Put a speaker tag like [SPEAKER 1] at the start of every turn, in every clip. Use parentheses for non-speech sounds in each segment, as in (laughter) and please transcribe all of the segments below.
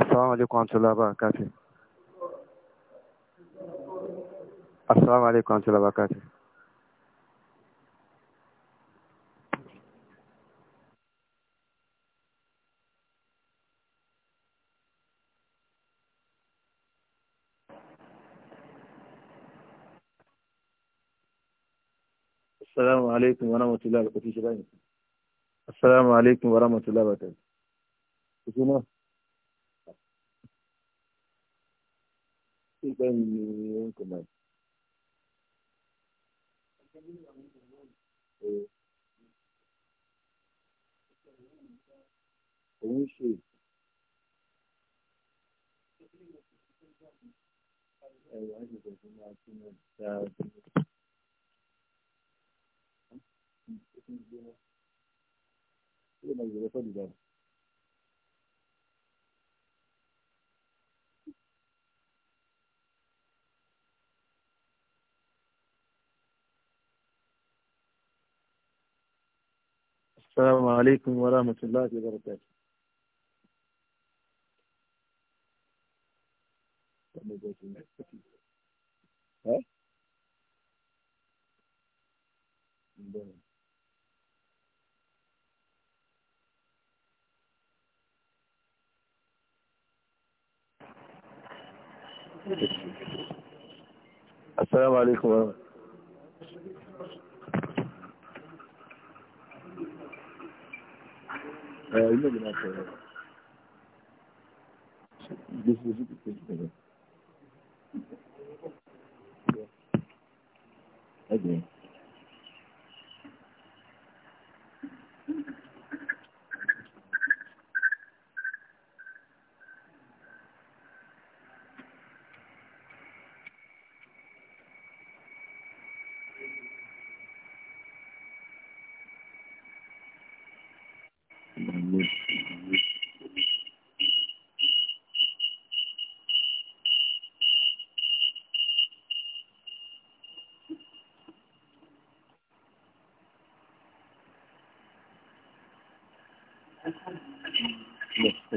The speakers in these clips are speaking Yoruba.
[SPEAKER 1] Assalamu alaikum warahmatullahi wabarakatuh. Assalamu alaikum warahmatullahi wabarakatuh. Assalamu alaikum warahmatullahi wabarakatuh. Assalamu alaikum warahmatullahi wabarakatuh. Ibe ni nkuma. ṣe. Ẹ̀wọ̀n ní àti náà dáadáa. Ṣé ìmọ̀ ìgbẹ́lẹ́fọ́ dìbò? السلام عليكم ورحمة الله وبركاته السلام عليكم ورحمة الله ilé ìlú náà sọ̀rọ̀ gbèsè sí kìkì sọ̀rọ̀ ẹgbẹ̀rún.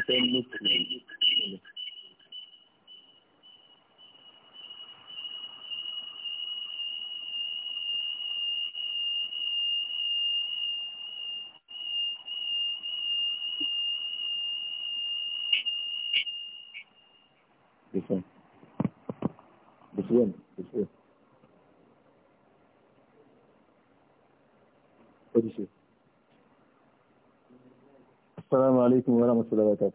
[SPEAKER 1] sai lokaci الله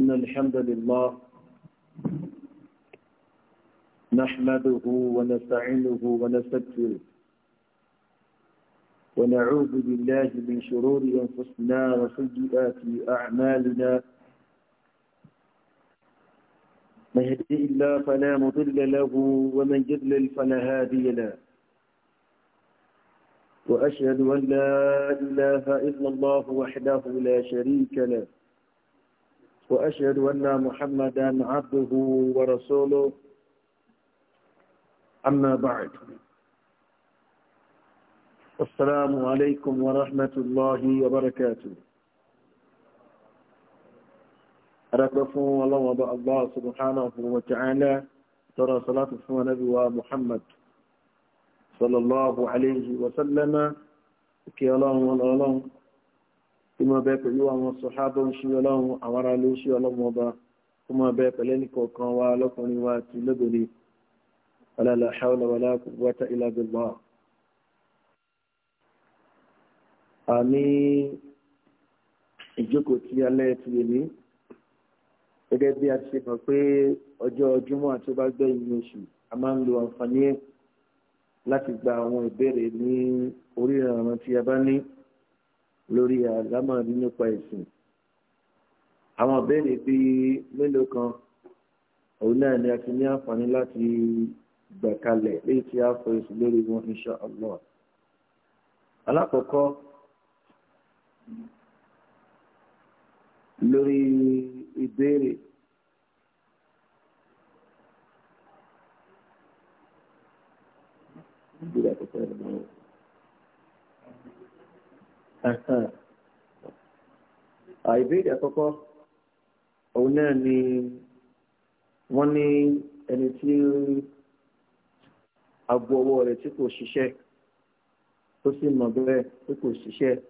[SPEAKER 1] إن الحمد لله نحمده ونستعينه ونستغفره ونعوذ بالله من شرور أنفسنا وسيئات أعمالنا من يهده الله فلا مضل له ومن يضلل فلا هادي له وأشهد أن لا إله إلا الله وحده لا شريك له وأشهد أن محمدا عبده ورسوله أما بعد السلام عليكم ورحمة الله وبركاته adapẹ fún ọlọ́run ọba allah subhanahu wa ta'ala tọrọ salatu fún anabi wa muhammad sallallahu alayhi wa sallama kí ọlọ́run ọlọ́run tí mo bẹ pẹ̀lú àwọn sọ̀hábọ̀ ń ṣe ọlọ́run àwọn ará ìjókòó tí alẹ́ ti lè ní gẹ́gẹ́ bí a ti ṣe mọ̀ pé ọjọ́ Jímọ̀ àti ọba gbẹ̀yìn oṣù a máa ń lo àǹfààní ẹ̀ láti gba àwọn ìbéèrè ní orí ìrànràn tí a bá ní lórí àlámọ̀rí nípa ìsìn àwọn ìbéèrè bíi mélòó kan òun náà ni a ti ní àǹfààní láti gbà kalẹ̀ léyìí tí a fọ èsì lórí wọn insha allah alákọ̀ọ́kọ́ lórí ìbéèrè. àìbéèrè àkọ́kọ́ òun náà ni wọ́n ní ẹni tí agbo ọwọ́ rẹ̀ tí kò ṣiṣẹ́ tó sì mọ̀ bẹ́ẹ̀ tí kò ṣiṣẹ́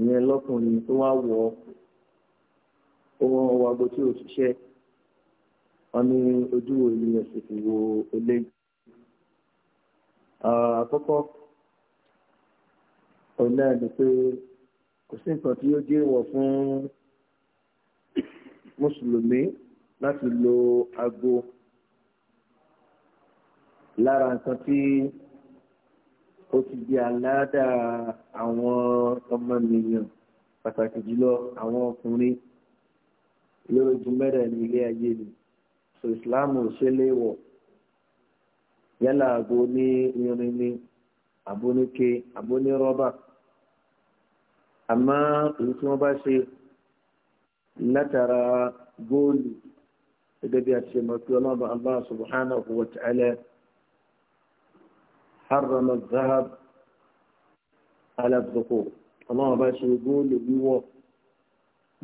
[SPEAKER 1] ìyẹn lọ́kùnrin tó wá wọ̀ ọ́ ohun ọwọ́ aago tí ò ṣiṣẹ́ wọn ní ojú wo ènìyàn sì fi wo eléyìí. àkọ́kọ́ òun náà ni pé kò sí nǹkan tí yóò jẹ́ ìwọ̀ fún mùsùlùmí láti lo aago lára nǹkan tí ó ti di àládà àwọn ọmọnìyàn pàtàkì jùlọ àwọn ọkùnrin lórogun mẹ́rẹ̀ẹ̀rin ilé ayé ni so islam ò ṣe léèwọ̀ yálà àgbo ní irin ni àbóníke àbónírọ́bà àmọ́ èyí tí wọ́n bá ṣe látara góòlù gẹ́gẹ́ bí a ti ṣe mọ̀ pé ọlọ́ba allah subhanahu wa ta'ala harrama zahab alabdoko ọlọ́ba ṣe góòlù wíwọ̀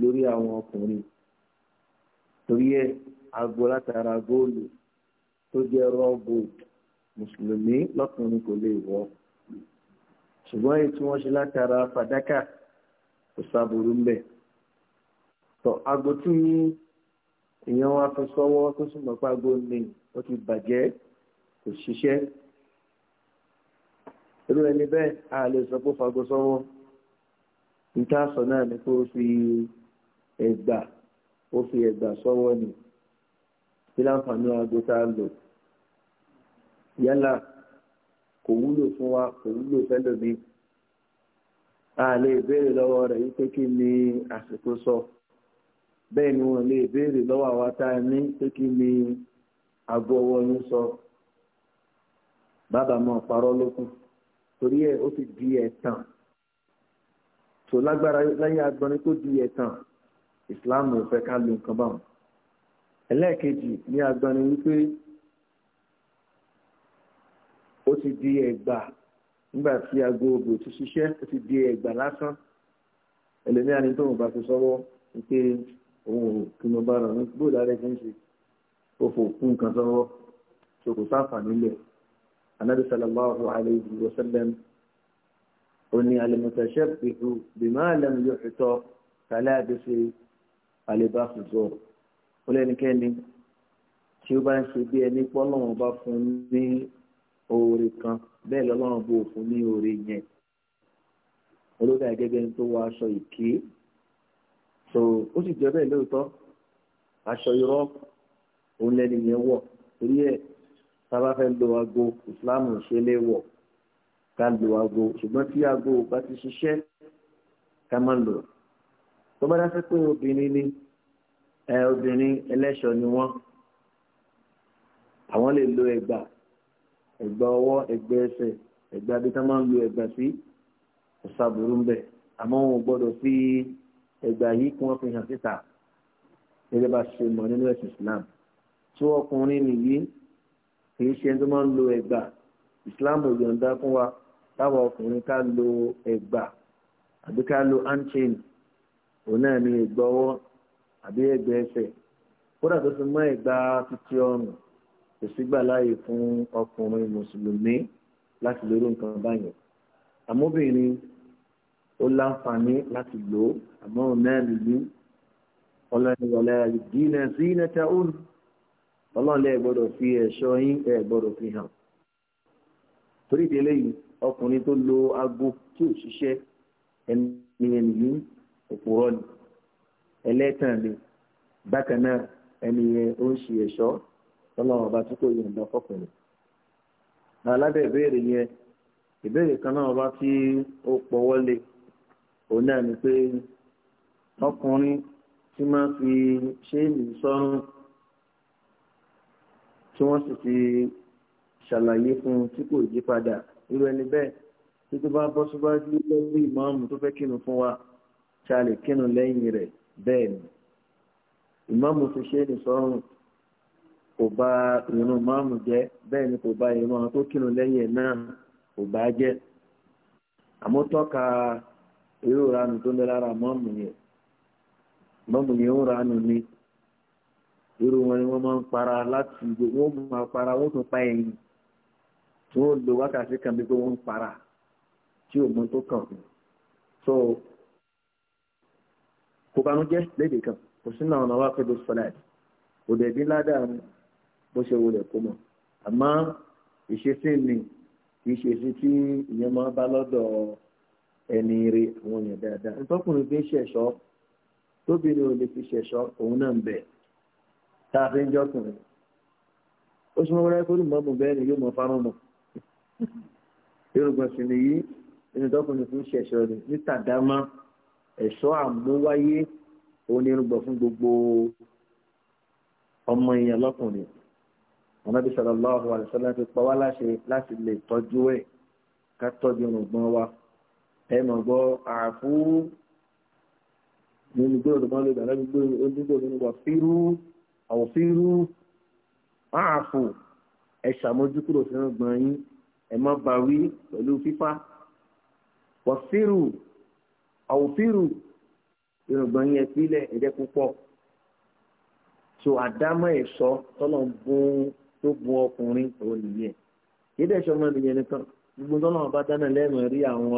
[SPEAKER 1] lórí àwọn ọkùnrin torí ẹ aago látara góòlù tó jẹ́ raw gold mùsùlùmí lọ́kùnrin kò lè wọ̀ ṣùgbọ́n èyí tí wọ́n ṣe látara fàdákà kò sábòrò ń bẹ̀ tọ aago tí èèyàn wa fi sọ́wọ́ tó sì mọ̀ pé aago ní ó ti bàjẹ́ kò ṣiṣẹ́ irú ẹni bẹ́ẹ̀ a lè sọ pé fagbọ́ sọ́wọ́ níta sọ náà ni kó fi ẹgbàá ó fi ẹ̀gbà sọ́wọ́ ni kí láǹfààní aago tá a lò yálà kò wúlò fún wa kò wúlò fẹ́lòmí a lè béèrè lọ́wọ́ rẹ̀ wípé kí ni àsìkò sọ bẹ́ẹ̀ ni wọ́n lè béèrè lọ́wọ́ àwa tá a ní pé kí ni aago ọwọ́ yín sọ bàbá máa parọ́ lókun torí ẹ̀ ó ti di ẹ̀tàn tó lágbára láyé agbọ́nrin tó di ẹ̀tàn islam ò fẹ́ ká lo nǹkan báwọn ẹlẹ́ẹ̀kejì ní agbani wípé ó ti di ẹgbà nígbà tí aago obì ò ti ṣiṣẹ́ ó ti di ẹgbà lásán ẹlẹ́mìí àni tóun bá fi sọ́wọ́ wípé òun ò kí mo bá rà ní bóòlù alẹ́ fi ń ṣe ó fò kún nǹkan sọ́wọ́ tó kò sáfà nílẹ̀ anabi sallallahu alayhi wa sallam ó ní al-mutashabbihu bima lam yuhta kal-labisi alibáṣu zọrọ ó lẹ́nikẹ́ni tí ó bá ń ṣe bí ẹni pọ́ lọ́wọ́n bá fún ní oore kan bẹ́ẹ̀ lọ́lọ́run bó fún ní oore yẹn olódà gẹ́gẹ́ ní tó wọ aṣọ ìké so ó sì jẹ́ bẹ́ẹ̀ lóòótọ́ aṣọ irọ́ òun lẹ́ni yẹn wọ̀ torí ẹ̀ sábà fẹ́ lo aago ìsìláàmù ṣe lé wọ̀ ká lo aago ṣùgbọ́n tí aago bá ti ṣiṣẹ́ ká má lò ó tó bá dáṣẹ́ pé obìnrin ni ẹ obìnrin ẹlẹ́ṣọ̀ ni wọ́n àwọn lè lo ẹ̀gbà ẹ̀gbà ọwọ́ ẹ̀gbà ẹsẹ̀ ẹ̀gbà abẹ́tá máa ń lo ẹ̀gbà sí ọ̀sà burú ń bẹ̀ àmọ́ wọn ò gbọ́dọ̀ fi ẹ̀gbà yìí kí wọ́n fi hàn síta gẹ́gẹ́ bá ṣe mọ̀ nínú ẹ̀sìn Islam tí ọkùnrin nìyí kì í ṣe tó máa ń lo ẹ̀gbà Islam ò yọ̀ǹda fún wa táwọn ọkùnrin ká lo ẹ̀gbà àbí ká lo anchain òun náà ní ẹ̀gbà ọwọ́ àbí ẹ̀gbà ẹsẹ̀ kódà tó fi mọ́ ẹ̀gbà títí ọrùn kò sígbà láàyè fún ọkùnrin mùsùlùmí láti lórí nǹkan báyìí àmóbìnrin ó láǹfààní láti lò ó àmọ́ òun náà nìyí ọlọ́nìwọlẹ́ àdínà sí nẹ́ta òun ọlọ́ọ̀lẹ́ gbọ́dọ̀ fi ẹ̀ṣọ́ yín ẹ̀ gbọ́dọ̀ fi hàn torí ìdílé yìí ọkùnrin tó lo aago tí ò ṣiṣẹ́ ẹni ẹni yìí òpùrọ́ ni ẹlẹ́tàn ni bákan náà ẹni yẹn ó ń ṣe ẹ̀ṣọ́ tọ́lọ́wọ́n ọba tí kò yọ̀ǹda fọkùnrin. alábẹ́ ìbéèrè yẹn ìbéèrè kan náà ọba tí ó pọ̀wọ́lé òun náà ni pé ọkùnrin tí máa fi ṣéènì sọ́run tí wọ́n sì ti ṣàlàyé fún un tí kò yí padà irú ẹni bẹ́ẹ̀ títí bá bọ́ síwájú lórí ìmọ̀ọ́mù tó fẹ́ kírun fún wa ṣàlè kírun lẹ́yìn rẹ̀ bẹ́ẹ̀ ni ìmáàmù fi ṣe ní sọ́run kò bá irun máàmù jẹ́ bẹ́ẹ̀ ni kò bá irun àwọn tó kírun lẹ́yìn ẹ̀ náà kò bá jẹ́ àmọ́ tọ́ka irú ranù tó ń lára máàmù yẹn máàmù yẹn ń ranù ni irú wọn ni wọ́n máa ń para láti gbogbo wọ́n máa para wọ́n tún pa ẹ̀yìn tí wọ́n lo wákàtí kan bí pé wọ́n ń para tí òun tó kàn fún un so kò banújẹ́ léde kan kò sínú àwọn ọ̀nà wa pé bó sọláàdì kò dẹ̀ bí ládàá bó ṣe wọlé kó mọ̀ ìṣesí ni kì í ṣesí tí ìyẹn máa bá lọ́dọ̀ ẹni rí àwọn èèyàn dáadáa ntọ́kùnrin fi ń ṣẹ̀ṣọ́ tóbìnrin ò lè fi ṣẹ̀ṣọ́ òun náà ń bẹ̀ tá a fi ń jọkùnrin ó sì máa wọlé kó lù mọ́mù bẹ́ẹ̀ ni yóò mọ fárán mọ́ yorùbá sì nìyí ẹni tọkùnrin fi ń ni níta dá ẹ̀ṣọ́ àmúwáyé onírúgbọ fún gbogbo ọmọ èèyàn lọ́kùnrin ọ̀nàbí sallallahu alaihi wasallam fi pa wá láṣẹ láti lè tọ́jú ẹ̀ ká tọ́jú irùngbọ̀n wa ẹ mọ̀ gbọ́ àfú nínú gbé òdùnmọ́ lè gbà lọ́bí gbé onígbò nínú wà fírú àwọ̀ fírú àfù ẹ ṣàmójúkúrò sínú gbọ̀n yín ẹ má bá wí pẹ̀lú fífá wà fírú àwòfíìrù irùngbọ̀n yẹn pílẹ̀ ẹ̀jẹ̀ púpọ̀ so àdámọ̀ ẹ̀ṣọ́ tọ́lọ̀ ń bún tó bún ọkùnrin òun nìyẹn yìí dẹ̀ ṣọmọ nìyẹn nìkan gbogbo tọ́lọ̀ bá dáná lẹ́nu rí àwọn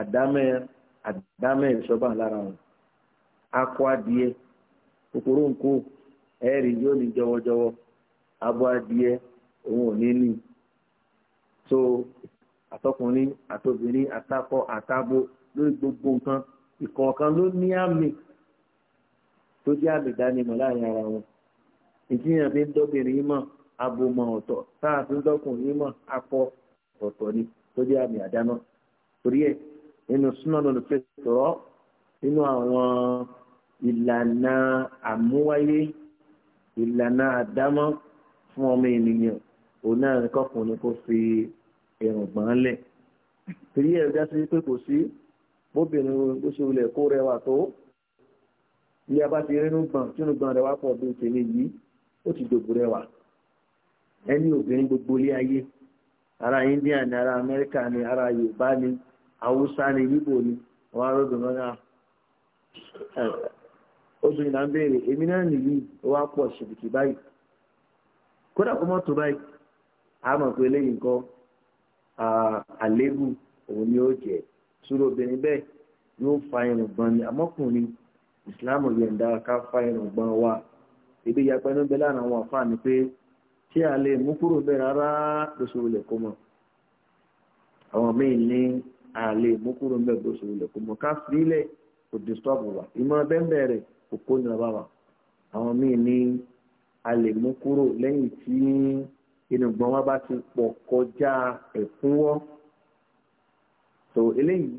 [SPEAKER 1] àdámọ̀ àdámọ̀ ẹ̀ṣọ́ bá lára wọn akọ adìẹ kòkòrò ńkó ẹ̀rì yóò ní jọwọ́jọwọ́ abo adìẹ òun ò ní ní so àtọkùnrin àtobìnrin àtakọ àtabo lórí gbogbo nǹkan ìkọ̀ọ̀kan ló ní àmì tó jẹ́ àmì ìdánimọ̀ láàrin ara wọn ìjìyàn fi ń dọ́bìnrin yìí mọ̀ abomọ̀ ọ̀tọ̀ táà fi ń dọ́kùnrin yìí mọ̀ akọ ọ̀tọ̀ ni tó jẹ́ àmì àdáná torí ẹ̀ nínú súnmọ́nù lóṣù tọ̀rọ̀ nínú àwọn ìlànà àmúwáyé ìlànà àdámọ́ fún ọmọ ènìyàn òun náà kọkùnrin kò fi ẹ̀rùn gbọ́n lẹ̀ torí ẹ̀ dá sí pé kò sí bóbìnrin bó ṣe wulẹ̀ kó rẹwà tó rínú gbọ̀n tínú gbọ̀n rẹwà pọ̀ bí tèmi yìí ó ti dògbò rẹwà gbogbo ilé ayé ara India ni ara Amẹ́ríkà ni ara Yorùbá ni Haúsá ni Yíbò ni náà yìí ń béèrè èmi náà nìyí ó wá pọ̀ báyìí kódà kó báyìí a pé eléyìí nǹkan òun ni ó jẹ́ sórí obìnrin bẹ́ẹ̀ yóò fa irun gbọ̀n ni àmọ́kùnrin ìsìláàmù yẹ̀ǹda ká fa irun gbọ̀n wa ebi yapa inú bẹ́ẹ̀ láàrin àwọn àfáà ni pé ṣé a lè mú kúrò bẹ́ẹ̀ rárá lóṣòwò lè kó mọ̀ àwọn míì ní a lè mú kúrò bẹ́ẹ̀ lóṣòwò lè kó mọ̀ ká sílẹ̀ kò disturb wa ìmọ̀ bẹ́ẹ̀ rẹ̀ kò kó nira bá wa àwọn míì ní a lè mú kúrò lẹ́yìn tí inú gbọ̀n wa bá ti pọ̀ kọjá ẹ̀kúnwọ́. E so eléyìí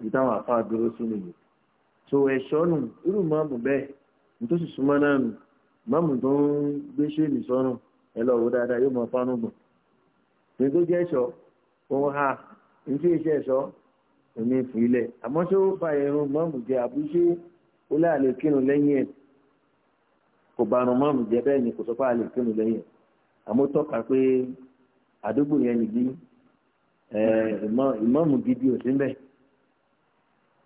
[SPEAKER 1] ibi táwọn àfáà dúró sí nìyí so ẹ̀ṣọ́ nù irú mọ́ọ̀mù bẹ́ẹ̀ nítòsí súnmọ́ náà nù mọ́ọ̀mù tó ń gbé ṣéènì sọ́nù ẹ lọ wò dáadáa yóò mọ fánú gbọ̀n ní tó jẹ́ ẹ̀ṣọ́ òun ha ní tí iṣẹ́ ẹ̀ṣọ́ òní fún ilẹ̀ àmọ́ ṣé ó fa irun mọ́ọ̀mù jẹ àbúṣe ó láàlè kírun lẹ́yìn ẹ̀ kò bá irun jẹ bẹ́ẹ̀ ni kò sọ fún àlè kírun lẹ́yìn ẹ̀ àmọ́ tọ́ka pé àdúgbò yẹn nìyí ìmáàmù gidi ò sí mbẹ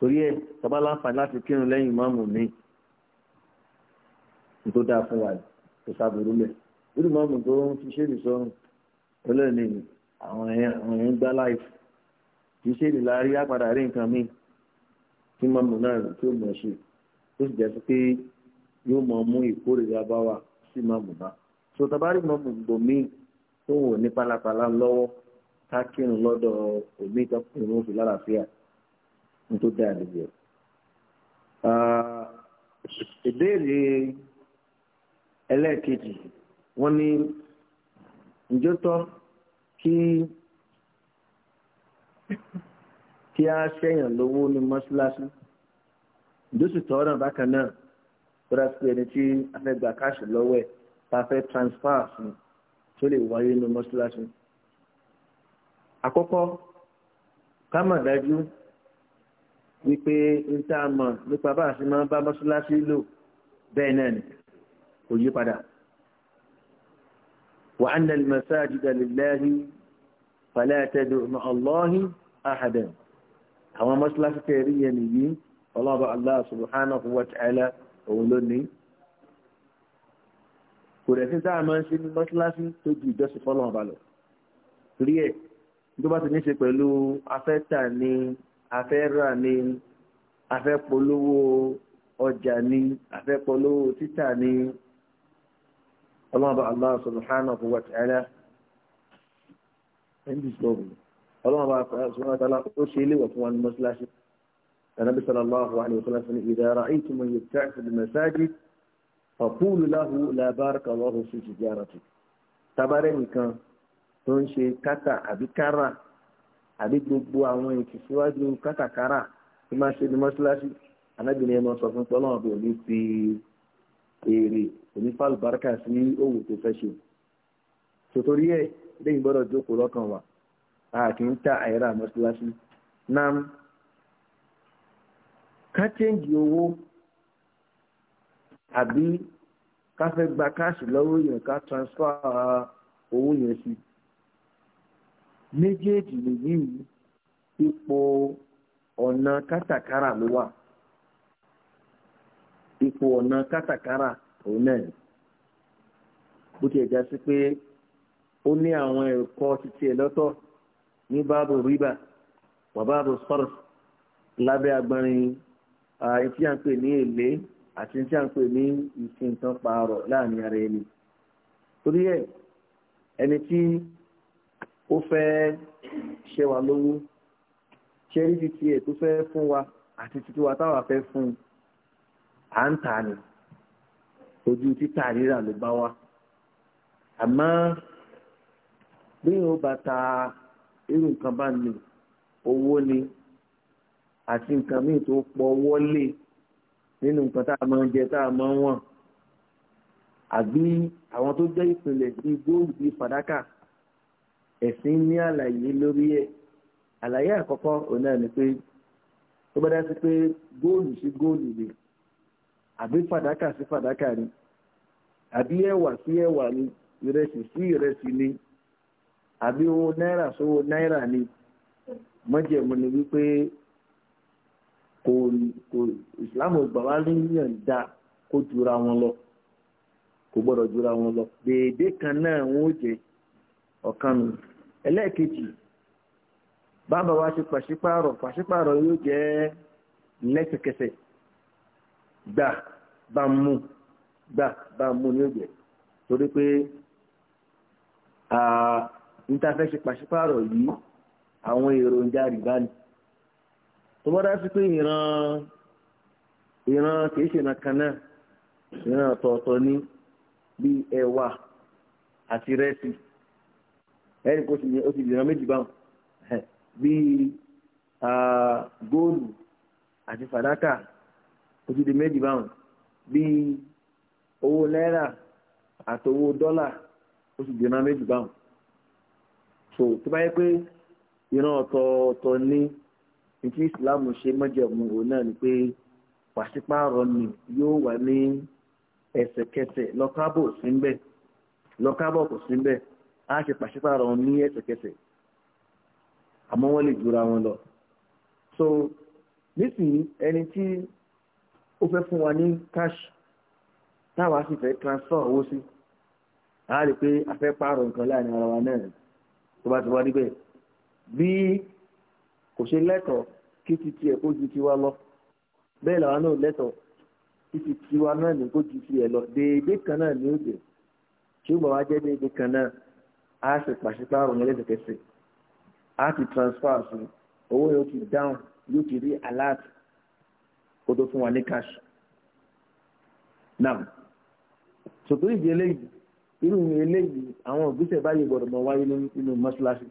[SPEAKER 1] torí ẹ sábà láǹfààní láti kírun lẹ́yìn ìmáàmù mi tó dáa fún wa kò sábòrò lẹ nínú ìmáàmù tó ń fi ṣèlú sọrùn ọlọ́ọ̀ni àwọn èèyàn gbá láìfù kì í ṣèlú láàrí àpàdà rí nǹkan mi tí ìmáàmù náà tí ó mọ̀ ṣe tó sì jẹ́ sí pé yóò mọ̀ mú ìkórìíra bá sí ìmáàmù náà sọtabarí ìmáàmù gbòmí tó wò ní pálapàla lọ́wọ́ kákìrún lọ́dọ̀ òbí ìtọ́kùnrin ló fi lálàáfíà ní tó dáa lóye. ìbéèrè ẹlẹ́ẹ̀kejì wọ́n ní ǹjọ́ tọ́ kí kí a ṣẹ̀yàn lówó ní mọ́ṣáláṣí ìdóṣù tọ́ náà bákan náà tó dá sí ẹni tí a fẹ́ gba káàṣì lọ́wọ́ ẹ̀ tá a fẹ́ transfer sí tó lè wáyé ní mọ́ṣáláṣí àkọ́kọ́ ká mọ̀ dájú wípé n tá a mọ̀ nípa bá a ṣe máa ń bá mọ́ṣáláṣí lò bẹ́ẹ̀ náà ni kò yí padà. wa anna al-masajida lillahi fala tad'u ma'a Allahi ahadan àwọn mọ́ṣáláṣí tẹ̀ rí yẹn nìyí ọlọ́ọ̀bá Allah subhanahu wa ta'ala òun ló kò rẹ̀ sí tá máa ń ṣe ní mọ́ṣáláṣí tó ju ìjọsìn fọ́lọ́ọ̀bá lọ. torí ẹ̀ tó bá ti ní ṣe pẹ̀lú afẹ́tà ni afẹ́rà ni afẹ́polówó ọjà ni afẹ́polówó títà ni ọlọ́mọba Allah subhanahu wa ta'ala ẹ̀ńdí ọlọ́mọba subhanahu wa ta'ala ó ṣe ilé wọ̀ fún wa ní mọ́ṣáláṣí النبي صلى الله عليه وسلم إذا رأيتم من يبتع في المساجد فقولوا له لا بارك الله في تجارتك تبارك كان tó ń ṣe kátà àbí kárà àbí gbogbo àwọn ìtìsíwájú kátàkárà tó máa ṣe ní mọ́ṣáláṣí anábìrin ẹ̀ máa sọ fún pọ́lọ́n àbí òní fi èrè òní fàlùbáríkà sí òwò tó fẹ́ ṣe tòtòrí ẹ̀ lẹ́yìn gbọ́dọ̀ jókòó lọ́kàn wa a kì í ta àìrà mọ́ṣáláṣí nam ká chẹ́ǹgì owó àbí ká fẹ́ gba káàṣì lọ́wọ́ yẹn ká transfer owó yẹn sí i méjèèjì nìyí ipò ọ̀nà kátàkárà ló wà ipò ọ̀nà kátàkárà òun náà ni bó ti ẹ̀já sí pé ó ní àwọn ẹ̀kọ́ títí ẹ̀ lọ́tọ̀ ní báàbò rìbá wà báàbò sọ́rọ̀ lábẹ́ agbárin tí à ń pè ní èlé àti tí à ń pè ní ìsìn nǹkan pààrọ̀ láàrin ara ẹni torí ẹ̀ ẹni tí ó fẹ́ ṣe wà lówó ṣe rí títí ẹ̀ tó fẹ́ fún wa àti títí wa táwa fẹ́ fún un à ń tà ní ojú títà rírà ló bá wa àmọ́ bí yóò bá ta irú nǹkan bá ní owó ni àti nǹkan míì tó pọ̀ wọlé nínú nǹkan tá a máa ń jẹ tá a máa ń wọ̀n àbí àwọn tó jẹ́ ìpìlẹ̀ bíi góòlù bíi fàdákà ẹ̀sìn ní àlàyé lórí ẹ̀ àlàyé àkọ́kọ́ òun náà ni pé tó bá dá sí pé góòlù sí góòlù ni àbí fàdákà sí fàdákà ni àbí ẹ̀wà sí ẹ̀wà ni ìrẹsì sí ìrẹsì ni àbí owó náírà sówó náírà ni mọ́jẹ̀mú ni wípé kò kò ìsìlámù gbà wá níyàn dá kó jura wọn lọ kò gbọ́dọ̀ jura wọn lọ déédéé kan náà wọn jẹ ọ̀kan nù. ẹlẹ́ẹ̀kejì bàbá wa ṣe pàṣípààrọ̀ pàṣípààrọ̀ yóò jẹ́ lẹ́sẹ̀kẹsẹ̀ gbà bá mú gbà bá mú ní òjẹ́ torí pé nítafẹ́ ṣe pàṣípààrọ̀ yìí àwọn èròjà rìbá ni tó bá dá sí pé ìran ìran kìí ṣe ìran náà ìran ọ̀tọ̀ọ̀tọ̀ ní ẹni kó o ti dìran méjì báwọn bíi góòlù àti fàdákà o ti di méjì báwọn bíi owó náírà àtowó dọ́là o ti dìran méjì so tó bá yẹ pé ìran ọ̀tọ̀ọ̀tọ̀ ní ìtí ìsìlámù ṣe mọ́jẹ̀mú òun náà ni pé pàṣípààrọ̀ ni yóò wà ní ẹsẹ̀kẹsẹ̀ lọ́kábọ̀ sí á ṣe pàṣípààrọ̀ ní ẹ̀sẹ̀kẹsẹ̀ àmọ́ wọ́n lè jura wọn lọ so nísìnyí ẹni tí ó fẹ́ fún wa ní cash táwa sì fẹ́ transfer owó sí a rí pé a fẹ́ pààrọ̀ nǹkan láàrin ara wa náà tó bá ti wá níbẹ̀ bí kò ṣe lẹ́tọ̀ọ́ kí ti tiẹ̀ kó ju tiwa lọ bẹ́ẹ̀ làwa náà lẹ́tọ̀ọ́ kí ti tiwa náà ní kó ju tiẹ̀ lọ déédéé kan náà ní ó jẹ́ tí jẹ́ déédéé kan náà a ṣe pàṣípààrọ̀ ní ẹlẹ́sẹ̀kẹsẹ̀ a ti transfer sí owó yóò ti down yóò ti rí alert kó tó fún wa ní cash now sòtò ìdí eléyìí irú eléyìí àwọn ògbésẹ̀ báyìí gbọ́dọ̀ mọ wáyé nínú mọ́ṣáláṣí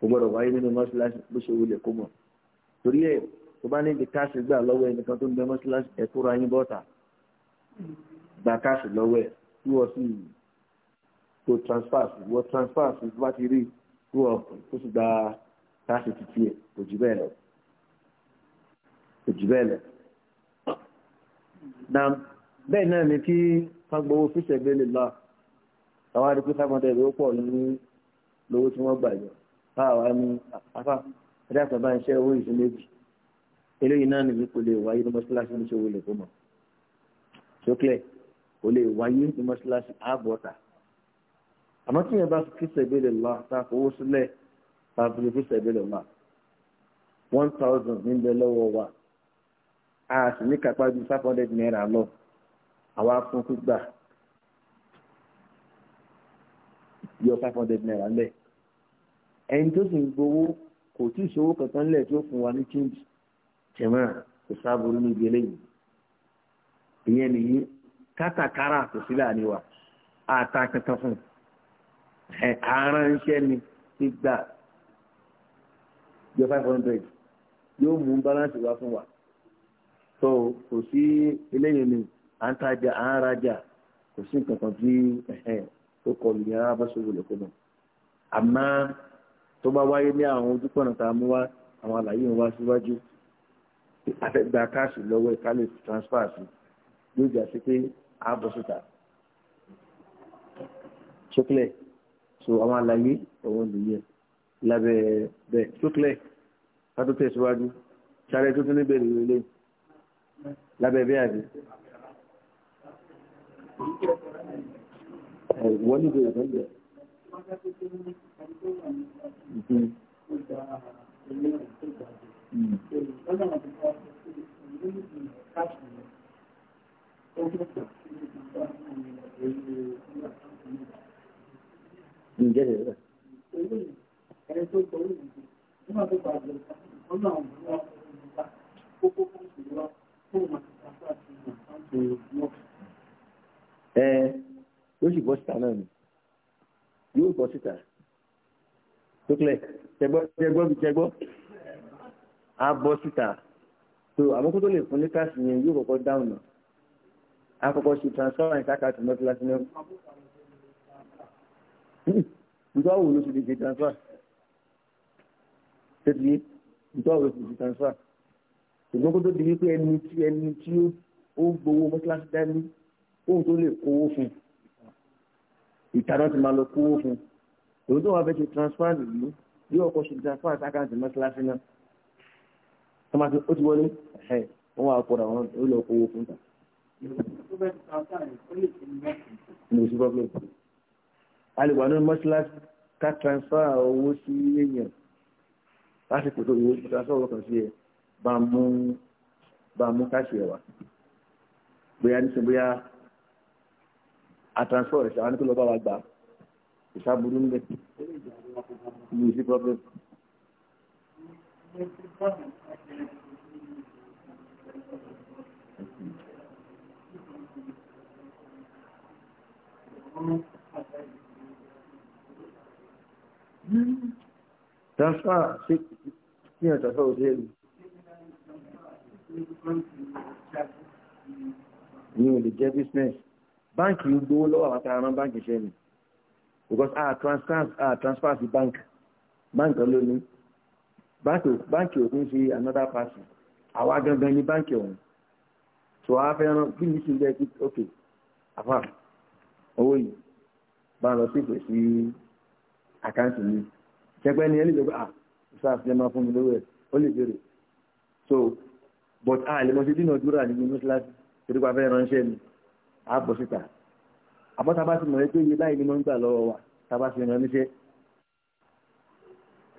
[SPEAKER 1] kò gbọ́dọ̀ wáyé nínú mọ́ṣáláṣí bó ṣe wulẹ̀ kó mọ̀ torí ẹ̀ tó bá níbi káàsì gbà lọ́wọ́ ẹnìkan tó ń bẹ mọ́ṣáláṣí ẹ̀kúra yín bọ́ta gba káàsì lọ́wọ́ ẹ̀ tí wọ́n sì yìí kó transfer sí wọ́n transfer sí tó bá ti rí kó ọkùnrin kó sì gba táàsì títí ẹ̀ kò jù bẹ́ẹ̀ lọ kò jù bẹ́ẹ̀ lọ. na bẹ́ẹ̀ náà ni kí fagbowó fíṣẹ̀ bẹ́ẹ̀ lè lọ àwọn àdìpé sábàdàn ìlú pọ̀ ní lówó tí wọ́n gbà yọ báwa ni àpá ẹ̀dá àtàbà ń ṣe owó ìsinmi méjì eléyìí náà nìyí kò lè wáyé ní mọ́ṣáláṣí ní ṣòwò lè fún mọ́ sókè kò lè wáyé ní mọ́ṣáláṣí ààbọ̀ ọ̀tà àmọ́ tí yẹn bá fi sẹ̀bẹ̀lẹ̀ lọ tá a fowó sílẹ̀ tá a fi sẹ̀bẹ̀lẹ̀ lọ one thousand níbẹ̀ lọ́wọ́ wa a sì ní kápá ju five hundred naira lọ àwa fún gbígbà yọ five hundred naira lẹ̀ ẹni tó sì ń gbowó kò tí ì sówó kankan lẹ̀ tó fún wa ní change jẹ̀mọ́ kò sáàbùrú níbi eléyìí ìyẹn nìyí kátàkárà kò sílẹ̀ àníwá àtà kankan fún un. aránṣẹ́ ni gbígbà yọ five hundred yóò mú balance wá fún wa so kò sí eléyìí ni à ń tajà à ń rajà kò sí nǹkan kan tí ó kọlù ní ara bá náà àmọ́ tó bá wáyé ní àwọn ojúpọ̀nà tá a mú wá àwọn àlàyé wa síwájú àfẹ́gbà káàsì lọ́wọ́ ìkálẹ̀ transfer so àwọn àlàyé ọ̀wọ́n nìyẹn lábẹ́ bẹ́ẹ̀ tó clear ká tó tẹ̀síwájú sáré tó tún níbẹ̀ nìyẹn lé lábẹ́ bẹ́ẹ̀ àbí. wọ́n níbẹ̀ ìfẹ́ bẹ́ẹ̀. bọ́ síta tó àmọ́kó tó lè fún ní káàsì yẹn yóò kọ́kọ́ dáhùn náà akọ́kọ́ ṣe transferring sákàtì mọ́tíláṣí náà ìjọ wo ló ti di ṣe transfer tẹ́tí ìjọ wo ló ti di transfer ṣùgbọ́n kó tó di wípé ẹni tí ẹni tí ó gbowó mọ́tíláṣí dání ohun tó lè kówó fún ìtàná ti máa lọ kówó fún òun tó wà fẹ́ ṣe transfer nìyí yóò kọ́ ṣe transfer sákàtì mọ́tíláṣí náà tọ́mà tí ó ti wọlé ẹ̀ wọ́n wá pọ̀dà wọn ó lọ owó fún ta. mo sì rọ́pẹ́ a lè wà ní mọ́ṣíláṣí ká transfer owó sí èèyàn lásìkò tó owó transfer owó kan sí ẹ bá mú bá mú káṣí ẹ wá bóyá níṣẹ́ bóyá a transfer ẹ̀ sọ àwọn nípa lọ́ba wa gbà ìṣàbùrú ń bẹ̀ mo sì rọ́pẹ́. Transfer, sí, sí, el transfer hotel. Ní o lè jẹ́ business. Báǹkì ń gbówó lọ́wọ́ àwọn ará báǹkì ṣe ni. Because a transfer sí báǹkì. Báǹkì ló ní báńkì òkú ń ṣe another person àwa gangan ní báńkì ọ̀hún tó a fẹ́ràn bí mi sì ń bẹ́ẹ̀ kí ok àfà owó yìí bá lọ sí ìpèsè àkáǹtì mi jẹgbẹ́ ni ẹni lọ́gbà ṣáàfì ẹ máa fún mi lówó ẹ̀ ó lè béèrè so but a lè mọ sí dínà dúrà nínú mọ́ṣáláṣí torí pa fẹ́ ránṣẹ́ ni a bọ̀ síta àmọ́ tá a bá ti mọ̀ ẹ́ pé iye báyìí ni wọ́n ń gbà lọ́wọ́ wa tá a bá ti ránṣẹ́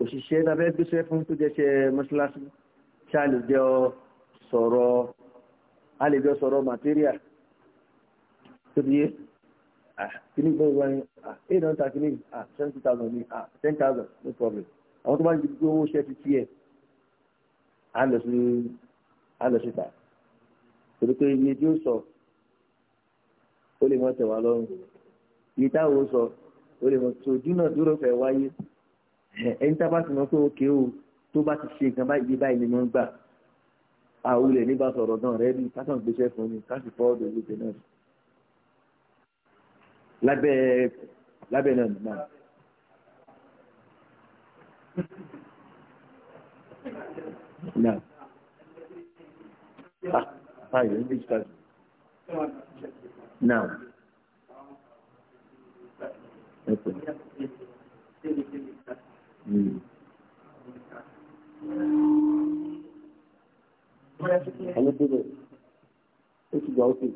[SPEAKER 1] òṣìṣẹ́ lábẹ́ gbéṣẹ́ fún tó jẹ́ṣẹ́ mọ́ṣáláṣí ṣá lè jọ sọ̀rọ̀ a lè jọ sọ̀rọ̀ màtíríà tó bí yé kìíní kan wá ní eight hundred seventy thousand ní ten thousand no problem àwọn tó bá ń di gbogbo owó ṣẹ́ ti tiẹ̀ á lọ sí ta torí pé iye tí ó yìí táwọn sọ o lè mọ̀ tó dúnàdúró fẹ́ wáyé ẹni tá a bá ti mọ̀ pé òkè o tó bá ti ṣe nǹkan báyìí báyìí ni mo ń gbà àwọn ilẹ̀ nígbà sọ̀rọ̀ náà rẹ́ bí kásán gbéṣẹ́ fún mi káṣí fọ́ọ̀dù olùgbé náà lábẹ́ lábẹ́ náà nìyà. Náà. Ah, ayọ̀ ń bí ṣáájú. Náà ẹ̀pẹ̀. Alébébẹ̀, ó ti gbà ó sì.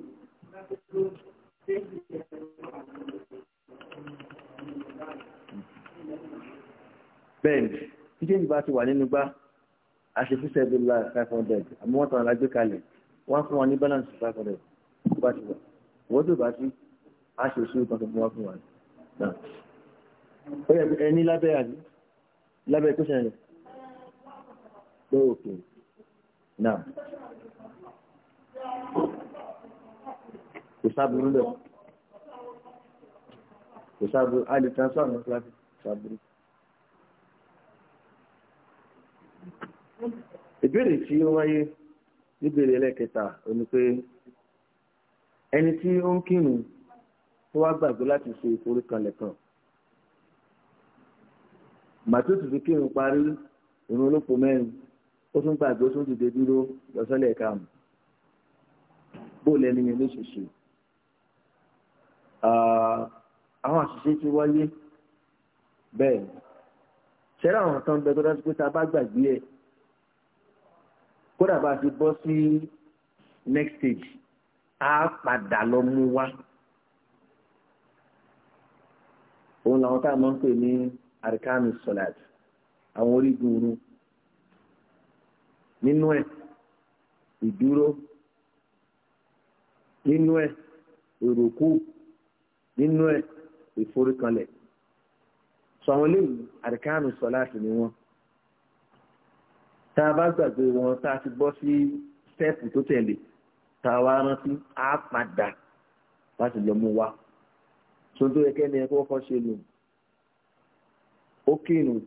[SPEAKER 1] Bẹ́ẹ̀ni, tí Jéjì bá ti wà nínú gbá, a ṣe fún Sẹ́bílá 500, àmọ́ wọ́n tàn lágbé kalẹ̀, wọ́n fún wọn ní balance 500 tó bá ti wà. Wọ́n tó bá sí, a ṣe ṣe ìtàn tó mú wá fún wa ẹni lábẹ́ àbí lábẹ́ tó ṣẹlẹ̀ lóòkè náà kò sábúrú lọ kò sábúrú a lè transfer ní kíláàsì sábúrú. ìbéèrè tí ó wáyé níbèrè ẹlẹ́kẹta ò ní pé ẹni tí ó ń kírun tó wá gbàgbé láti ṣe ìforíkanlẹ̀ kan màtí ó sì fi kírun parí ìrun olóko mẹ́rin ó tún gbàgbé ó tún dìde dúró lọ́sọ́lẹ̀ karùn-ún bóòlù ẹni yẹn ló ṣe ṣe àwọn àṣìṣe ti wáyé bẹ́ẹ̀ ṣẹ́rà àwọn kan bẹ tó dájú pé tá a bá gbàgbé ẹ̀ kódà bá a ti bọ́ sí next stage a padà lọ mú wá òun làwọn tá a máa ń pè ní àríkánù sọ̀làt àwọn orígun irun nínú ẹ̀ ìdúró nínú ẹ̀ ìrùkú nínú ẹ̀ ìforíkanlẹ̀ sọ àwọn eléyìí àríkánù sọ̀làt ni wọ́n tá a bá gbàgbé wọn tá a ti bọ́ sí stẹ́ẹ̀pù tó tẹ̀lé tá a wá rántí á padà láti lọ mú wa tó tó yẹ kẹ́ni ẹ̀kọ́ kọ́ ṣe lò ó kírun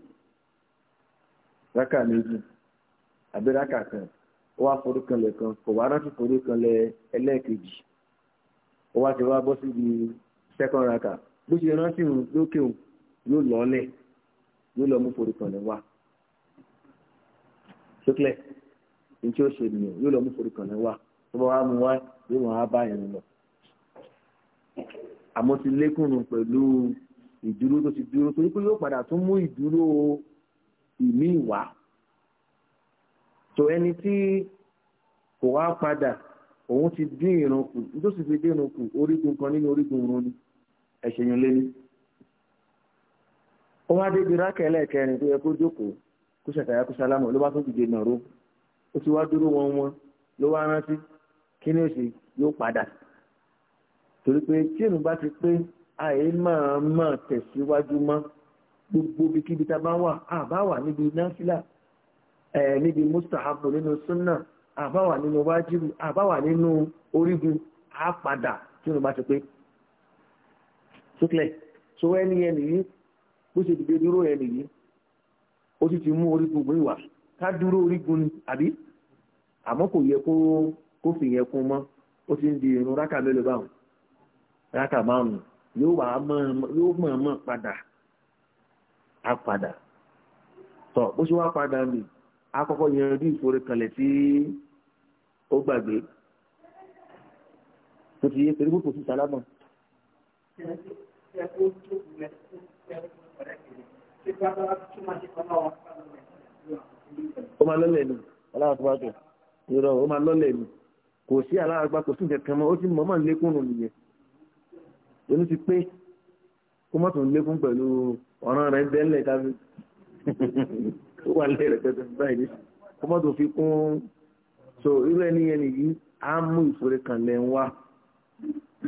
[SPEAKER 1] rákà méjì àbí rákà kan ó wá forí kan kò wá rántí forí kanlẹ̀ ẹlẹ́ẹ̀kejì ó wá ti wá bọ́ síbi second rákà bó ṣe rántí òun lókè òun yóò lọ́ọ́lẹ̀ yóò lọ mú forí kanlẹ̀ wá sókè ní tí ó ṣe nìyẹn yóò lọ mú forí àmọ́ ti lékùnù pẹ̀lú ìdúró tó ti dúró torí pé yóò padà tún mú ìdúró ìmí ìwà tó ẹni tí kò wá padà òun ti dín ìrun kù nítòsí fi dín ìrun kù orígun kan nínú orígun ìrun ni ẹ̀ṣẹ̀ yẹn lé ní. ó wá débi rákẹ́lẹ̀ kẹrin tó yẹ kó jókòó kó ṣàtàyà kó sálámù ló bá tún dìde nàró ó ti wá dúró wọn wọn ló wá rántí kí ni ó yóò padà torí pé tí èmi bá ti pé àyè máa mọ̀ tẹ̀síwájú mọ́ gbogbo ibikíbi tá a bá wà àbá wà níbi náfìlà níbi mustahabu nínú sunna àbá wà nínú wájibu àbá wà nínú orígun àpàdà tí èmi bá ti pé sókè tó ẹni yẹn nìyí bó ṣe dìde dúró yẹn nìyí ó sì ti mú orígun mú ìwà ká dúró orígun ni àbí àmọ́ kò yẹ kó kó fìyẹn kún mọ́ ó ti ń di irun rákà mélòó báwọn rákà márùn yóò wà yóò mọ̀ọ́mọ̀ padà á padà tọ̀ bó ṣe wá padà mi àkọ́kọ́ yanjú ìfòrè kanlẹ̀ tí ó gbàgbé tó ti yé pé kò sí sálámà. ó máa lọ́lẹ̀ ni aláàtúwájú ìrọ̀ ó máa lọ́lẹ̀ ni kò sí aláàgbá kò sí nǹkan kan mọ́ ó ti mọ̀ọ́mọ̀ lékún nù nìyẹn lónìí ti pé kó má tún lékún pẹ̀lú ọ̀ràn rẹ̀ bẹ́ẹ̀lẹ̀ káfí (laughs) ó wà lé rẹ̀ tẹ́tẹ́ báyìí ní kó má tún fi kún so irú ẹni yẹn nìyí á mú ìforíkanlẹ̀ ń wá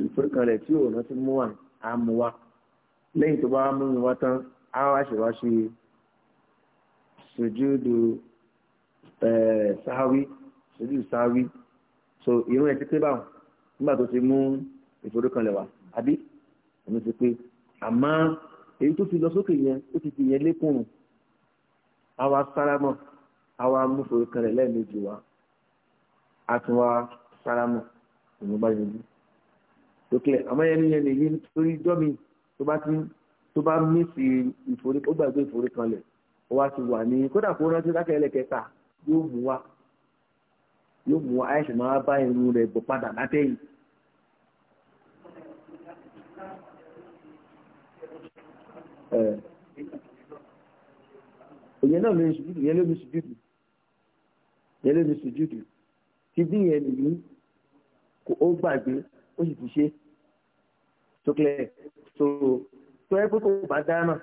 [SPEAKER 1] ìforíkanlẹ̀ tí òun ti mú wà á mú wá lẹ́yìn tó bá mú mi wá tán á wá ṣèwáṣe sùjúdù sáwí sùjúdù sáwí so irú ẹ ti pé báwọn nígbà tó ti mú ìforíkanlẹ̀ wá àbí ẹni ti pé àmọ́ èyí tó fi lọ sókè yẹn ó ti fi yẹn lékùn àwa sáramọ̀ àwa amúfòrò kan rẹ̀ lẹ́ẹ̀mejì wa a tún wa sáramọ̀ ìwọ̀n bá yanjú lókè àmọ́ yẹn ní yẹn nìyí nítorí ijọ́ mi tó bá ti tó bá mí sí ìforí ó gbàgbé ìforí kan lẹ̀ ó wá ti wà ní kódà kó rántí lákẹ́lẹ́ kẹta yóò mú wa yóò mú wa àìsàn máa bá irun rẹ̀ bọ̀ padà látẹ̀yìn. òyìn eh. náà lórí sùjúdù yẹn lórí sùjúdù yẹn lórí sùjúdù ti bí yẹn nìyí kò ó gbàgbé ó sì ti ṣe sókè so tó ẹ pé kò bá dáná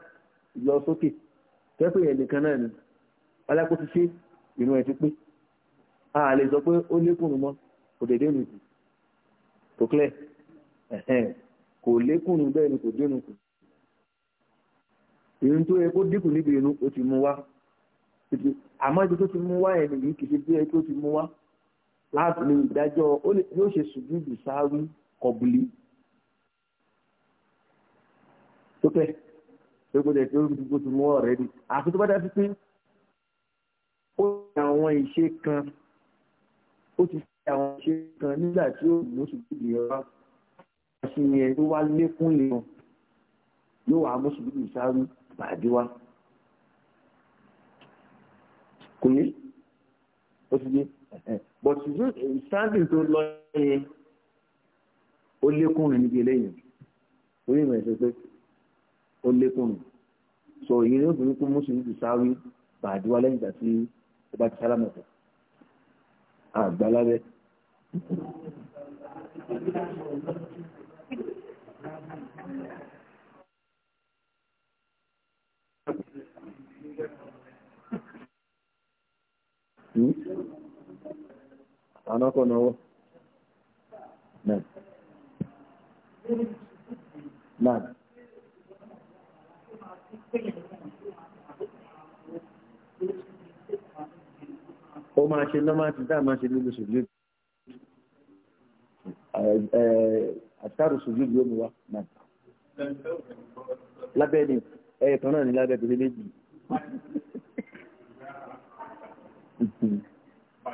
[SPEAKER 1] lọ sókè tó ẹ pé yẹn nìkan náà ni alákó ti ṣe ìrún ẹ ti pé a lè sọ pé ó lékùnrún mọ kò dédé nù kù tó clear kò lékùnrún bẹ́ẹ̀ ni kò dénú kù ìrìn tó yẹ kó dínkù níbi ìrìn ó ti mú wá àmọ́ ibi tó ti mú wá yẹn nìyí kì í ṣe bí ẹ tó ti mú wá láti ní ìdájọ́ yóò ṣe sùdúdù sáwí kọ̀bùlì tó tẹ̀ tó kó tẹ̀ tó ń bó ti mú ọ̀rẹ́ ni àti tó bá dá sí ó ṣe àwọn ìṣe kan ó ti ṣe àwọn ìṣe kan nígbà tí ó mú sùdúdù yẹn wá ṣe tó wá lékún yẹn yóò wá mú sùdúdù sáwí pàdé wa kò yé ó ti yé but ṣùgbọ́n standing tó lọ yẹn ó lékún rìn níbi eléyìí orí ìmọ̀ ẹ̀sẹ̀ pé ó lékún rìn sọ èyí ni obìnrin kó mùsùlùmí ti sáré pàdé wa lẹ́yìn ìgbà tí ó bá ti sálámà tó àgbàlábẹ́. Thank you. anákọ̀ náà wọ́ náà ó máa ṣe lọ́mọ́ àti dáa máa ṣe lóbi ṣùgbọ́n àtàrù ṣùgbọ́n yóò mú wa náà lábẹ́ ni ẹ̀ẹ̀kan náà ní lábẹ́ tó méjì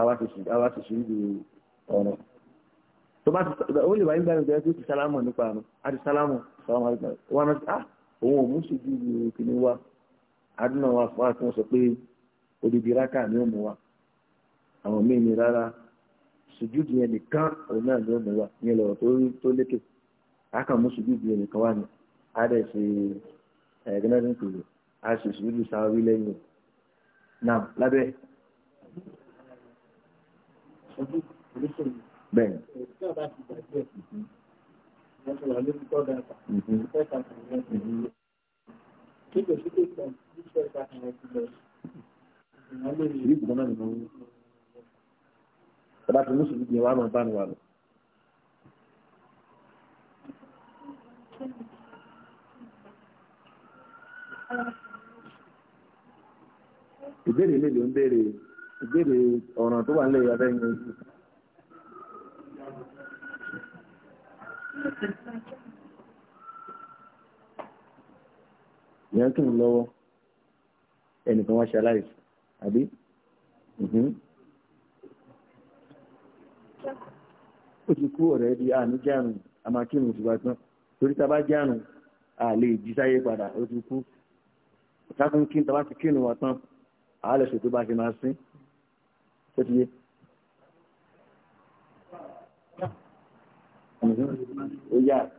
[SPEAKER 1] àwa ti ṣùgbọ́n ọ̀rọ̀ tó bá ti ó lè wáyé gbàgbé ẹgbẹ́ tó ti sálámù nípa àná a sálámù sálámù àti gbàgbé wọn náà ah òun ò mú ṣojú ìlú kìíní wa adúnà wa fún àti wọn sọ pé odidi rákà ni ó mú wa àwọn míì ní rárá ṣojú ìyẹn nìkan òun náà ni ó mú wa ìyẹn lọ̀rọ̀ tó lékè a kàn mú ṣojú ìyẹn nìkan wá ni a dẹ̀ ṣe ẹ̀ẹ́dẹ́gbẹ̀rún eh, kìlọ̀ a ṣe ṣojú sáré lẹ́yìn bẹ́ẹ̀. Ìdí ìgbọ́n náà nìkan wọ́n. Bàbá tó ní sùúrù gbìyànjú àwọn àbánu wa lọ. Ìbéèrè mélòó ń béèrè? ìbéèrè ọ̀ràn tó wà nílẹ̀ abẹ́ yẹn. ìyẹn kì í lọ́wọ́ ẹnìkan wá ṣe aláìsí àbí mhm. ó ti kú ọ̀rẹ́ di àánú járùn a máa kírun ti wá tán torí tá a bá járùn a lè jí sáyé padà ó ti kú tákùn kí n tá a bá ti kírun wá tán a lè ṣètò bá ṣe máa sín tó ti yé. ó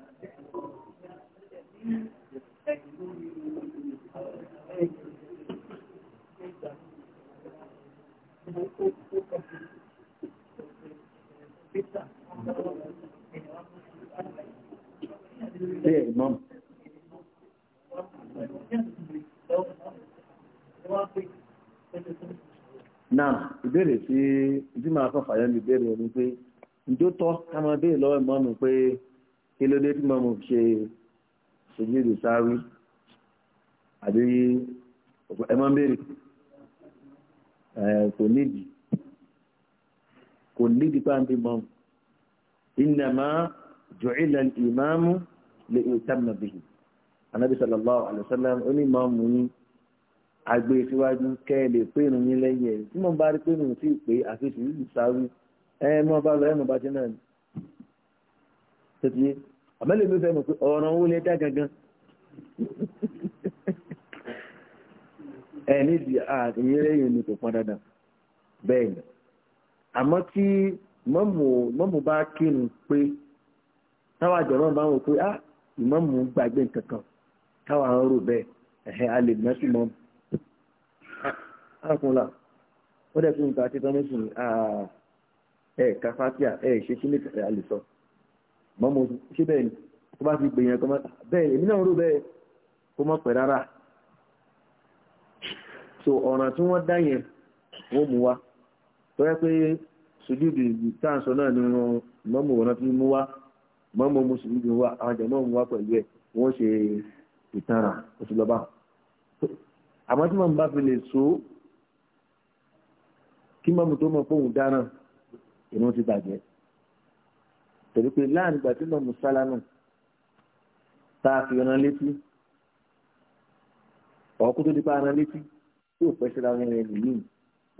[SPEAKER 1] Thank you náà ìbéèrè tí tí màá fọ fàyọ ní ìbéèrè ni pé ǹjọ́ tọ́ ká máa béèrè lọ́wọ́ ìmọ̀mù pé kí ló dé tí mọ̀mù ṣe ṣèjìrì sáré àbí ẹ máa ń béèrè kò nídìí kò nídìí pàǹdì mọ̀mù ìnàmá jùlọ ìmáàmù lè ìtàmà bìhì anábì sallallahu alaihi wasallam ó agbe síwájú kẹ́ ẹ lè pé irun yín lẹ́yìn ẹ̀ tí mo bá rí pé irun tí ì pé àfi sùúrù sáré ẹ ẹ mọ bá lọ ẹ mọ bá ti náà ni. tètè àmẹ́lẹ̀ mi fẹ́ mọ̀ pé ọ̀ràn owó lè gangan. ẹ níbi àtìyẹn lẹ́yìn ni kò pọn dandan bẹ́ẹ̀ ni àmọ́ tí mọ́mù bá kírun pé táwọn àjọ̀rọ̀ bá wọ̀ pé ah ìmọ̀mù gbàgbé nǹkan kan táwọn àrùn rò bẹ́ẹ̀ ẹ̀hẹ́ a lè mẹ́sì mọ́mù àkùnlà ó dẹ̀ tún nǹkan àti tọ́mẹ́sìn ẹ̀ kàfátíà ẹ̀ ṣe kí ní àlùsọ mọ́mọ́ ṣé bẹ́ẹ̀ ni tó bá ti gbèyàn kọ́ bẹ́ẹ̀ èmi náà rò bẹ́ẹ̀ kó mọ̀ pẹ̀ rárá so ọ̀ràn tí wọ́n dá yẹn wọ́n mú wa tó yẹ pé sùdíìdì táǹsọ náà ni mọ́mọ́ wọn fi mú wa mọ́mọ́ mu sùdíìdì wa àwọn jẹ̀mọ́ mu wa pẹ̀lú ẹ̀ wọ́n ṣe ìtara òṣùlọ́ba àmọ́ tí wọ́n bá fi lè so kí mọ́mù tó mọ̀ fóun dáná ìrún ti bàjẹ́ torí pé láàrin ìgbà tí mọ́mù sálámù tá a fi ran létí ọ̀kú tó dípa ran létí yóò pẹ́ síra wọn rẹ̀ nìyí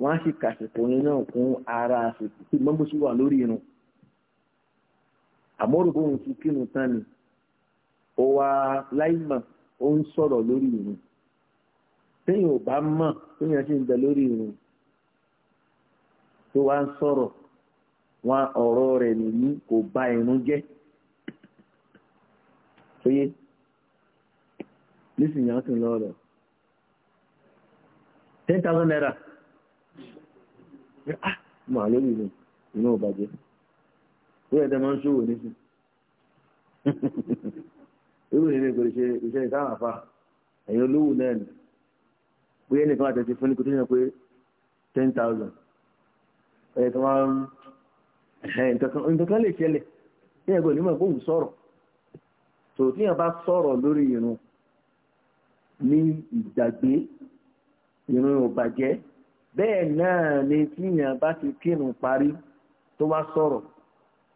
[SPEAKER 1] wọ́n á sì kàṣìkò yẹn náà kún ara àsìkò tí mọ́mù sì wà lórí irun àmọ́rùbó òun ti kírun tán ni ó wá láìmọ̀ ó ń sọ̀rọ̀ lórí irun téèyàn ò bá mọ̀ téèyàn sì ń bẹ lórí irun tó wá ń sọ̀rọ̀ wọn ọ̀rọ̀ rẹ̀ nìyí kò bà irun jẹ́ tóyé nísìnyí ten thousand naira ah mọ̀ àlórí mi inú ò bàjẹ́ ó yẹ kí ń ṣòwò nísìnyí irú ìrìn kò ṣe iṣẹ́ ìsáhàn àfa olówó náà ni bóyá fún ní kò tó yẹ pé ten thousand ẹ̀ tó máa ń nǹkan lè ṣẹlẹ̀ ní ẹgbẹ́ onímọ̀ kó wù sọ̀rọ̀ tó tí yẹn bá sọ̀rọ̀ lórí irun ní ìgbàgbé irun ò bàjẹ́ bẹ́ẹ̀ náà ni tí yẹn bá ti kírun parí tó wá sọ̀rọ̀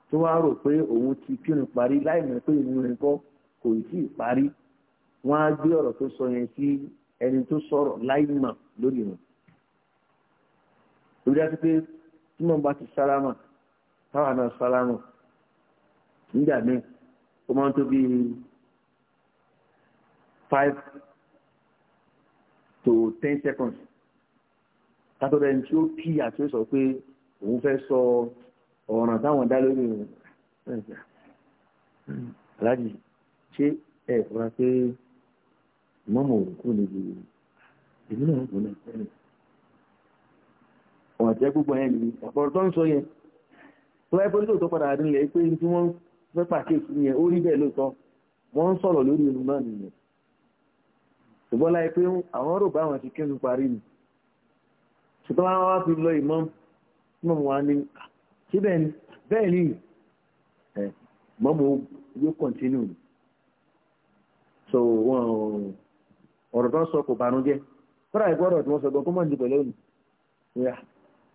[SPEAKER 1] tó wá rò pé òun ti kírun parí láì mọ̀ pé irun rẹ̀ kọ́ kò tí ì parí wọ́n á gbé ọ̀rọ̀ tó sọ yẹn sí ẹni tó sọ̀rọ̀ láì lórí irun tí mo bá ti sálámà táwa náà sálámà nígbà míì ó máa ń tó bíi five to ten seconds kátó rẹ̀ tí ó kí àti ó sọ pé òun fẹ́ sọ ọ̀ràn táwọn dá lórí rẹ̀ aláàjì ṣé ẹ̀ fura pé mọ́mọ́ òun kú níbi ìdílé òun kò náà ọ̀nà tẹ́ gbogbo ẹ̀ nìyí ọ̀pọ̀rọ̀ tó ń sọ yẹn tó wáyé pé lóòótọ́ padà nílẹ̀ pé tí wọ́n fẹ́ pàkíyèsí yẹn ó rí bẹ́ẹ̀ lóòótọ́ wọ́n ń sọ̀rọ̀ lórí irun náà nìyẹn ṣùgbọ́n láyé pé àwọn rò bá àwọn ti kírun parí ni ṣùgbọ́n wọn wá fi lọ ìmọ̀ mọ̀ wá ní síbẹ̀ ni bẹ́ẹ̀ ni ẹ̀ mọ́ mo yóò kọ̀ntínú ni so wọn ọ̀rọ̀ tó ń sọ kò bànújẹ́ kọ́ra ìgbọ́rọ̀ tí wọ́n sọ gan kó mọ̀ ní pẹ̀lú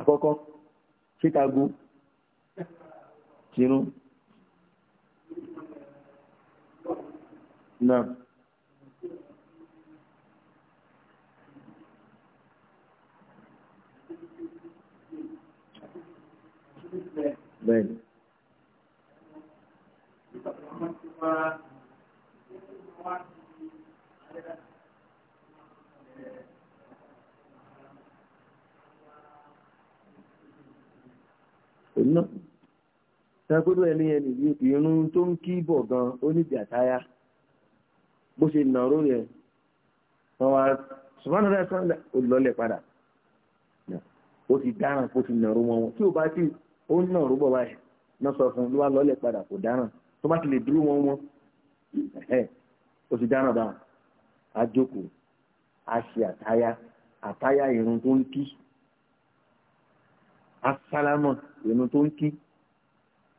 [SPEAKER 1] àkọ́kọ́ sítago tìrún náà. Bẹ́ẹ̀ni. Thank you. òun náà ṣàgbọ́dọ̀ ẹni yẹn nìyí irun tó ń kí bọ̀ gan ó níbi àtáyá bó ṣe nàró yẹn wọn wá ṣùgbọ́n náà ṣáà olùlọ́lẹ̀ padà ó ti dáràn kó ti nàró wọn tí ò bá ti ó ń nàró bọ̀ báyìí náà sọ fún un ló wá lọ́lẹ̀ padà kò dáràn tó bá ti lè dúró wọn wọn ó ti dáràn báwọn á jókòó á ṣe àtáyá àtáyá irun tó ń kí asálámà ìrun tó ń kí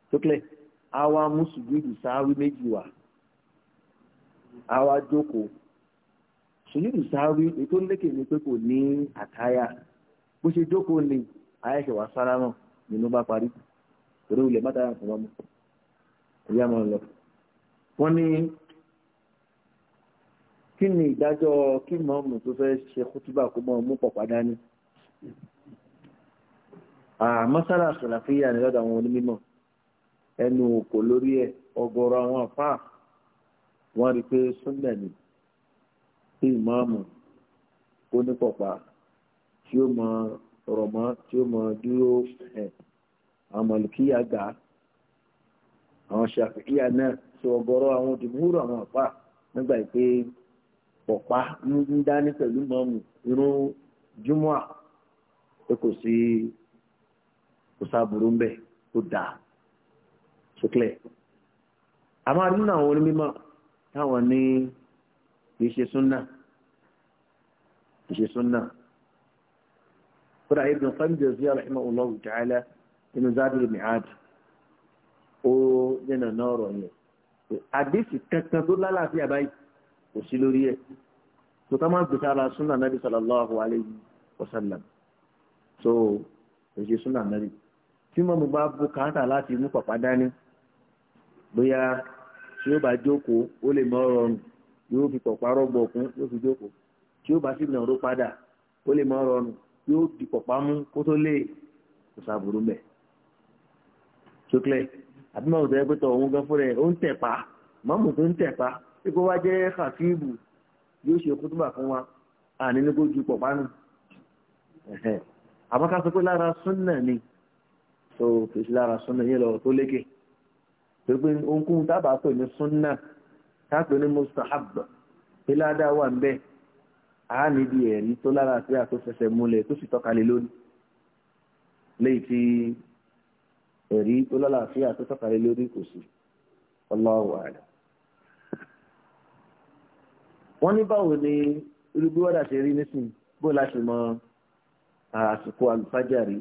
[SPEAKER 1] tókẹ́lẹ̀ àwa mùsùlùmí sáárù méjì wà àwa jókòó sùjúdù sáárù ètò lékè ni pé kò ní àtáyà bó ṣe jókòó ni ayẹ́ṣẹ̀ wà sálámà nínú bá parí torí ilẹ̀ mọ́tàrà fún wọn mú ìyá máa lọ. wọ́n ní kí ni ìdájọ́ kí mọ́ọ̀mù tó fẹ́ ṣe kútúbà kó mọ́ọ̀mù pọ̀pá dání. àmọ́sára sọ̀làfíà ni lọ́dọ̀ àwọn onímọ̀ ẹnu òkò lórí ẹ̀ ọgọrọ àwọn àfà wọn rí pé súnlẹ̀ ni tí ìmáàmù onípọ̀pá tí ó mọ ọ̀rọ̀ tí ó mọ dúró ẹ̀ àwọn mọ̀lùkíyà gbà àwọn ṣàfikíyà náà tí ọ̀gọ̀rọ̀ àwọn òdìmúrò àwọn àfà nígbà pé kò sáàbùrú ń bẹ ó dáa sókè a máa rí nínú àwọn onímọ̀ táwọn ní kì í ṣe súnà kì í ṣe súnà kódà Ibn Qayyim Jawziyya rahimahullahu ta'ala nínú Zadul Mi'ad ó dènà náà rọ̀ yẹn àdéhùn kankan tó lálàáfíà báyìí kò sí lórí ẹ̀ tó ká máa gbèsè ara súnà nàbì sallallahu alayhi wa sallam tó èyí súnà nàbì tí mọ̀mú bá bu káàtà láti mú pàpà dání bóyá tí ó bá jókòó ó lè mọ rọrùn yóò fi pàpà rọgbọ kún yóò fi jókòó tí ó bá sì nàró padà ó lè mọ rọrùn yóò di pàpà mú kó tó lè kó sàbùrù mẹ. sókè àbí tó yẹ pé tọ̀ òun gan fúnra ẹ̀ ó ń tẹ̀ pa tó ń tẹ̀ pa tí wá jẹ́ kàfíìbù yóò ṣe kútùbà fún wa àní ní kó ju pàpà nù. àbákásọ pé lára súnà ni so kìí lára súnà yẹn lọ́wọ́ tó lékè pé pé ohunkóhun tábà pè ní súnà tápè ní mustahab pé ládàá wà ń bẹ́ẹ̀ a níbi ẹ̀rí tó lára àti àtòfẹsẹ̀ múlẹ̀ tó sì tọ́kalẹ̀ lónìí léyìí tí ẹ̀rí tó lára àti àtòfẹsẹ̀ lórí wọ́n ní báwo ni irúgbó ṣe rí nísìnyí bó láti mọ àsìkò àlùfájàrí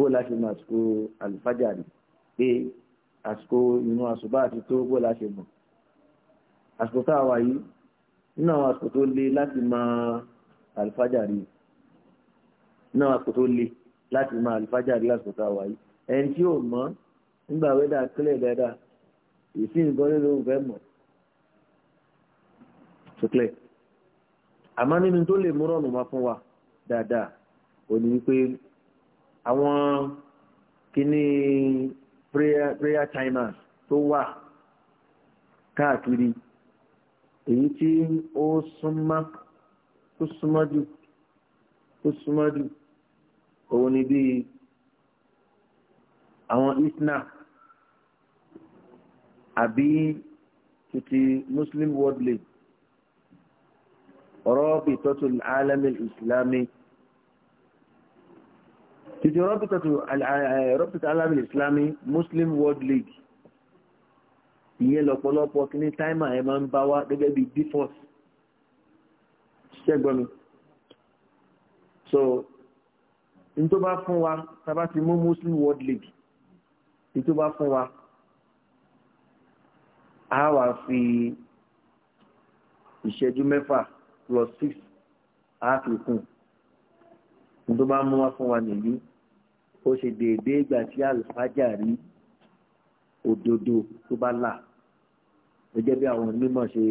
[SPEAKER 1] bó láti mọ àsìkò àlùfájàrí pé àsìkò inú àsùbá àti tó bó láti mọ àsìkò tá a wà yìí nínú àwọn àsìkò tó le láti mọ àlùfájàrí nínú àwọn àsìkò tó le láti mọ àlùfájàrí àsìkò tá a wà yìí ẹni tí ò mọ nígbà wẹ́dà kílẹ̀ dáadáa ìsìn nǹkan ló ló ń fẹ́ mọ̀ sókè àmọ́ nínú tó lè múrọ̀nù wá fún wa dáadáa ò pé àwọn kíní prayer prayer timers tó wà káàkiri èyí tí ó súnmọ́ tó súnmọ́ jù tó súnmọ́ òun ni bíi àwọn isna àbí títí muslim world league ọ̀rọ̀ bìtọ́tù alámi ìsìlámi títí rọ́pítà alábìlì islami muslim world league ìyẹn lọ́pọ̀lọpọ̀ kí ní táìmà ẹ máa ń bá wá gẹ́gẹ́ bí so n tó bá fún wa tábà ti mú muslim world league n tó bá fún wa a wà fi ìṣẹ́jú mẹ́fà plus six a fi kún n tó bá mú wa fún wa nìyí ó ṣe déédéé ìgbà tí àlùfájà rí òdodo tó bá là gẹ́gẹ́ bí àwọn onímọ̀ ṣe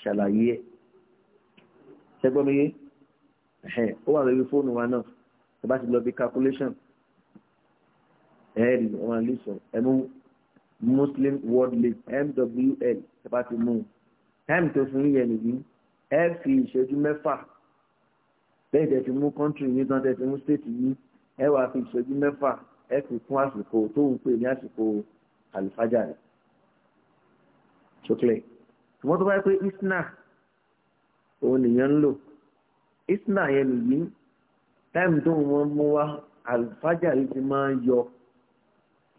[SPEAKER 1] ṣàlàyé ẹ̀ ṣẹgbọ́n mi yé ó wà lórí fóònù wa náà ẹ bá ti lọ bí calculation ẹ̀ẹ́dì ọmọ àlùsọ ẹ̀mú Muslim World League MWL ẹ bá ti mú M táìmù tó fún yẹn nìyí ẹ fi ìṣẹ́jú mẹ́fà lẹ́yìn tẹ̀ ti mú kọ́ńtì yìí tán tẹ̀ ti mú stéètì yìí ẹ wàá fi ìṣẹ́jú mẹ́fà ẹ fi kún àsìkò tó ń pè ní àsìkò àlùfájà rẹ̀ ṣókèlè ṣùgbọ́n tó bá yẹ pé isna òun nìyẹn ń lò isna yẹn nìyí táìmù tó ń wọ́n mú wá àlùfájà yìí ti máa ń yọ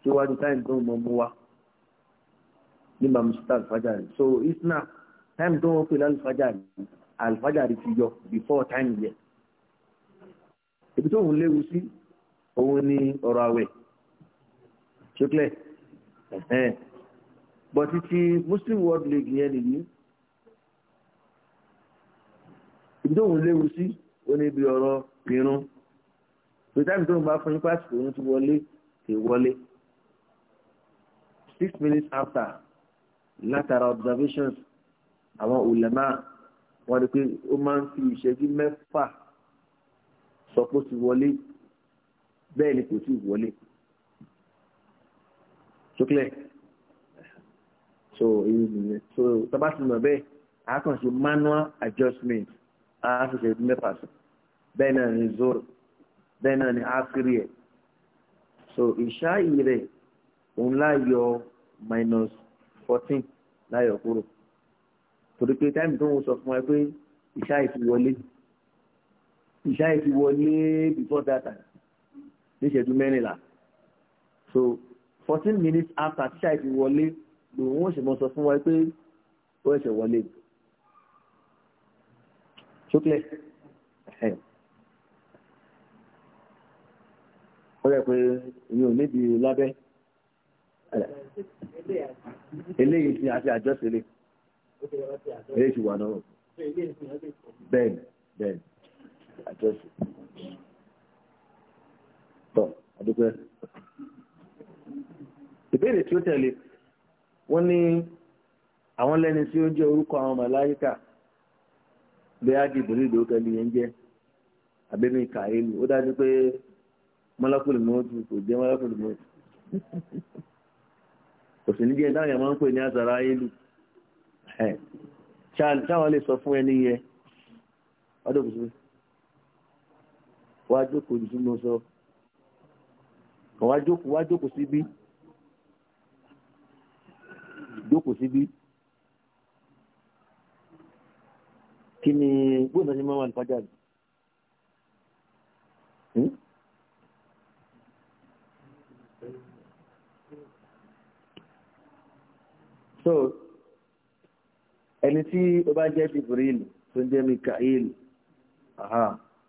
[SPEAKER 1] síwájú táìmù tó ń wọ́n mú wá nígbà mùsùlùmí àlùfájà rẹ̀ so isna táìmù tó wọ́n pè lálùfájà rẹ̀ àlùfájà rẹ̀ ti yọ before time yẹn ibi tó ń léwu sí òun ni ọ̀rọ̀ àwẹ̀ ṣókẹ́lẹ̀ ẹ̀hẹ́n bọ̀ títí muslim world league yẹn nìyí ibi tóun léwu sí ó níbi ọ̀rọ̀ pinrun pẹ̀tàbí tóun bá fún yín pásítọ̀ òun ti wọlé ti wọlé six minutes after látara observations àwọn ulama wọ́n rí pé ó máa ń fi ìṣẹ́jú mẹ́fà sọ pé ó ti wọlé bẹ́ẹ̀ ni kò tí wọlé sókè so èyí nìyẹn so tọ́ba ti mọ̀ bẹ́ẹ̀ a kàn manual adjustment a fi ṣe mẹ́fà sí bẹ́ẹ̀ náà ni zoro bẹ́ẹ̀ náà ni akiri so ìṣá yìí rẹ̀ òun láyọ minus fourteen láyọ kúrò torí pé táìmù tó ń sọ fún wa pé ìṣá yìí ti wọlé ìṣá yìí ti wọlé before that time ní ìṣẹ́jú mẹ́rìnlá so fourteen minutes after tíṣà ìfi wọlé lòun ó ṣèmọ sọ fún wa pé ó ẹ̀ṣẹ̀ wọlé ṣókè ó rẹ̀ pé èmi ò níbi lábẹ́ eléyìí ti àti àjọṣẹlẹ̀ eléyìí ti wà náà bẹ́ẹ̀ bẹ́ẹ̀ àjọṣe. àdúgbò ìbéèrè tí ó tẹ̀lé wọ́n ní àwọn lẹ́ni tí ó jẹ́ orúkọ àwọn màláyíkà bẹ́ẹ̀ á dìbò nílò kẹ́lí yẹn jẹ́ àbẹ́mi kàílù ó dájú pé mọ́lákùlù kò jẹ́ mọ́lákùlù mọ́tù kò sì ní jẹ́ dáhùn yẹn máa ń pè ní sọ fún ẹni yẹn wájú kò jù sí mo kọ̀ wá jókòó wá jókòó síbí jókòó síbí kí ni bóyá ní máa wà ní fájà rẹ̀ so ẹni tí ó bá jẹ́ Jibril tó ń jẹ́ Mikael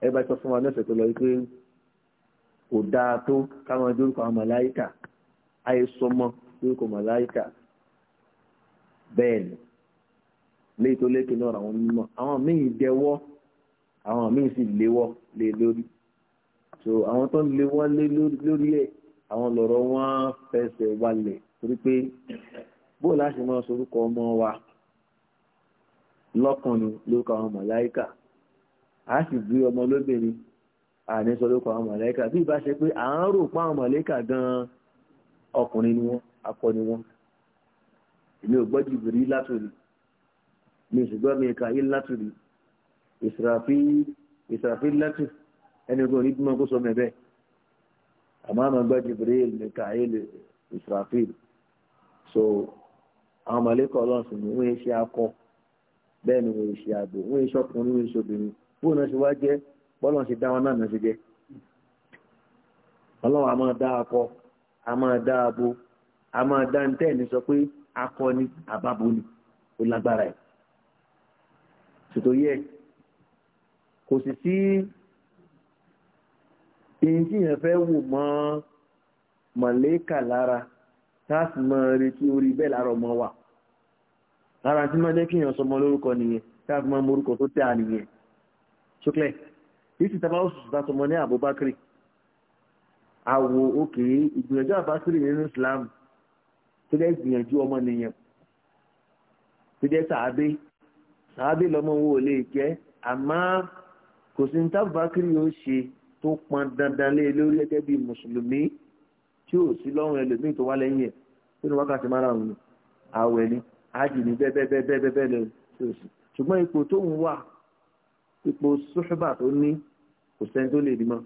[SPEAKER 1] ẹ bá tọ́ fún wa lọ́sẹ̀ tó lọ wípé kò dáa tó káwọn dórúkọ àwọn màláìkà àìsọmọ dórúkọ màláìkà bẹ́ẹ̀ ni léyìí tó lékè náà àwọn mímọ́ àwọn míì dẹwọ́ àwọn míì sì léwọ́ lé lórí so àwọn tó ń léwọ́ lé lórí ẹ̀ àwọn lọ̀rọ̀ wọn fẹsẹ̀ walẹ̀ torí pé bóòlù àti máa sorúkọ ọmọ wa lọ́kàn ni lórúkọ àwọn màláìkà a sì bí ọmọ lóbìnrin àní sọlọ́kọ̀ àwọn mọ̀lẹ́kà bí ìbá ṣe pé à ń rò pa àwọn mọ̀lẹ́kà gan-an ọkùnrin ni wọ́n akọ ni wọ́n èmi ò gbọ́ jìbìrì látòrí mi ò sì mi kà í látòrí ìsìràfí látò ẹni kò ní kó sọ mẹ àmọ́ àmọ́ gbọ́ jìbìrì mi kà í ìsìràfí so àwọn mọ̀lẹ́kà ọlọ́sìn ni wọ́n ṣe akọ bẹ́ẹ̀ ni wọ́n ṣe ṣe ọkùnrin wọ́n ṣe bọ́lọ̀ ṣe dá wọn náà náà ṣe jẹ́ ọlọ́run a máa dá akọ a máa dá abo a máa dá ntẹ́ ní sọ pé akọ ni àbábo ni ó lágbára ẹ̀ ṣètò yẹ kò sì sí èyí tí yẹn fẹ́ wò mọ́ mọ̀lẹ́kà lára táàsì máa retí orí bẹ́ẹ̀ láàárọ̀ mọ́ wà lára tí máa jẹ́ kí èèyàn sọmọ lórúkọ nìyẹn táàsì máa mọ orúkọ tó tẹ́ à nìyẹn èsì tá a bá ó sùn sùn sọmọ ní Abubakar àwò òkè ìgbìyànjú Abubakar nínú Islam tó jẹ́ ìgbìyànjú ọmọnìyàn tó jẹ́ sàábé sàábé lọ́mọ owó ò lè jẹ́ àmọ́ kò sí ní tábùbákìrì ó ṣe tó pọn dandan lé lórí gẹ́gẹ́ bí mùsùlùmí tí ò sí lọ́rùn ẹlòmíì tó wá lẹ́yìn ẹ̀ nínú wákàtí márùn-ún àwẹ̀ ni àjì ní bẹ́ẹ̀ lọ sí òsì ṣùgbọ́n ipò tóun wà ipò sùhùbà tó ní kò sẹ́ni tó lè rí mọ́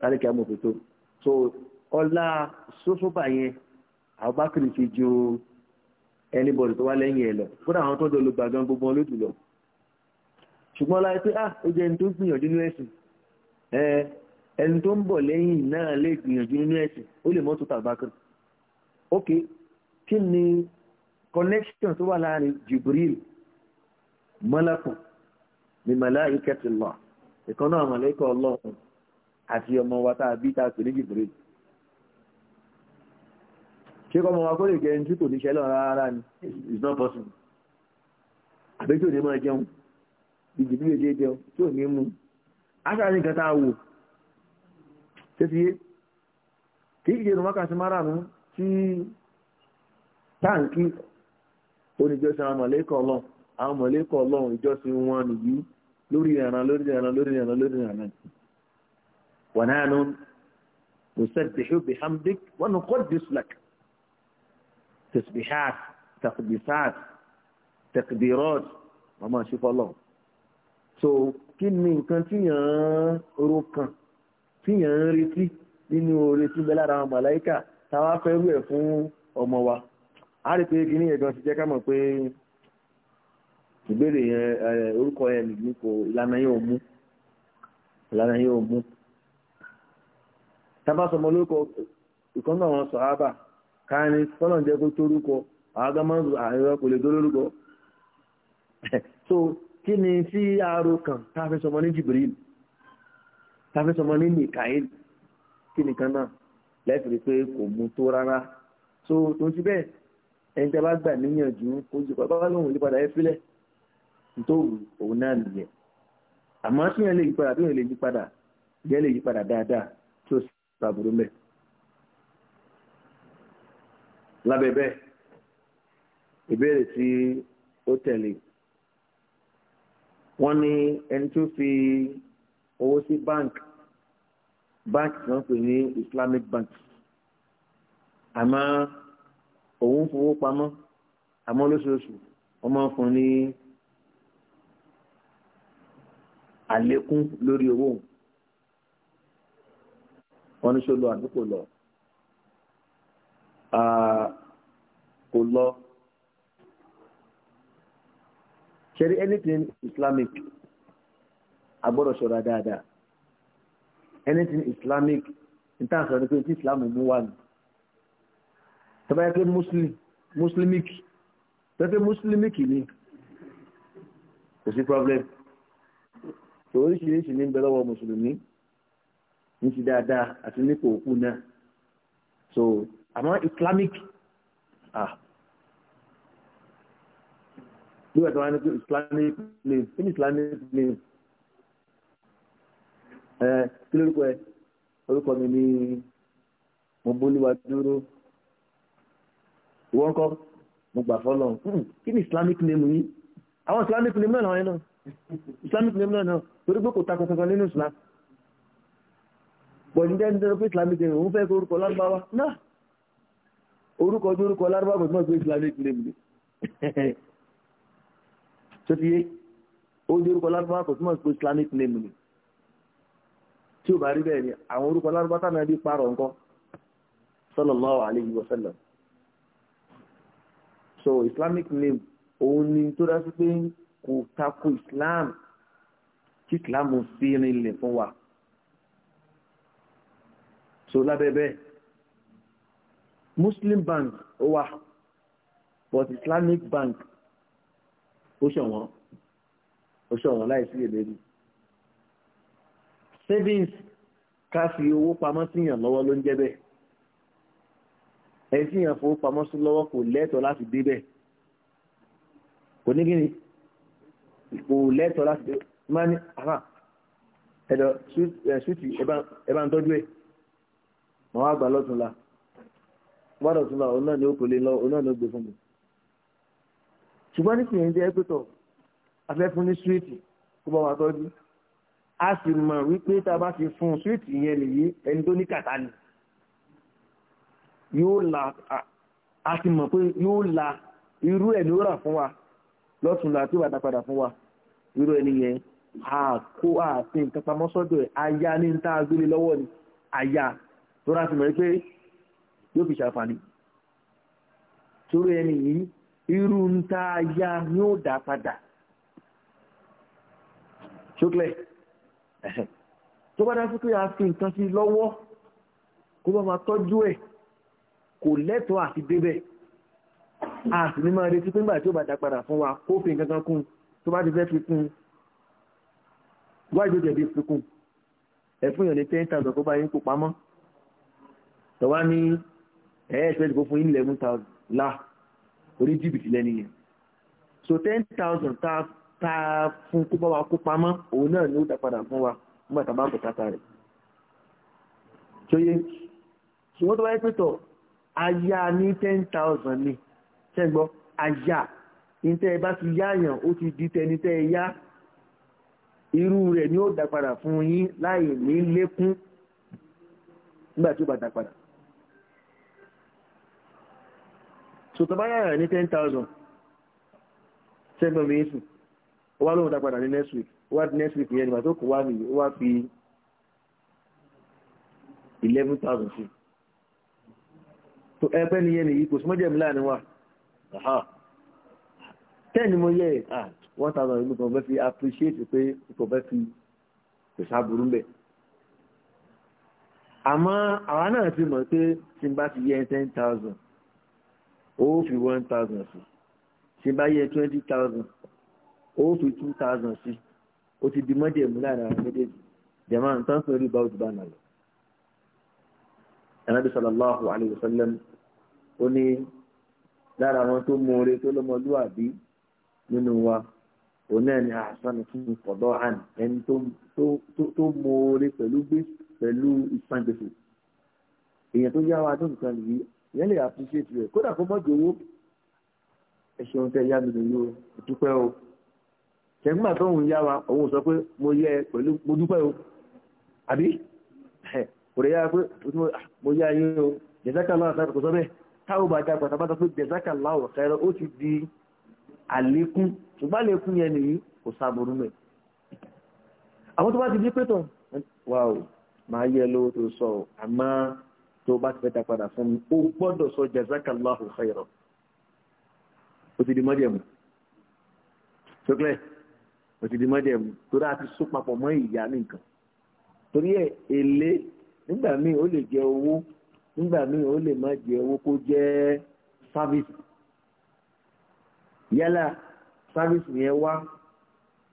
[SPEAKER 1] kálíkì amòfòtó so ọlá sùhùbà yẹn àbákìrì ti ju ẹnibọ̀dì tó wá lẹ́yìn ẹ̀ lọ kódà àwọn tó ń dọ̀lù gbàgán gbogbo wọn lójú lọ ṣùgbọ́n láyé pé ah ó jẹ́ ẹni tó gbìyànjú nínú ẹ̀sìn ẹ ẹni tó ń bọ̀ lẹ́yìn náà lè gbìyànjú nínú ẹ̀sìn ó lè mọ́tò tàbákìrì ok kí ni connection tó wà láàrin Jibril mọ́lákùn ní malaikatillah ìkan náà màláíkà ọlọ́run àti ọmọ wa tá a bí tá a ní jìbìrì ṣé kọ́ ọmọ wa kó lè ní ṣẹlẹ̀ rárá ni is not possible àbí tí ò ní máa jẹun ìjìbìrì èdè jẹun tí ò ní mú aṣáájú nǹkan tá a wò ṣé ti yé kì í ṣe wákàtí márùn-ún tí táǹkì oníjọ́sìn ọlọ́run lórí ìrànà lórí ìrànà lórí ìrànà lórí ìrànà wà náà nù nusabbihu bihamdik wa nuqaddis lak tasbihat taqdisat taqdirat wọ́n máa ṣe fọ́lọ́ so kí ni nǹkan tíyàn ń ro kan tíyàn ń retí nínú oore tí bẹ́ẹ̀ lára àwọn màláìkà táwa fẹ́ rú fún ọmọ wa a rí pé kí ni ẹ̀gbọ́n ti jẹ́ ká mọ̀ pé ìbéèrè yẹn orúkọ yẹn nìyí kò ìlànà yẹn ò mú ìlànà yẹn ò mú tábà sọmọ lórúkọ ìkọ́nà àwọn sọ̀hábà káàní tọ́lọ̀ kò lè so kí ni sí kan táfi sọmọ ní Jibril táfi sọmọ ní Mikael kí náà lẹ́fìrí pé kò mú tó rárá so tó ti bẹ́ẹ̀ ẹni bá gbà níyànjú kó jù pàápàá lóhùn ẹ fílẹ̀ nítorí òun náà nìyẹn àmọ́ tí yẹn lè yí padà tí yẹn lè yí padà yẹn lè yí padà dáadáa tí ó sì sàbùrù mẹ́. lábẹ́ bẹ́ẹ̀ ìbéèrè tí ó tẹ̀lé wọ́n ní ẹni tó fi owó sí báńkì báńkì tí wọ́n pè ní Islamic bank àmọ́ òun fowó pamọ́ àmọ́ lóṣooṣù wọ́n máa ń fún ní àlékún lórí owó òun ní ṣó àbí kò lọ kò lọ ṣẹ́rí anything islamic agbọ́dọ̀ ṣọ́ra dáadáa anything islamic ìtànsọ ní pé tí islam mú wà ní tọ́bá yẹ́ pé muslimic tọ́bá yẹ́ pé muslimic ni kò sí problem tó oríṣiríṣi ní bẹ lọ́wọ́ mùsùlùmí ní ti dáadáa àti nípò òkú náà so àmọ́ islamic ah bí wọ́n ti wá ní pé islamic name kí ni islamic name ẹ kí lórúkọ ẹ orúkọ mi ní mo bóliwa dúró ìwọ́n kọ́ mo gbà fọ́lọ́ hmm, kí ni islamic name yìí àwọn islamic name náà náà islamic name náà náà torí pé kò takò kankan nínú islam pọ̀ nígbà nítorí pé islamic name òun fẹ́ kó orúkọ lárúbáwá náà orúkọ ojú orúkọ lárúbáwá bọ̀ gbé islamic name ni tó ti yé ojú orúkọ lárúbáwá kò túmọ̀ sí islamic name (laughs) ni tí ò bá rí bẹ́ẹ̀ ni àwọn orúkọ lárúbáwá táwọn ẹbí parọ̀ nǹkan sallallahu alayhi wa sallam so islamic name òun ni tó dá sí pé kò takò islam kí ìsìláàmù sí rinlẹ̀ fún wa so lábẹ́bẹ́ muslim bank ó wà but islamic bank ó ṣọ̀wọ́n ó ṣọ̀wọ́n láìsí ìlérí savings ká fi owó pamọ́ síyàn lọ́wọ́ ló ń jẹ́ bẹ́ẹ̀ ẹ̀sìn yàn fowó pamọ́ sí lọ́wọ́ kò lẹ́tọ̀ọ́ láti débẹ̀ kò ní kíni kò lẹ́tọ̀ọ́ láti débẹ̀ máa ní àmà ẹ̀dọ̀ ṣúùtì ẹ bá ń tọ́jú ẹ̀ mọ̀ wá gbà lọ́túnla gbọ́dọ̀ tún la òun náà ni ó kò lè lọ òun náà ni ó gbé fún mi. ṣùgbọ́n nísìnyí jẹ́ pé tọ̀ afẹ́fún ní ṣúùtì kó bá wa tọ́jú a sì mọ̀ wípé tá a bá ti fún ṣúùtì yẹn nìyí ẹni tó ní kàtá ni yóò la a ti mọ̀ pé yóò la irú ẹ̀ ló rà fún wa lọ́túnla tí wàá dá padà fún wa irú ẹni yẹn àkó àti nǹkan pamọ́ sọ́dọ̀ ẹ̀ aya ní ta agbélé lọ́wọ́ ni aya tó rà sí mọ̀ pé yóò fi ṣàǹfààní torí ẹni yìí irú ń ta aya ni ó dá padà ṣókèlè tó bá dájú pé a fi nǹkan sí lọ́wọ́ kó bá máa tọ́jú ẹ̀ kò lẹ́tọ̀ọ́ àti débẹ̀ a sì ní máa retí pé nígbà tí ó bá dá padà fún wa kó fi nǹkan kan kún tó bá ti fẹ́ fi kún un wáyé ló jẹ̀bi fikùn ẹ̀fún yàn ní ten thousand kó bá yín kó pamọ́ tọ́wá ní ẹ̀ẹ́dẹ́gbẹ̀rún kó fún yín eleven thousand la orí jìbìtì lẹ́nu yẹn so ten thousand tá a fún kó bá wa kó pamọ́ òun náà ni ó dá padà fún wa nígbà tá a bá kó tata rẹ̀ tóyé ṣùgbọ́n tó bá yẹ pé tọ̀ aya ní ten thousand ni ṣẹ́gbọ́n aya ní tẹ́ ẹ bá ti yáàyàn ó ti di tẹni tẹ́ ẹ yá irú rẹ̀ ni ó dá padà fún yín láì ní lékún nígbà tí ó bá dá padà sọ̀tọ̀ bá yára ní ten thousand seven million ó wá lóhun dá ní next week ó wá next week yẹn nígbà tó kù wá nìyí ó wá fi eleven thousand sí tó ẹgbẹ́ nìyẹn nìyí kò sí mọ́jẹ̀mí láàrin wa ten mo yẹ ẹ̀ ah one thousand ìlú kan fẹ́ fi appreciate pé kò fẹ́ fi kò sábúrú ń bẹ̀. àmọ́ àwa náà ti mọ̀ pé tí n bá ti yẹ ten thousand ó fi one thousand sí tí n bá yẹ twenty thousand ó fi two thousand sí ó ti di mọ́dẹ̀ mú láàrin àwọn méjèèjì jẹ̀mọ́ nǹkan fún orí báwo ti bá nà lọ. Ànábì sallallahu alayhi wa sallam ó ní lára àwọn tó mú oore tó lọ́mọlúwàbí nínú wa òun náà ni àṣàmì fún ìfọ̀dọ́ àn ẹni tó mọ̀ọ́rẹ́ pẹ̀lú gbé pẹ̀lú ìsangbèsè èèyàn tó yáwó adó nǹkan nìyí ìyẹn lè appreciate rẹ̀ kódà kó mọ́jú owó ẹ̀ṣẹ̀ ohun tẹ́ yá mi nìyí o ìdúpẹ́ o tẹ̀gbọ́n tó ń yá wa òun sọ pé mo yẹ pẹ̀lú mo dúpẹ́ o àbí kò lè yá pé ah, mo yá yín o jẹ̀sákà láwọn sábà kò sọ bẹ́ẹ̀ táwọn bá dá pàtàkì pé jẹ̀sákà láwọn kẹrẹ ó ti di àlékún ṣùgbọ́n lẹ́kùn yẹn nìyí kò sábòrú mẹ́ àwọn tó bá ti di pé tán wà ó máa yẹ lówó tó sọ ọ àmọ́ tó bá ti fẹ́ ta padà fún mi ó gbọ́dọ̀ sọ jazakallahu khairan ó ti di mọ́jẹ̀mú ṣókè ó ti di mọ́jẹ̀mú torí a ti sún papọ̀ mọ́ ìyá nìkan torí ẹ̀ èlé nígbà míì ó lè jẹ owó nígbà míì ó lè má jẹ owó kó jẹ́ sáfíìsì yálà sáfíìsì yẹn wá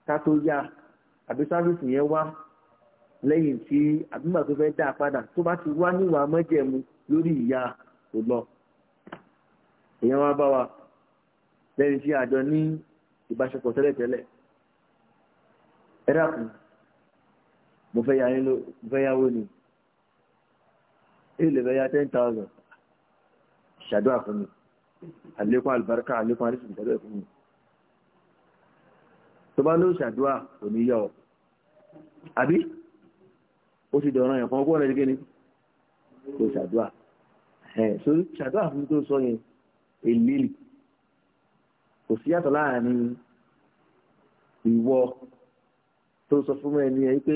[SPEAKER 1] ká tó yá àbí sáfíìsì yẹn wá lẹ́yìn tí àbímọ̀ tó fẹ́ dá padà tó bá ti wá níwà mọ́jẹ̀mú lórí ìyá kò lọ. èèyàn wá bá wa lẹ́yìn tí àjọ ní ìbáṣepọ̀ tẹ́lẹ̀tẹ́lẹ̀ ẹ dákun mo fẹ́ yá nílò mo fẹ́ yáwó ni ilé fẹ́ yá ten thousand ṣàdúrà fún mi àlékún àlùbáríkà àlékún àrísùn tẹ́lẹ̀ fún mi tó bá ló ṣàdúrà kò ní yọ àbí ó ti dọ̀ràn ẹ̀kan ọgbọ́n rẹ̀ gẹ́ni kò ṣàdúrà ẹ̀ sórí ṣàdúrà fún tó sọ yẹn èlélì kò sí yàtọ̀ láàrin ìwọ tó sọ fún ẹni ẹ pé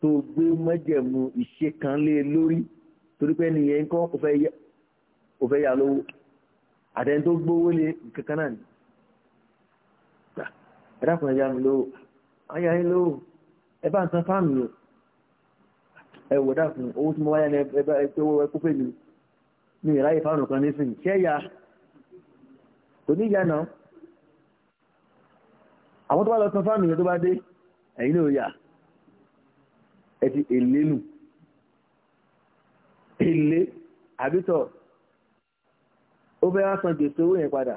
[SPEAKER 1] tó gbé mọ́jẹ̀mú ìṣe kan lé e lórí torí pé ẹni yẹn kọ́ kò fẹ́ yá lówó àtẹni tó gbówó lé kankan náà ni ẹ̀dàkùn ẹ̀yà mi lówó ayà yín lówó ẹ bá ń san fáàmì o ẹ wò dàkùn owó tí mo wáyà ní ẹ bá ẹ pé owó ẹ kó pè mí mi ì ráyè fáàmì kan nísìnyí ṣé ẹ̀yà kò ní ìyá náà àwọn tó bá lọ san fáàmì yẹn tó bá dé ẹ̀yin náà yà ẹ ti èlé nù èlé àbítọ̀ ó fẹ́ wá san gbèsè owó yẹn padà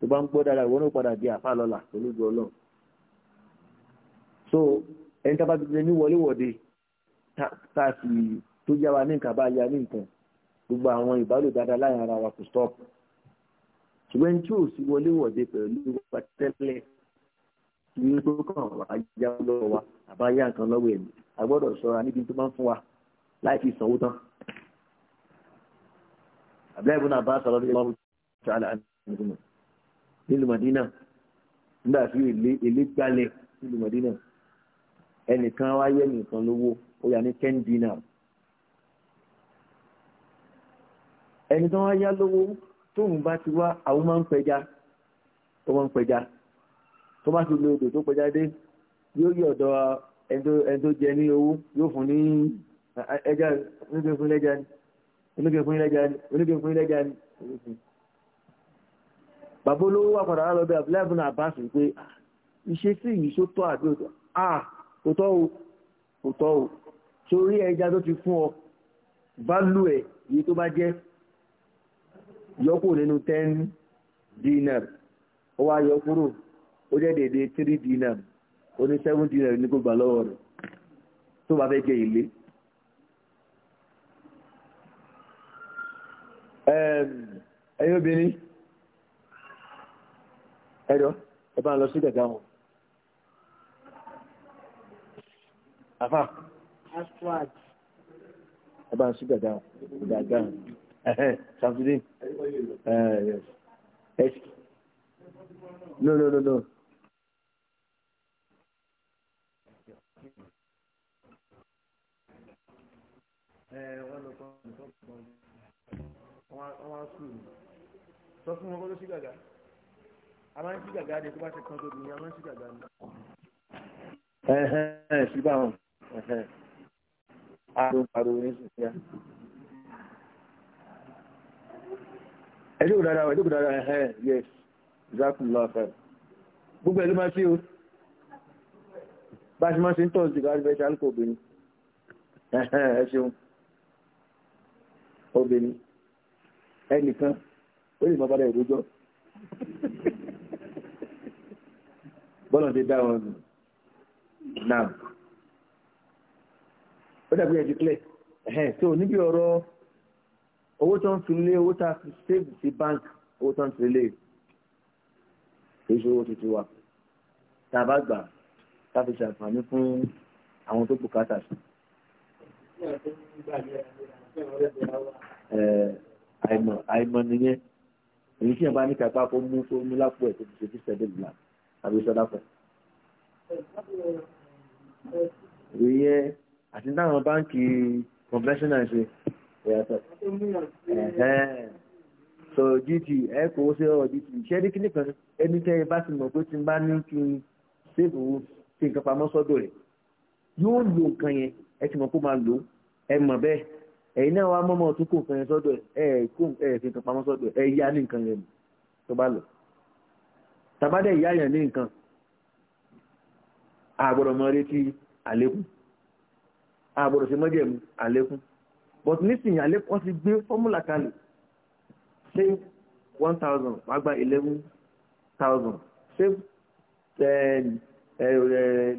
[SPEAKER 1] tó bá ń gbọ́ dára ìwọ náà padà di àfa lọ́la olójú ọlọ́run so ẹni tá a bá ti ní wọléwọ̀de tá a sì tó yá wa ní nǹkan bá yá ní nǹkan gbogbo àwọn ìbálò dáadáa láyìn ara wa kò stop ṣùgbọ́n tí ò sí wọléwọ̀de pẹ̀lú wa tẹ́lẹ̀ ní tó kàn wá yá lọ́wọ́ wa àbá yá nǹkan lọ́wọ́ ẹ̀mí a gbọ́dọ̀ ṣọ́ra níbi tó máa ń fún wa láì fi sanwó tán àbúlá ìbùnà bá sọ̀rọ̀ bí wọ́n ti nílùú Madina nígbà tí èlé gbalẹ̀ nílùú Madina ẹnìkan wá yẹ nìkan lówó ó yà ní ten dinar ẹni tó wá yá lówó tóun bá ti wá àwọn máa ń pẹja tó máa ń pẹja tó bá ti lo odò tó pẹja dé yóò yí ọ̀dọ̀ ẹni tó jẹ ní owó yóò fún ní ẹja oníkẹ́ fún ilẹ́ja ni oníkẹ́ fún ilẹ́ja ni oníkẹ́ fún ilẹ́ja ni bàbá olówó wà padà lọ bí abdullahi bin abbas wípé ah, ìṣesí yìí ṣó tọ́ àbí òtọ́ à ah, òtọ́ o òtọ́ o torí ẹja tó ti fún ọ bálù ẹ̀ yìí tó bá jẹ́ yọkù nínú ten dinar ó wá yọ kúrò ó jẹ́ dèdè three dinar ó ní seven dinar ní kó gbà lọ́wọ́ rẹ̀ tó bá fẹ́ jẹ ilé. ẹ̀yin obìnrin ẹ̀rọ ẹ bá ń lọ sí gàgà wọn. àfà. aswad. ẹ bá ń sí gàgà wọn gàgà wọn. Samsudin. yes. no no no no. wọ́n lọ kọ́ ọ̀nà tó kọ́ ọ̀nà wọ́n á sùn lọ sọ fún wọn kó ló sí gàgà a máa ń sí gàgá ni tó bá ṣe kan tóbi ni a máa sí ni. ya. ẹ jókòó dáadáa ẹ jókòó dáadáa yes jazakumullahu khair gbogbo ẹ̀ ló máa ṣe o bá ṣe máa ṣe ń tọ́ sí ìgbà àríwá ìṣẹ́ àlùkò obìnrin ẹ ṣeun obìnrin ẹnìkan ó lè máa bá bọ́lọ̀ ti dá wọn náà ó dàbí ẹ̀jú clear ẹ̀hẹ́n so níbi ọ̀rọ̀ owó tó ń fi lé owó tá a fi save sí bank owó tó ń fi lé kì í ṣe owó tuntun wa tá a bá gbà tá a fi ṣàǹfààní fún àwọn tó bùkátà sí. àìmọ̀ àìmọ̀ nìyẹn èyí tí yẹn bá ní kápá kó mú tó mú lápò ẹ̀ tó ti ṣe kí sẹ́dẹ̀ lù àbí sọ́dápọ̀. ìyẹ́ àti táwọn báńkì conventional ṣe ìyàtọ̀. so gt ẹ kò ó ṣe ọ̀rọ̀ gt ṣé ní kíní kan ẹni tẹ́ ẹ bá ti mọ̀ pé tí n bá ní kí n ṣèbù kí nǹkan pamọ́ sọ́dọ̀ rẹ̀ yóò lo nǹkan yẹn ẹ ti mọ̀ kó máa lò ó ẹ mọ̀ bẹ́ẹ̀ ẹ̀yin náà wá mọ́mọ́ tún kó nǹkan yẹn sọ́dọ̀ ẹ̀ ẹ̀ kó ẹ̀ fi nǹkan pamọ́ sọ́dọ̀ ẹ̀ yá ní nǹkan yẹn tó bá lọ tàbádẹ́ ìyá èèyàn ní nǹkan àgbọ̀dọ̀ mọ retí àlékún àgbọ̀dọ̀ sí mọ́jẹ̀mú àlékún but nísìnyí àlékún ti gbé fọ́múlà kalẹ̀ save one thousand wàá eleven thousand save eh, ten eh,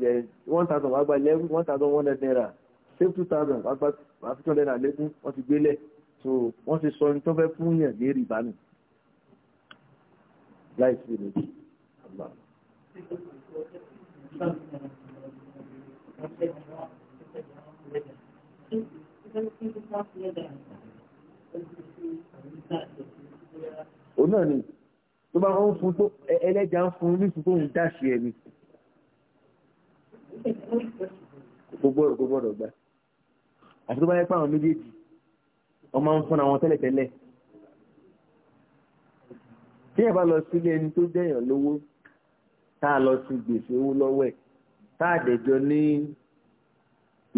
[SPEAKER 1] eh, one thousand wàá eleven one thousand one hundred naira save two thousand wàá gba wàá fi two hundred naira lékún wọ́n ti gbélẹ̀ so wọ́n ti sọ ní tó fẹ́ fún yàn ní rìbá nù láì sí ìrètí o náà ni tó bá ń fún tó ẹlẹ́jà ń fún ní ìfúnpọ̀ ń dáṣe ẹni gbogbo ọ̀rọ̀ gbogbo ọ̀rọ̀ gbà àti tó bá yẹ pé àwọn méjèèjì ọmọ ń fúnra wọn tẹ́lẹ̀tẹ́lẹ̀ tí ẹ bá lọ sílé ẹni tó jẹ́yàn lówó tá a lọ sí gbèsè owó lọ́wọ́ ẹ̀ tá a dẹ̀jọ ní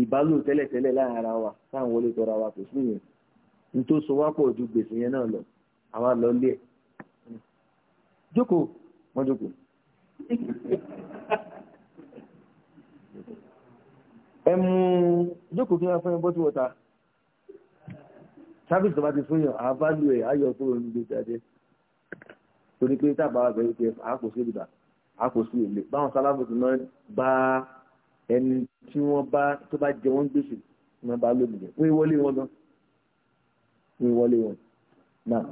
[SPEAKER 1] ìbálò tẹ́lẹ̀tẹ́lẹ̀ láàrin ara wa tá à ń wọlé tọra wa kò sí yẹn n tó so wá pọ̀ ju gbèsè yẹn náà lọ àwa lọ lé ẹ̀ jókòó wọ́n jókòó ẹ jókòó kí wọ́n fún ẹ bọ́tú wọ́ta sábìsì tó bá ti fún yàn àá bá lù ẹ̀ á yọ kúrò níbi ìdájẹ́ torí pé tábà wà bẹ̀rù pé àá kò sí ìdìbà a kò sí èlé báwọn sálábù tó náà bá ẹni tí wọ́n bá tó bá jẹ wọ́n gbèsè wọ́n bá lóbìnrin wọ́n wọlé wọn gan wọ́n wọlé wọn náà.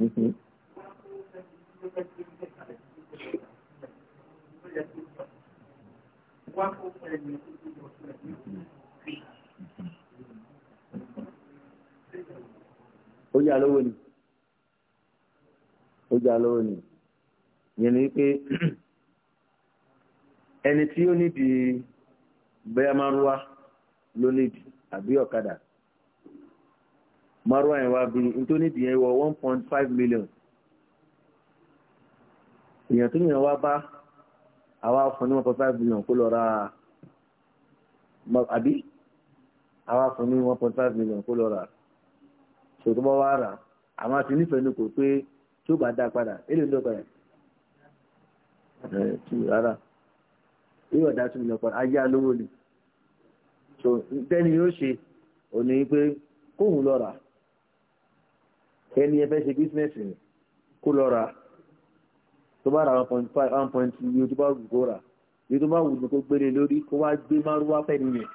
[SPEAKER 1] Mm-hmm ó yà lówó ni ó yà lówó ni yẹn ni pé ẹni tí ó nídìí bẹ́ẹ̀ máa ń wá ló nídìí àbí ọ̀kadà márùn àyẹ̀wò àbí nítorí ìdíyẹn wọ one point five million èèyàn tó yàn wá bá àwa fún ní one point five million kó lọ ra àbí àwa fún ní one point five million kó lọ ra ṣòtò bá wà rà àwọn àti nífẹ̀ẹ́ ní kò pé tí ó bá dá padà èlé ló padà ẹ̀ tù rárá yóò dá two million padà ayé alówó ni so tẹ́ni yóò ṣe òní pé kóhùn lọ ẹni ẹ fẹ́ ṣe bísínẹ́sì kó lọ tó bá ra one point five one point two yóò tó bá wù kó rà yóò tó bá wù ní kó gbélé lórí kó wá gbé márùwá fẹ́ nìyẹn.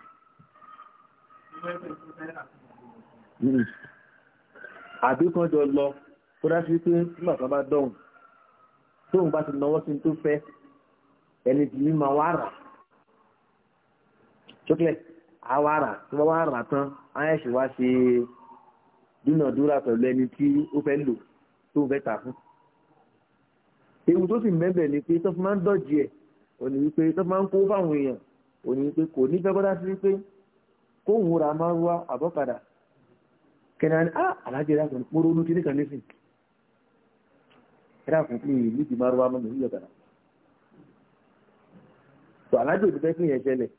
[SPEAKER 1] àbí kan jọ lọ kó dá sí pé nígbà kan bá dọ̀hùn tóun bá ti náwó sí tó fẹ́ ẹni tí ní máa wá rà chocolate àwa rà tí wọ́n wá rà tán ayẹ́sì wá ṣe dúnàdúrà pẹ̀lú ẹni tí ó fẹ́ lò tó fẹ́ tà fún ewu tó sì mẹ́bẹ̀ ni pé tó fi máa ń dọ̀jì ẹ̀ òní wípé tó fi máa ń kó fáwọn èèyàn òní wípé kò ní fẹ́ kọ́dá sí wípé kó wúra máa wá àbọ̀kadà kẹ́nà ni ah alájẹ ẹ̀dá kan mo ronú kíní kan nísìn ẹ̀dá kan pé èyí ti máa wá mọ́ mi níyọ̀kadà tó alájẹ òbí fẹ́ pín yẹn ṣẹlẹ̀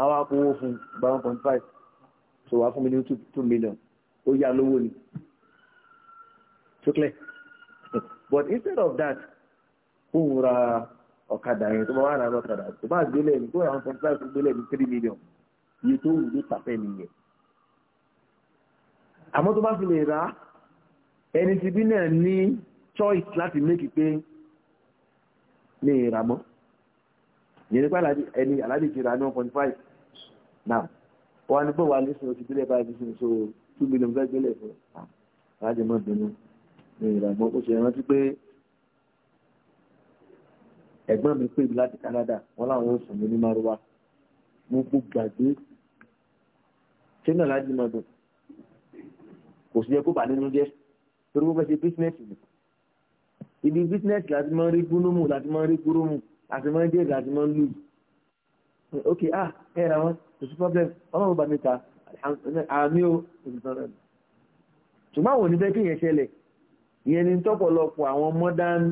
[SPEAKER 1] àwọn akówó fún gba one point five so wàá fún mi ní two million ó yá lówó ni clear (laughs) but instead of that kó wúra ọ̀kadà yẹn tó bá wà lára ọ̀kadà tó bá gbélé ní tó yà one point five gbélé ní three million iye tó wù ló tàfẹ́ nìyẹn. àmọ́ tó bá fi lè ra ẹni tí bí náà ní choice láti méjì pé lè rà mọ́ yẹn nípa ti ra ní one point five now wọn wà ní sinmi ti gbélé million so two million fẹ́ gbélé fún un ah, bínú lè mọ́ ṣe rántí pé. ẹ̀gbọ́n mi pè mí láti Canada wọn làwọn oṣù mi ní Márúwá mo kú gbàgbé ṣé náà láti máa dùn kò sí yẹ kó bà nínú jẹ́ torí wọ́n fẹ́ ṣe bísínẹ́sì mi ibi bísínẹ́sì láti máa ń rí gbónúmù láti máa ń rí gbónúmù àti máa ń jèrè máa lù ok ah ẹ ra wọn kò sí problem ọlọ́run bá mi ta àmì o ṣùgbọ́n àwọn onífẹ́ kéèyàn ṣẹlẹ̀ ìyẹn ni tọ́pọ̀lọpọ̀ àwọn modern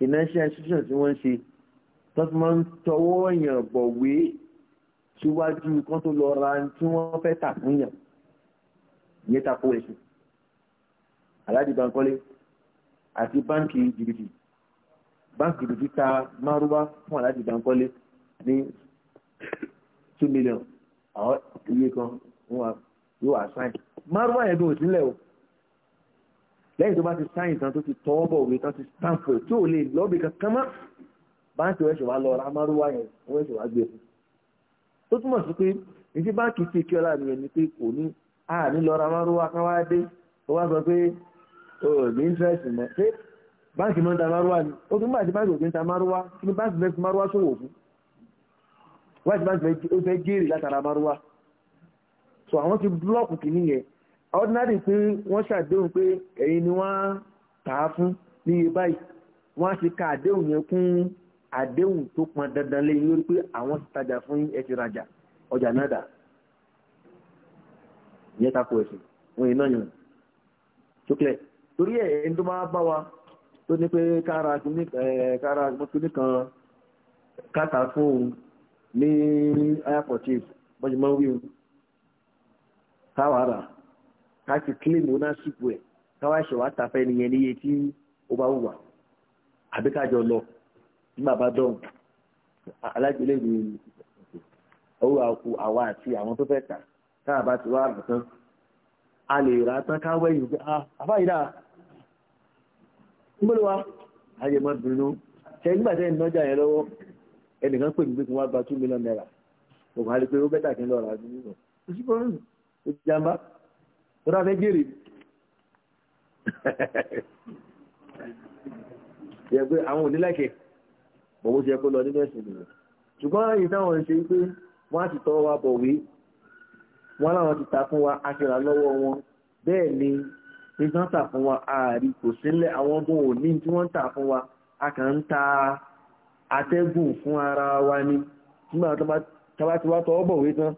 [SPEAKER 1] financial institution tí wọ́n ń ṣe tó ti máa ń tọwọ́ èèyàn bọ̀wé síwájú kan tó lọ ra tí wọ́n fẹ́ tà fún yàn ìyẹn tako ẹ̀sùn aláàdì bankole àti báńkì jìbìtì báńkì jìbìtì ta márúwá fún aláàdì bankole ní two million àwọn iye kan yóò wá sáìn márúwá yẹn bí òsínlẹ̀ o lẹ́yìn tó bá ti sáyìn tán tó ti tọwọ́ bọ̀ òwe tán ti stamp rẹ̀ tí ò lè lọ́ọ̀bì kankan mọ́ báńkì wẹ́ẹ̀sì wa lọ ramárúwá yẹn wẹ́ẹ̀sì wa gbé fún tó túmọ̀ sí pé ìdí báńkì tí kí ọlá nìyẹn ni pé kò ní a ní lọ ramárúwá ká wá dé ó wá sọ pé o ní interest mọ́ pé báńkì máa ń ta márúwá ni ó fi nígbà tí báńkì ò fi ń ta márúwá kí ni báńkì fẹ́ẹ́ fi márúwá ṣòwò fún wáyé tí báńkì ó fẹ́ ordinary pé wọ́n ṣàdéhùn pé ẹ̀yin ni wọ́n tà á fún ní iye báyìí wọ́n á ṣe ka àdéhùn yẹn kún àdéhùn tó pọn dandan lé lórí pé àwọn ti tajà fún ẹ ti rajà ọjà náà dà ìyẹn tako ẹ̀sìn wọn yìí náà yàn ṣókè torí ẹ̀ ẹni tó máa bá wa tó ní pé kára kára kíní kan káta fún òun ní airport chief bọ́jú máa ń wí o káwàá rà ká sì claim ownership ẹ̀ káwá ṣe wá tafẹ́ nìyẹn níye tí ó bá wùwà àbí kájọ lọ ní bàbá dọ̀hùn alájọlẹ̀ mi owó àkú àwa àti àwọn tó fẹ́ tà káà bá ti wá àgùntàn a lè rà tán káwẹ́ ah, yìí àfáyìí dáa nígbàlú wa ayé mọ́ bínú ṣe nígbà tẹ́ ìnájà yẹn lọ́wọ́ ẹnìkan pè mí pé kí wọ́n gba two million naira òkú àlè pé ó bẹ́tà kí n lọ rà á nínú ìjàmbá tó dá fẹ́ jèrè yẹ pé àwọn like lẹ́kẹ̀ bọ̀wọ́ ṣe kó lọ nínú ẹ̀sìn nìyẹn ṣùgbọ́n èyí táwọn ṣe pé wọ́n á ti tọwọ́ wa bọ̀wé wọ́n láwọn ti ta fún wa a ṣe rà lọ́wọ́ wọn bẹ́ẹ̀ ni ìtàn tà fún wa ààrí kò sílẹ̀ àwọn ọdún òní tí wọ́n ń tà fún wa a kàn ń ta atẹ́gùn fún ara wa ni nígbà tó bá ti wá tọwọ́ bọ̀wé tán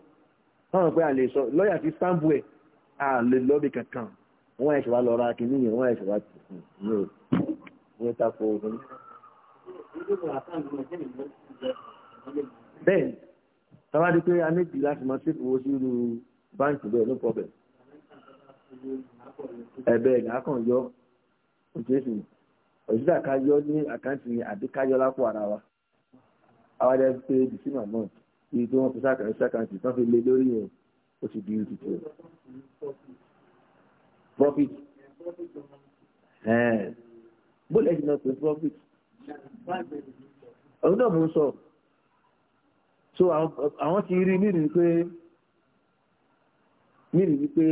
[SPEAKER 1] táwọn pé a lè sọ lọ́ọ̀yà ti sáǹbù ẹ̀ a lè lọ́bì kankan wọ́n ẹ̀ṣẹ̀ wá lọ ra kìíní yẹn wọ́n ẹ̀ṣẹ̀ wá ní o ní o tako ogun. bẹ́ẹ̀ táwa di pé a níbi láti máa ṣètò owó sí irú báǹkì bẹ́ẹ̀ no problem. ẹ̀bẹ̀ ìdákan yọ òjèṣì òjìdá ká yọ ní àkáǹtì àbí ká yọ lápò ara wa àwọn ẹ̀dẹ́ pé dìsínà náà ibi tí wọ́n fi sákàǹtì tán fi lé lórí yẹn ó ti di ìdí tiẹ̀. profit bóòlù ẹ̀jẹ̀ náà pé profit ọ̀hún náà mò ń sọ so àwọn ti rí nírìí pé nírìí wípé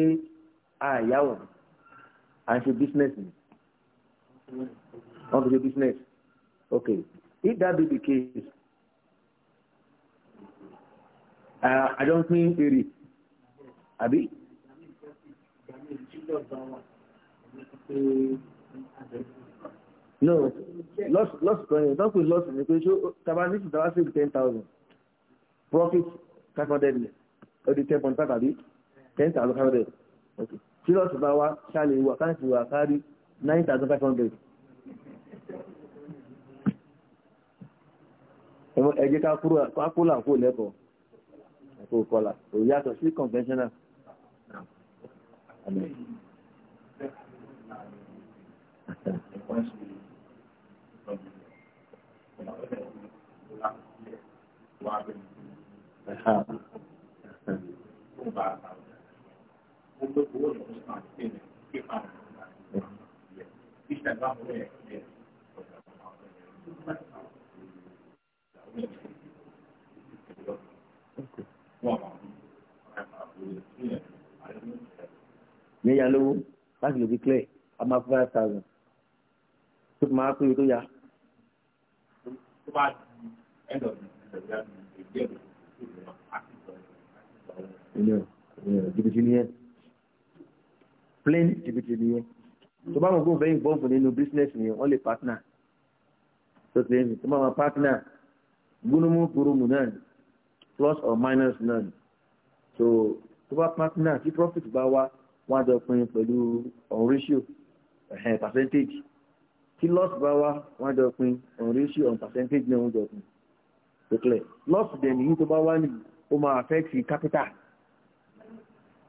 [SPEAKER 1] àyàwó à ń ṣe business ni wọ́n fi ṣe business okay if that be the case uh, I don't mean èrè àbí. no loss loss kan yẹn don't put loss ní pé ṣó tabanisi tabasi ten thousand profit five hundred ni ó ten point five àbí ten thousand five hundred okay tí loss bá wa ṣáàlì wà káàkiri wà kárí nine thousand five hundred. ẹ jẹ́ ká kúrò ká kó làǹkó lẹ́kọ̀ọ́ kó kọ́là òun yàtọ̀ sí conventional. Okay. Yeah ìyẹn ya lówó láti lè fi clear a máa fún five thousand tó fi máa péye tó ya. tó bá di end of the year ìgbẹ́ ìgbẹ́ àti ìgbẹ́ ìgbẹ́ jìbìtì nìyẹn plain tó bá wọn kó bẹ́ẹ̀ involve nínú business ni, wọ́n lè partner tó ti ẹ̀yìn tó bá wọn partner gbónúmú gbónúmú náà plus or minus náà so tó bá partner tí profit bá wá wọ́n á jọ pín pẹ̀lú ọ̀hún ratio ẹ̀hẹ̀n percentage tí loss bá wá wọ́n á jọ pín ọ̀hún ratio on percentage náà wọ́n jọ pín pẹ̀lẹ́ loss dẹ̀ nìyí tó bá wá nìyí ó máa affect capital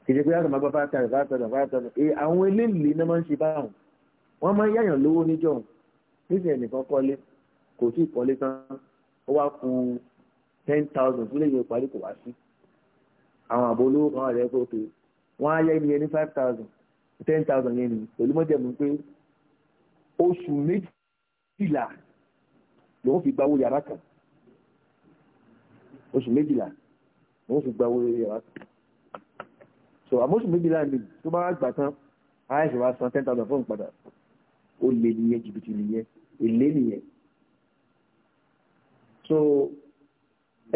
[SPEAKER 1] kìí pé àtàmà gbọ́dọ̀ five thousand five thousand five thousand ee àwọn eléyìí náà máa ń ṣe báwọn wọ́n máa ń yáyàn lówó níjọ́ nísìnyẹn nìkan kọ́lé kò tí ì kọ́lé tán ó wá kù ten thousand tó lè yẹ parí kò wá sí àwọn àbò olówó kan wà lẹ́kọ̀ọ́ pé wọ́n á yá ẹni ẹni five thousand ten thousand yẹn ni pẹ̀lú mọ́jẹ̀mú pé oṣù méjìlá lòun fi gbawó yàrá kan oṣù méjìlá lòun fi gbawó yàrá kan so àmọ́ oṣù méjìlá ni tó bá gbà tán àìsàn wa san ten thousand fún ìpadà ó lé nìyẹn jìbìtì nìyẹn èlé nìyẹn so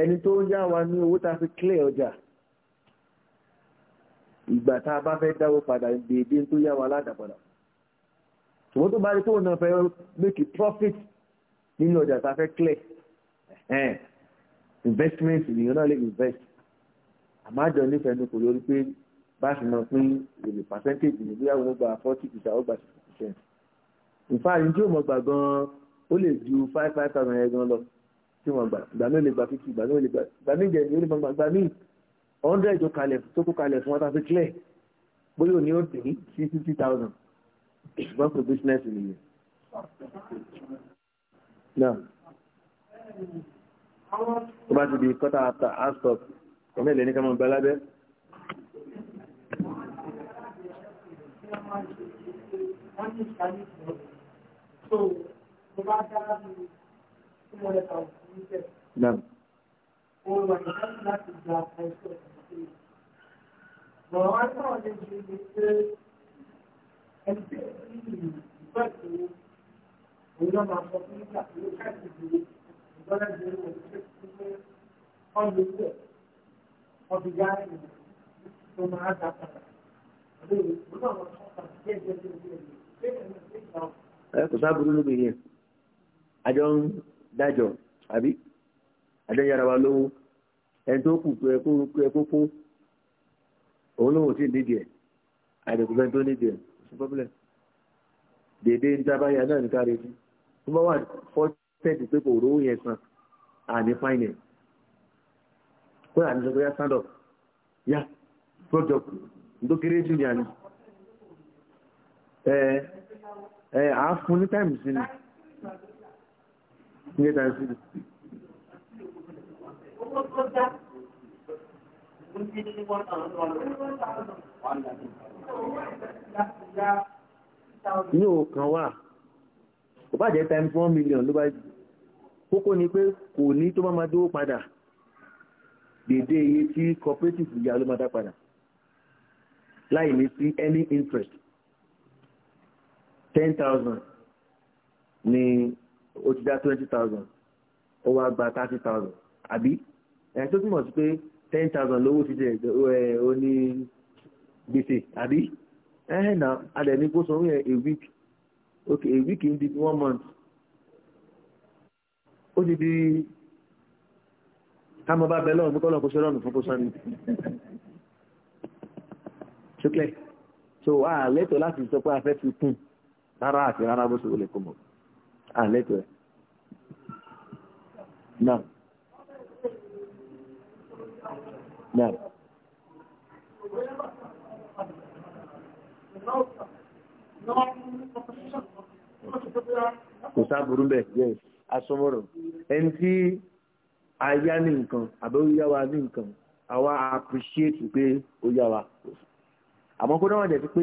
[SPEAKER 1] ẹni tó yá wa ní owó tá a fi clear ọjà ìgbà tá a bá fẹ́ dáwó padà déédéé tó yá wa ládàá padà ṣùgbọ́n tó bá rí tóun náà fẹ́ make a profit nínú ọjà tá a fẹ́ clear investment nìyẹn náà lè invest àmọ́ àjọ nífẹ̀ẹ́ ní kò lórí pé bá a sì mọ̀ pé èrè percentage ní bí àwọn gba forty percent ọgbà sixty percent ìfáàrin tí ó mọ̀ gbà gan-an ó lè ju five five thousand yẹn gan lọ tí wọ́n gbà gbà mí ò lè gbà fifty gbà mí ò lè gbà gbà mí ìjẹ́ ó lè gbà mí hundred tó kalẹ̀ tó kó kalẹ̀ fún wọn tá a fi clear bóyá òní ó dé sí fifty thousand ṣùgbọ́n pé business nìyẹn. náà tó bá ti di quarter after half stop ẹ̀mí ìlẹ̀ ní ká máa gba lábẹ́. wọ́n ní ìṣàlẹ̀ ìṣòro so mo bá dára bí Bọ̀ wá náà lè ṣe lè ṣe ẹgbẹ́ ìlú ìgbàgbé òun náà máa sọ fún nígbà tó káàkiri ìgbọ́dọ̀ jẹ́ ìwọ̀n tó ṣe pé wọ́n lè ṣe ọdún yá ẹ̀yìn tó máa dá padà. Kò sáàbùrú ló bèèrè, àjọ ń dájọ́, àbí? Àjọ yára wa lówó. ẹni tó kù tó ẹkú ẹkú fún òun lòun sì nídìí ẹ àdìgúnfẹ́ tó nídìí ẹ sí pọ́bílẹ̀ dèdè ń náà ní káre sí tó bá wà pé kò san àní kó sọ pé stand up ya. tó kéré jù ní àná ẹ ẹ àá fún ní táìmù sí tó tó dá. Ó ti ní wọ́n náà ń lọ lọ. Ní òkan wà, kò bá jẹ́ times one million ló bá kókó ni pé kò ní tó bá máa dówó padà dédé iye tí cooperative ìyá ló máa dá padà láì ní sí any interest ten thousand ni o ti dá twenty thousand ó wá gba thirty thousand àbí ẹ̀ tó túmọ̀ sí pé ten thousand lówó ti jẹ ẹ̀ ó ní gbèsè àbí ẹ̀hìn náà ní a week okay a week ń one month ó di ká mọ bá bẹ lọ́rùn kó ṣe fún kó sanni so a lẹ́tọ̀ láti sọ pé a fẹ́ fi kún rárá àti rárá bó ṣe wọlé نعم kò sáàbùrú bẹ̀ yes asọmọ́rọ̀ ẹni tí a yá ní nǹkan àbẹ́ ní nǹkan àwa appreciate pé ó yá àmọ́ kó dáwọn dẹ̀sí pé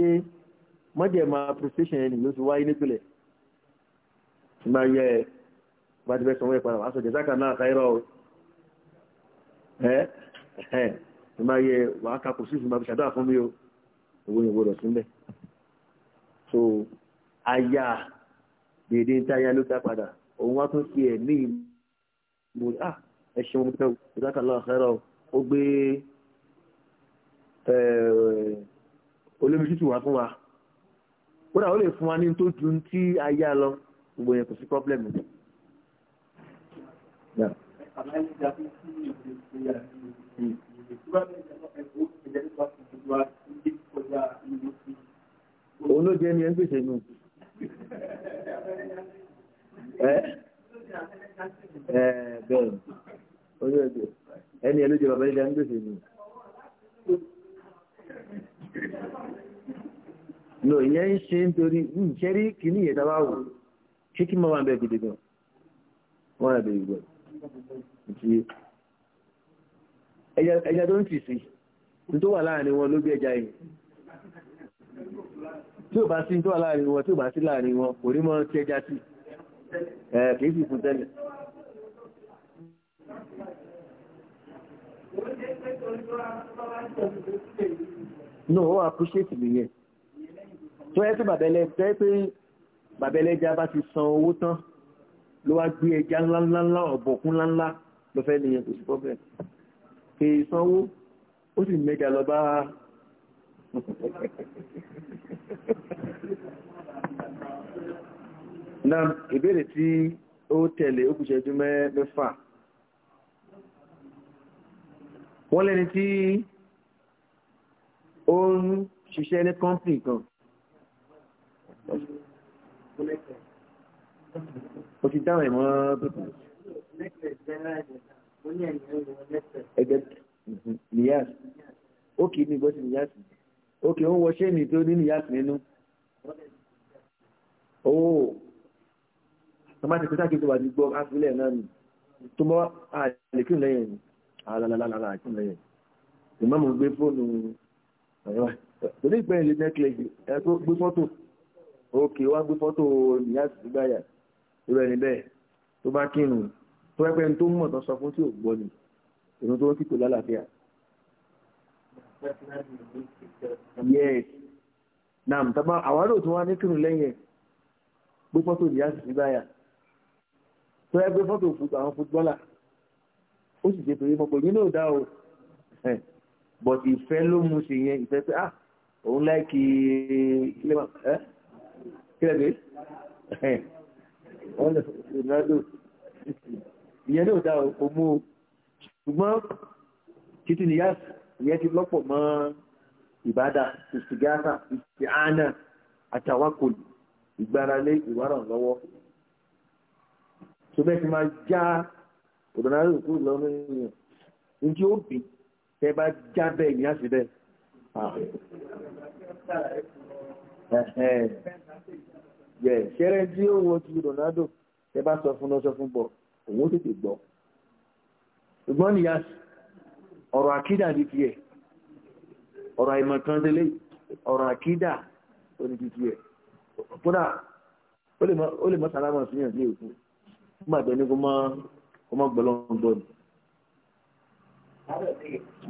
[SPEAKER 1] ẹni ló wáyé tí máa yẹ bá ti sanwó ẹ̀ padà wá sọ náà ẹ́ ẹ̀hẹ́ tó máa yẹ wàá kakò sí ìfúnmọ́ ṣàdúrà fún mi o owó yẹn gbọdọ̀ sílẹ̀ so aya dèdè ń táyà ló dá padà òun wá tún fi ẹ̀ ní ìmọ̀ ah ẹ ṣeun mo o ìdákàlọ́ àṣẹ́rọ̀ ó gbé olómi tútù wá fún wa kódà ó lè fún wa ní tó ju tí aya lọ gbogbo yẹn sí pọ́blẹ́mù. Yeah òun ló jẹ́ ní ẹgbẹ́ ìṣẹ́nu bẹ́ẹ̀ orí ẹ̀dẹ̀ ẹni ẹ̀ ló jẹ́ bàbá ìjà ń gbèsè ní no ìyẹn ń ṣe nítorí ìṣẹ́rí hmm, kìíní ìyẹ̀ta bá wù ṣé kí mọ́ wà ń bẹ́ẹ̀ gidi gan wọ́n ẹja tó ń tì sí tó wà láàrin wọn ló bí ẹja yìí tí ò bá sí tó wà láàrin wọn tí ò bá sí láàrin wọn kò rí mọ́ tí ẹja sí kìí sì fún tẹ́lẹ̀ no ó appreciate mi yẹn tó ẹ́ tí bàbẹ́lẹ́ já bá ti san owó tán ló wá gbé ẹja ńláńlá ọ̀bọ̀kún ńláńlá ló fẹ́ nìyẹn kò sí problem pé sanwó ó sì mẹ́jà lọ bá (laughs) na ìbéèrè tí ó tẹ̀lé ó kùsẹ̀ jú mẹ́fà wọ́n lẹ́ni tí ó ń ṣiṣẹ́ ní kọ́mpì kan ó ti dáwọn ìmọ̀ pípọ̀ ẹ̀jẹ̀ mhm, nìyàs ó kì í ní ìgbọ́sí nìyàs ó kì í ń wọṣẹ́ mi tó ní nìyàs nínú owó tọ́mátì pẹ́tà kí n tó wà ní gbọ́ áfílẹ̀ náà nì tó mọ́ àlèkùn lẹ́yìn alalalalala àkùn lẹ́yìn ìmọ̀mù gbé fóònù ọ̀yọ́ torí ìgbẹ́yìn lè nẹ́kìlẹ̀ ẹ̀kọ́ gbé fọ́tò òkè wá gbé fọ́tò nìyàs gbáyà irú tó bá kírun tó ẹgbẹ́ ẹni tó mọ̀ tó sọ fún tí ò gbọ́ ni ìrún tó kíkò lálàáfíà. yes naam tàbá àwọn àrò tó wá ní kírun lẹ́yìn ẹ̀ gbé fọ́tò ìyá sì sí báyà tó ẹgbẹ́ fọ́tò fúta àwọn fútbọ́là ó sì ṣe pèrè mọ́pọ̀ yín náà dá o but ìfẹ́ ló mú ṣe yẹn ìfẹ́ pé ah òun láìkì kílẹ̀ máa ẹ́ kílẹ̀ bẹ́ẹ̀ ẹ̀ ọ́n lè fi ìrìnàjò ìyẹn náà dá òmú ṣùgbọ́n títí ni ìyẹn ti lọ́pọ̀ mọ́ ìbádà ìsìgáàtà ìsìáánà àtàwákòlù ìgbáralé ìwárànlọ́wọ́ tó bẹ́ẹ̀ ti máa já òdòdó kúrò lọ́nà ènìyàn ní tí ó bì tẹ bá já bẹ́ẹ̀ ní àṣìbẹ́ ah. ṣẹ́rẹ́ tí ó wọ́n ti Ronaldo tẹ bá sọ fún lọ́sọ fún bọ́ọ̀ òun ó tètè gbọ́ ṣùgbọ́n níyà ọ̀rọ̀ àkídà ní tiẹ̀ ọ̀rọ̀ àìmọ̀ kan délé ọ̀rọ̀ àkídà ó ní tiẹ̀ kódà ó lè mọ sàlámà sí yàn lé òkú nígbà tó ní kó mọ kó mọ gbọ́ lọ́wọ́ gbọ́ ni.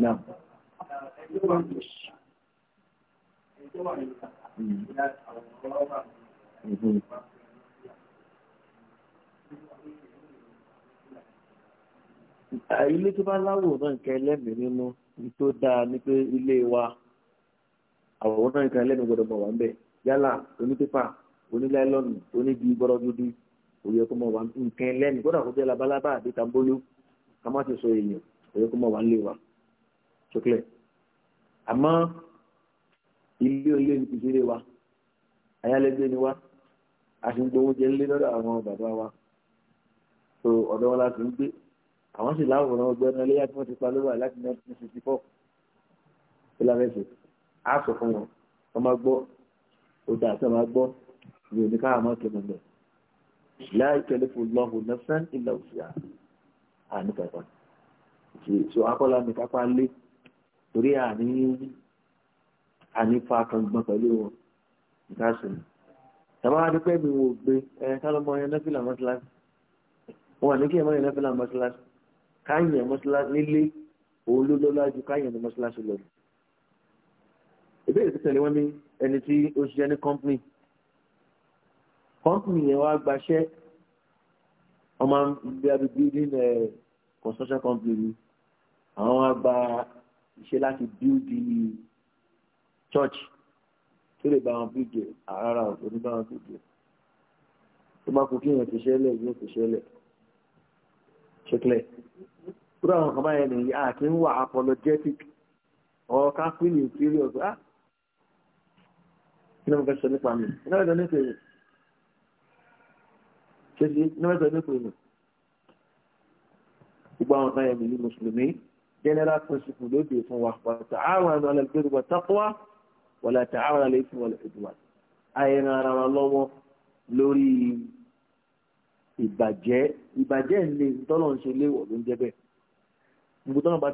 [SPEAKER 1] Now. Mm-hmm. ilé tó bá láwòrán nǹkan ẹlẹ́mìí nínú tó dáa ni pé ilé wa àwòrán nǹkan ẹlẹ́mìí gbọ́dọ̀ mọ̀ wá ń bẹ̀ yálà onípépà onílẹ́lọ́nù oníbi gbọ́dọ̀gbọ́dọ̀ òye kó mọ̀ wá nǹkan ẹlẹ́mìí gbọ́dọ̀ àkójọ labalábá àbí tambólú ká má ti sọ èèyàn òye kó mọ̀ wá ń lé wa ṣókè àmọ́ ilé olé ní ìṣeré wa ayálégbé ni wa a sì ń gbowó jẹ nílé lọ́dọ̀ àwọn bàbá wa so ọ̀dọ̀ wọn àwọn sì láwòrán ọgbẹ́ náà léyà tí wọ́n ti pa lówà láti 1964 tó lábẹ́sẹ̀ á sọ fún wọn wọ́n máa gbọ́ òdà àti àwọn agbọ́ ní oníká àmọ́ kẹ́mọ̀ lọ láì tẹ̀lé fún lọ́hùn nafsan illa òsìá àní kápá so akọ́lá mi kápá lé torí àní àní fa kangbọ́n pẹ̀lú wọn nǹkan sùn tàbá adúpẹ́ mi wò gbé ẹ̀ kálọ́mọ yẹn nẹ́fìlà mọ́síláṣí wọn wà ní kí ẹ̀ mọ́ yẹn nẹ́fìlà mọ́síláṣí káyàn mọ́ṣáláṣí nílé òun ló lọ́lá ju káyàn ní mọ́ṣáláṣí lọ. ìbéèrè tẹ̀lé wọn ní ẹni tí ó ṣiṣẹ́ ní kọ́ńpìnì kọ́ńpìnì yẹn wá gbaṣẹ́ ọmọ ibi abibí nínú ẹ̀ construction company ni àwọn wá gba iṣẹ́ láti bíúdi church tó lè bá wọn bíúdi àrárá ọ̀tọ̀ ní bá wọn bíúdi tó bá kú kí èèyàn fi ṣẹlẹ̀ yóò fi ṣẹlẹ̀ ṣẹlẹ̀ kúrò àwọn kan báyẹn nìyí àti ń wà apologetic or ká pín ní serious ah kí ni mo fẹ́ sọ nípa mi ní ọ̀dọ̀ nípa èyí ṣe ṣe ní ọ̀dọ̀ nípa èyí gbogbo àwọn kan yẹn nìyí mùsùlùmí general principle ló dé fún wa pàtó àwọn àmì alẹ́gbẹ́rù wa taqwa wọlé àti àwọn alẹ́gbẹ́rù wa lẹ́gbẹ́rù wa ayẹyẹ ara wa lọ́wọ́ lórí ìbàjẹ́ ìbàjẹ́ ní tọ́lọ́ ń ṣe léwọ̀ ló ń jẹ́ bẹ́ẹ̀. gbogbo náà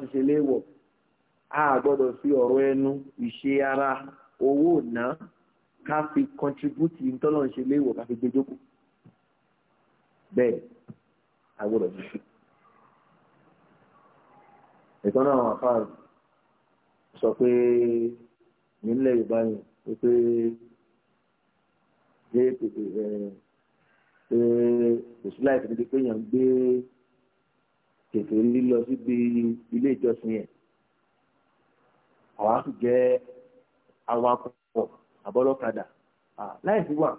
[SPEAKER 1] a gbọdọ si ọrụ ẹnu ìṣe ara owó na ká kontributi kọntribútì ntọ́lọ́ ṣe léèwọ̀ ká fi gbé jókòó sọ pé nílẹ̀ Yorùbá yẹn ó pé láìpẹ́ pé èèyàn tètè lílọ síbi ilé ìjọsìn yẹn àwa sì jẹ́ awakọ̀ àbọ́lọ́kadà láìsí wà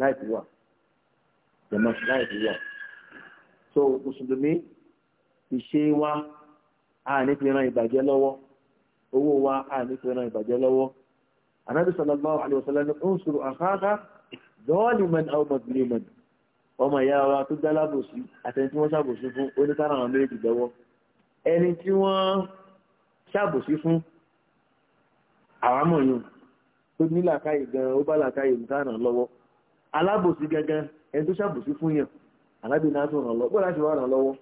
[SPEAKER 1] láìsí wà jẹ̀mọ́ láìsí wà so mùsùlùmí ìṣe wa a ní fi ran ìbàjẹ́ lọ́wọ́ owó wa a ní fi ran ìbàjẹ́ lọ́wọ́ anabi sallallahu alayhi wa sallam ń sọ̀rọ̀ àkáàkà dọ́ọ̀lì mẹ́ni àwọn ọmọbìnrin mẹ́ni ọmọ ìyá wa tó dálábòsí àtẹni tí wọ́n ṣàbòsí fún oníkàrà àwọn méjì lọ́wọ́ ẹni tí wọ́n ṣàbòsí fún àwámọ̀yún tó ní làkàyè gan ó bá làkàyè nìkàrà lọ́wọ́ alábòsí gangan ẹni tó ṣàbòsí fún yàn alábìnrin náà tó ràn lọ́wọ́ bóyá ṣe wà ràn lọ́wọ́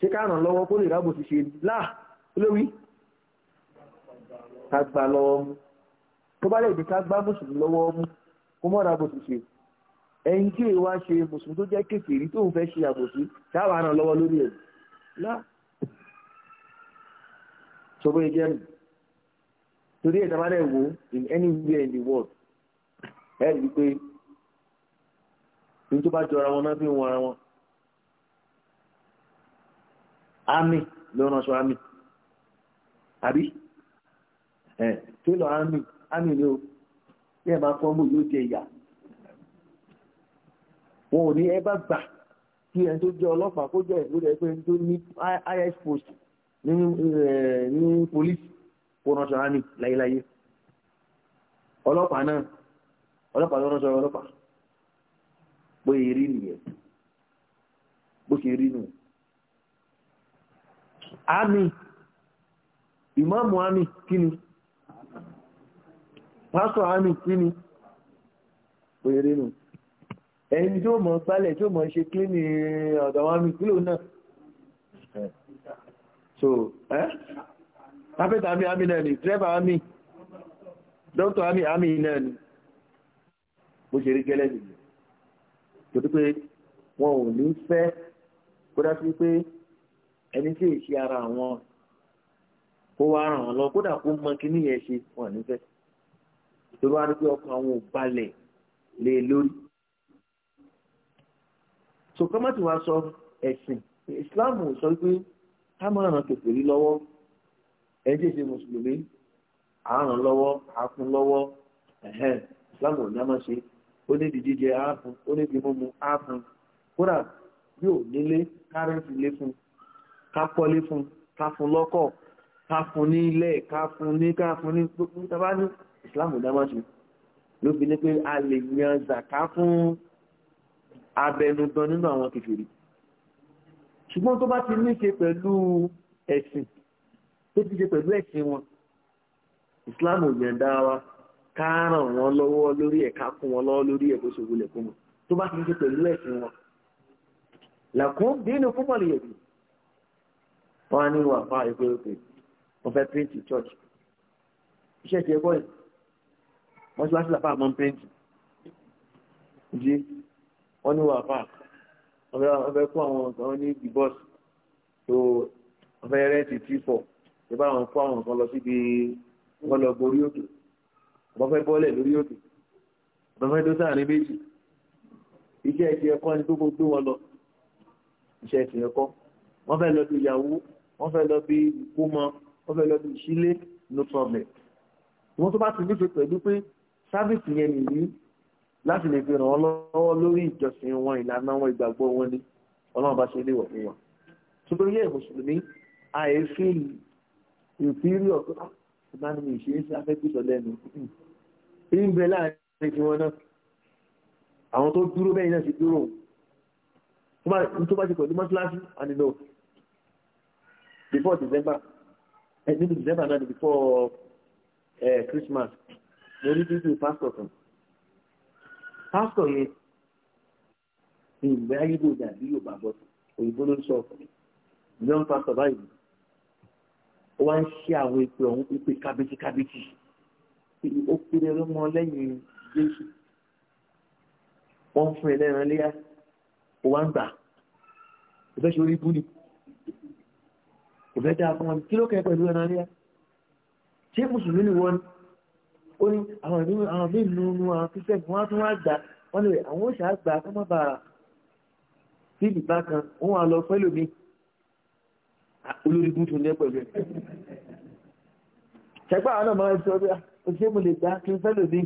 [SPEAKER 1] ṣé ká ràn lọ́wọ́ kó lè rábòsí ṣe láà lówí ká gbà lọ́wọ́ mú tó bá lè dé ká gbá mùsùlùmí lọ́wọ́ mú kó mọ́ rábòsí ṣe ẹni tí ṣe mùsùlùmí tó jẹ́ kékeré tó ń fẹ́ ṣe àbòsí táwa ràn lọ́wọ́ lórí ẹ̀ lá sọ́bọ̀ mi torí ẹ̀ tàbá rẹ̀ wò in anywhere in the world ẹ̀ rí i pé ní tó wọn náà wọn ara wọn àmì ló ń ránṣọ àbí ẹ̀ tó lọ àmì àmì ni o bí ẹ̀ máa jẹ ìyá. wọn ò ní ẹ bá gbà kí ẹni tó jẹ́ ọlọ́pàá kó jẹ́ ìlú rẹ̀ pé ẹni tó ní is post ní eh, ní police kó ránṣọ á ní láyéláyé ọlọ́pàá náà ọlọ́pàá ló ránṣọ ọlọ́pàá bó ṣe rí nìyẹn bó ṣe rí nù. àmì ìmáàmù àmì kí ni pásítọ̀ àmì kí ni bó ṣe rí nù ẹni tó mọ̀ gbálẹ̀ tó mọ̀ ṣe kí ni ọ̀dọ̀ wọn mi kúlò náà so ẹ́ kápẹ́tà àmì àmì náà ni dírẹ́bà àmì dókítà àmì àmì náà ni bó ṣe rí gẹ́lẹ́ nìyí torí pé wọn ò ní fẹ́ kó dá sí pé ẹni tí èsì ara wọn kó wá ràn wọn lọ kódà kó mọ kíní yẹn ṣe wọn ò ní fẹ́ torí wọn rí pé ọkàn àwọn ò balẹ̀ lé lórí so kọ́mọ́tì wa sọ ẹ̀sìn islam sọ pé ká máa ràn kèfèrí lọ́wọ́ ẹ jẹ́ ṣe mùsùlùmí à ń ràn lọ́wọ́ à fún lọ́wọ́ ẹ̀hẹ́n islam ò ní a máa ṣe ó ní di jíjẹ á fún ó ní di mímu á fún kódà yóò nílé kárẹ́ǹtì lé fún ká kọ́lé fún ká fún lọ́kọ̀ ká fún ní ilẹ̀ ká fún ní ká fún ní gbogbo tábà ní islam ní a máa ṣe ló fi ní pé a lè yan zàká fún abẹnugan nínú àwọn kèfèrí ṣùgbọ́n tó bá ti ní ṣe pẹ̀lú ẹ̀sìn tó ti ṣe pẹ̀lú ẹ̀sìn wọn islam ò yẹn dá wa ká ràn wọ́n lọ́wọ́ lórí ẹ̀ ká kún wọn lọ́wọ́ lórí ẹ̀ bó ṣe wulẹ̀ fún wọn tó bá ti ní ṣe pẹ̀lú ẹ̀sìn wọn làkún dínú fún mọ̀lẹ́yẹ̀dì wọn á ní wà fún àìpé òkè wọn fẹ́ píríǹtì church iṣẹ́ ti ẹ̀kọ́ yìí wọ́n ti wá sí làpá àmọ́ píríǹtì wọ́n ní wàá park wọ́n fẹ́ kó àwọn kan ní the bus tó wọ́n fẹ́ rẹ́ǹtì tí fọ̀ ṣé bá wọn kó àwọn kan lọ síbi wọ́n lọ gorí òkè wọ́n fẹ́ bọ́lẹ̀ lórí òkè wọ́n fẹ́ dó sáàrin méjì iṣẹ́ ti ẹ̀kọ́ ni tó gbogbo wọn lọ iṣẹ́ ti ẹ̀kọ́ wọ́n fẹ́ lọ bí ìyàwó wọ́n fẹ́ lọ bí ìkómọ wọ́n fẹ́ lọ bí ìṣílé no problem wọ́n tó bá ti nífẹ̀ẹ́ pẹ̀lú pé sáfìsì yẹn nìyí láti lè fi ràn wọ́n lọ́wọ́ lórí ìjọsìn wọn ìlànà wọn ìgbàgbọ́ wọn ni ọlọ́run bá ṣe léwọ̀ fún wọn. ṣùgbọ́n yẹ́ mùsùlùmí àìsí ìfírí ọ̀tọ́ ah, ìbánimọ̀ ìṣeéṣe afẹ́kùsọ lẹ́nu ń bẹ láàrin tiwọn náà àwọn tó dúró bẹ́yìn náà ti dúró tó bá ti pẹ̀lú mọ́ṣáláṣí ànínà before december eh, nínú december náà ni before eh, christmas mo ní títí pastor kan pásítọ̀ yẹn ìgbẹ́ ayébò dàbí yorùbá bọ́ òyìnbó ló ń sọ ọkùnrin john pásítọ̀ báyìí ó wá ń ṣe àwọn ìpè ọ̀hún ìpè kábíyèsí kábíyèsí ó péré ló mọ lẹ́yìn jésù wọ́n ń fún ẹ lẹ́ran léyà ó wá ń gbà kò fẹ́ ṣe orí búlì kò fẹ́ dáa fún wọn kí ló kẹ́ pẹ̀lú ẹran léyà ṣé mùsùlùmí ni ó ní àwọn ìlú àwọn bí ìlú nu àwọn christian wọn á tún wá gbà wọn lè àwọn ó ṣáà gbà kó má bàa sí ìbá kan wọn á lọ fẹ́ lómi olórí gúúsù ní ẹ pẹ̀lú ẹ ṣẹ̀gbọ́n àwọn náà máa ń sọ bí òṣìṣẹ́ mo lè gbà kí n fẹ́ lómi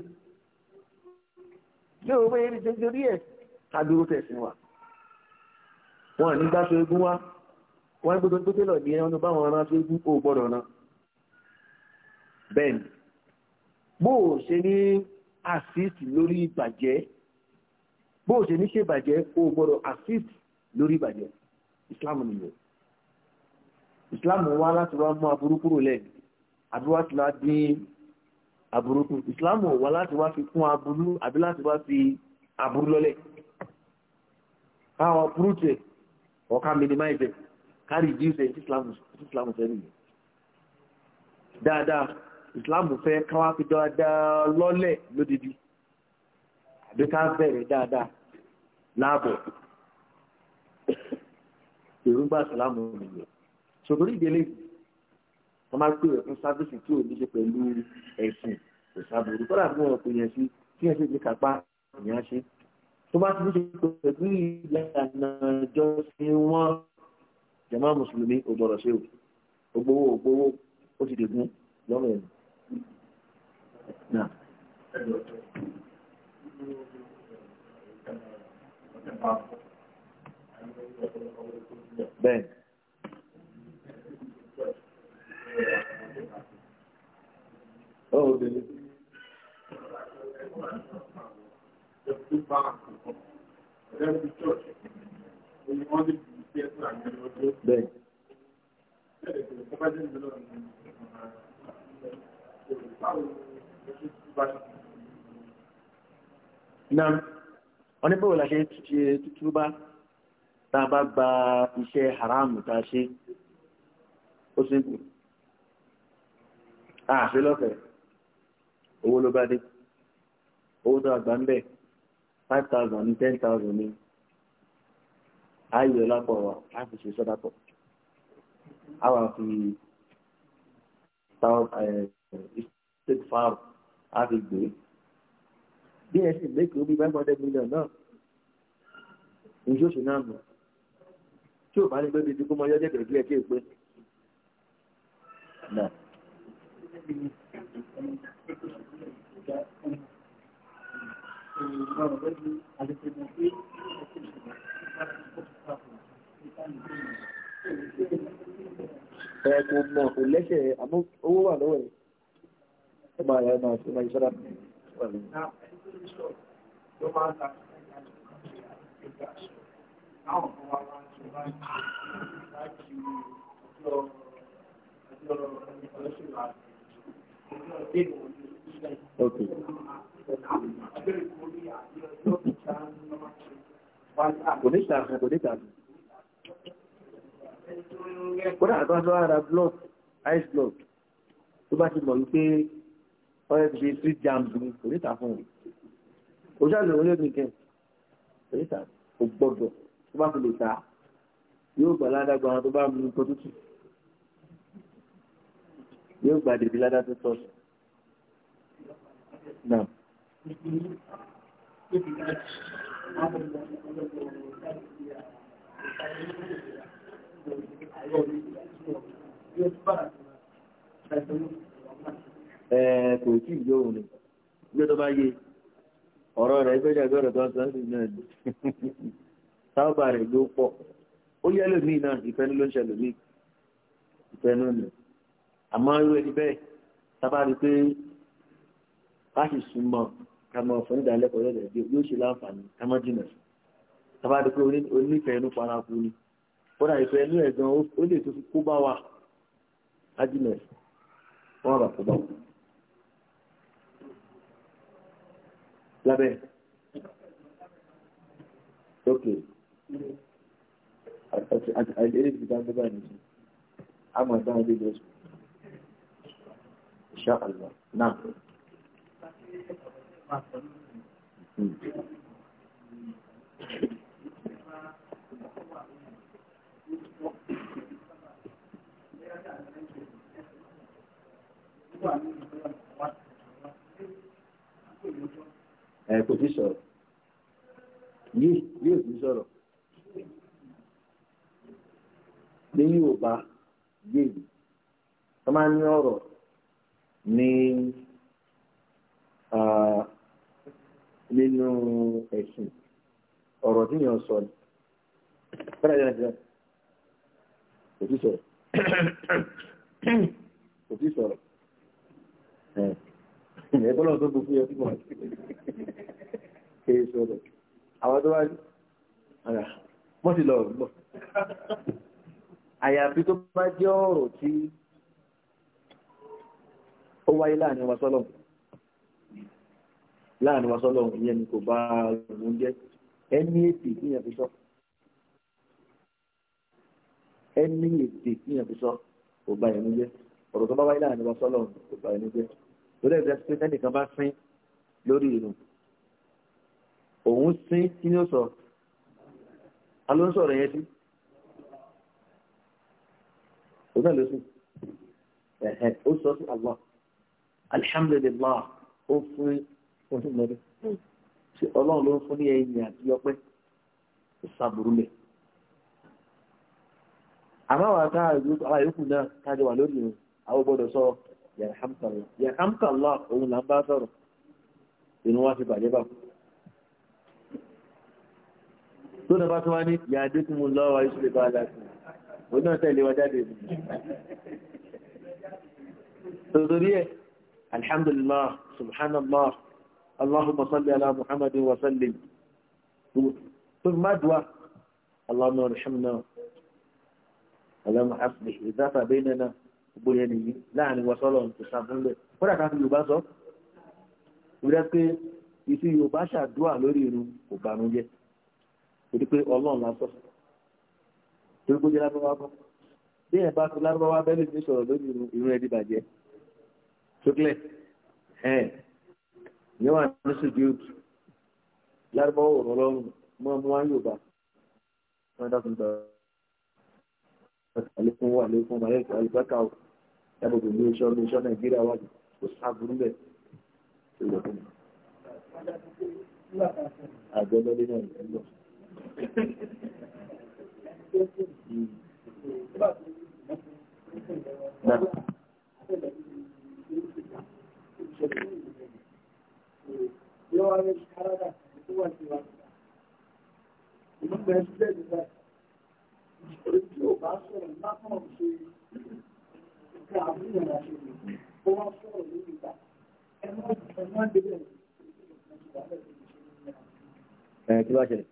[SPEAKER 1] ní òwe eré ṣe ń torí ẹ̀ adúró tẹ̀sìn wa wọn ní gbáṣọ egun wá wọn gbọdọ̀ tó tẹ́lọ̀ ní ẹran báwọn ará tó egun kò gbọdọ̀ náà bẹ́ẹ̀ ni bó o ṣe ní assist lórí ìbàjẹ́ bó o ṣe ní ṣe ìbàjẹ́ o gbọ́dọ̀ assist lórí ìbàjẹ́ islam nìyẹn islam wá láti wá mú aburú kúrò lẹ́yìn àbí wá lá dín aburú kù islam wá láti wá fi kún aburú àbí láti wá fi aburú lọ́lẹ̀ káwọn burú tẹ̀ ọ̀ká minimize ẹ̀ ká reduce ẹ̀ islam sẹ́yìn dáadáa islam fẹ́ káwá fi dáadáa lọ́lẹ̀ lódìdí àbí ká bẹ̀rẹ̀ dáadáa láàbọ̀ èròǹgbà islam nìyẹn ṣògbọ́n ìdílé wọ́n máa pè é fún sáfíìsì tí ò ní ṣe pẹ̀lú ẹ̀sìn ìṣàbòrò kọ́dà fún ọ̀pọ̀ yẹn sí tí yẹn sì ti kápá ìyẹn ṣe tó bá ti ní ṣe pẹ̀lú ìlànà ìjọsìn wọn jàmá mùsùlùmí ò gbọ́dọ̀ ṣe ò gbowó ò gbowó ó ti dègún lọ́rùn ẹ̀mí. Bẹ́ẹ̀ni. Ó obìnrin. Bẹ́ẹ̀ni. Bẹ́ẹ̀ni náà wọ́n ní bóòlù àṣẹ tútù bá tá a bá gba iṣẹ́ haramu tá a ṣe ó sì kù àṣẹ lọ́fẹ̀ẹ́ owó ló bá dé owó tó àgbà ń bẹ̀ five thousand ní ten thousand ní ayò lápò wa láti ṣe sọ́dà pọ̀ àwa fi ìṣèkùfàrọ̀ á fi gbé bí ẹ sì gbé kí ó bí five hundred million náà oṣooṣù náà nù tí ò bá ní pé bíbí kó mọ yọjẹ kẹ̀kẹ́ kí ẹ pé náà. Ẹ kò mọ̀ kò lẹ́sẹ̀ àmọ́ owó wà lọ́wọ́ yìí ẹgbà ẹ̀ máa ṣe máa ṣọ́dá Okay. Kò ní ṣàkàn, kò ní ṣàkàn. Kò ní àtọ́jọ́ ara blood, ice blood, tó bá ti mọ̀ wípé ọ̀rẹ́ ti fi street jams ní oríta fún mi ojú àlè orí ẹ̀mí kẹ́ oríta kò gbọ́dọ̀ tó bá fi lè ta yóò gbà ládàgbà àwọn tó bá mú nǹkan tútù yóò gbà dèbí ládà tó tọ́ náà. Thank kò tí ì yóò ní gbé tó bá yé ọ̀rọ̀ rẹ̀ gbé jẹ́ gbọ́dọ̀ kan sọ́n sí náà ni sábà rẹ̀ ló pọ̀ ó yẹ lómi náà ìfẹ́nu ló ń ṣẹlẹ̀ mí ìfẹ́nu ni àmọ́ irú ẹni bẹ́ẹ̀ sábà rí pé ká sì súnmọ́ ká mọ fún ìdálẹ́kọ̀ọ́ rẹ̀ bí yóò ṣe láǹfààní ká mọ́ jìnà sábà rí pé onífẹ̀ẹ́ inú paraku ni kódà ìfẹ́ inú ẹ̀ gan ó lè tó fi kó bá wa á jìnà wọ́n rà kó bá wa. lábẹ́ ok àìlérè ti dá gbẹ́gbẹ́ ní sí a mọ̀ sáà ilé ẹ kò sí sọ̀rọ̀ yìí yóò sí sọ̀rọ̀ ní Yorùbá yéèyì wọ́n máa ń ní ọ̀rọ̀ ní nínú ẹ̀sìn ọ̀rọ̀ tí yàn sọ ni fẹ́rẹ̀ jẹ́ nàìjíríà kò sí sọ̀rọ̀ kò sí sọ̀rọ̀ ìyẹn bọ́lọ̀ tó gbogbo yẹn fún wa kí n sọ̀rọ̀ àwọn tó wá ní ara wọ́n ti lọ gbọ́ àyàfi tó bá jẹ́ ọ̀rọ̀ tí ó wáyé láàrin wa sọ́lọ̀ láàrin wa sọ́lọ̀ ìyẹn ni kò bá òun jẹ́ ẹni ètè ìyẹn fi sọ ẹni ètè ìyẹn fi sọ kò bá ìyẹn jẹ́ ọ̀rọ̀ tó bá wáyé láàrin wa sọ́lọ̀ kò bá ìyẹn jẹ́ lórí ẹ̀dá pé tẹ́nìkan bá sín lórí irun òun sín kí ni ó sọ aló ń sọ̀rọ̀ yẹn sí òun náà ló sùn ẹ̀hẹ̀ ó sọ sí Allah alhamdulillah ó fún onímọ̀dé ṣe ọlọ́run ló ń fún ní ẹ̀yìn àti ọpẹ́ ìsàbùrù lẹ̀ àmọ́ àwọn àtàwọn àyókù náà tájọ wà lórí irun àwọn gbọ́dọ̀ sọ يرحمك الله يرحمك الله هو الأنباثر ينواسب عليه باب سنة باتواني يعدكم الله ويسلي بالاكم ودنا سيلي وداد تذرية الحمد لله سبحان الله اللهم صل على محمد وسلم ثم مدوى اللهم ارحمنا اللهم حفظه ذات بيننا gbogbo yẹn nìyí láàrin wọn sọ́lọ̀ tó sàbúnlẹ̀ kódà ká fi yorùbá sọ ìrẹ́ pé ìfi yorùbá ṣàdúrà lórí irun kò bànújẹ́ torí pé ọlọ́run la sọ torí pé ó jẹ́ lábẹ́wá bọ́ bí ẹ̀ bá fi lárúbáwá bẹ́lẹ̀ ní sọ̀rọ̀ lórí irun irun ẹ̀ ti bàjẹ́ sókèlè ẹ̀ ní wà ní sùdíòtù lárúbáwá òrò ọlọ́run mọ́ mú wá yorùbá wọ́n dá fún tọ́ àlékún wà lókun àlékún àlùbákà ọ̀hún ẹgbẹ̀rún ilé iṣẹ́ ilé iṣẹ́ nàìjíríà wà ní kò sáàbùrú bẹ̀ tó lọ fún mi. àjọ lọ́lé náà ń lọ. Ìmúgbẹ̀ẹ́sílẹ̀ ìgbà, orí tí ò bá sọ̀rọ̀ lápọ̀ ṣe nǹkan àbúrò náà ṣe lè kó wọ́n sọ̀rọ̀ lórí ìgbà ẹ má ẹ má débẹ̀ ẹ kí wá ṣẹlẹ̀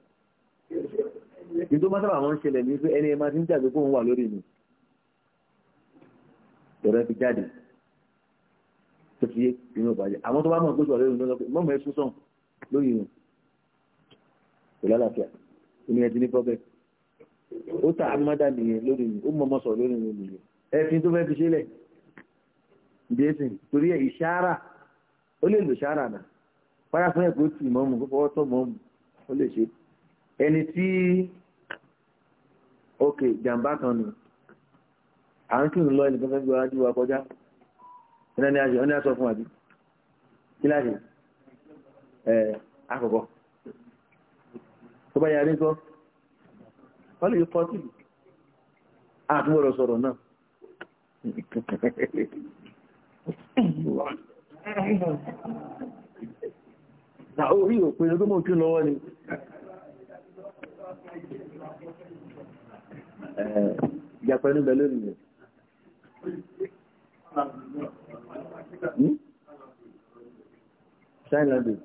[SPEAKER 1] ìdó máa sábà máa ń ṣẹlẹ̀ ní pé ẹni ẹ máa ti ń jàgbé kóun wà lórí mi ọ̀rẹ́ fi jáde tó fi yé inú ọ̀bàjẹ́ àwọn tó bá mọ̀ pé sọ̀rọ̀ ìrìn lọ́pẹ́ mọ́mọ́ ẹ sún sàn lórí ìrìn kò lálàáfíà ìní ní pọ́bẹ́ ó ta amádà nìyẹn lórí ìrìn ó mọ̀ mọ́ sọ̀rọ̀ lórí ìrìn nìyẹn ẹ̀fin tó fẹ́ fi sílẹ̀ torí ẹ̀ ìṣára ó lè lò ṣára náà fara fún ẹ̀kọ́ tì mọ́mù kó fọwọ́ mọ́mù ó lè ṣe ẹni tí ok jàǹbá kan nù à ń kírun lọ ẹnìkan fẹ́ gbọ́ ajú wa kọjá ẹni ní aṣọ ẹni orí òpin ló mọ̀ kí lọ́wọ́ ni ìjàpá inú bẹ̀lú ènìyàn sign language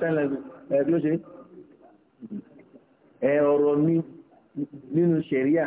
[SPEAKER 1] sign language kí ló ṣe ọ̀rọ̀ mi nínú ṣẹ̀ríà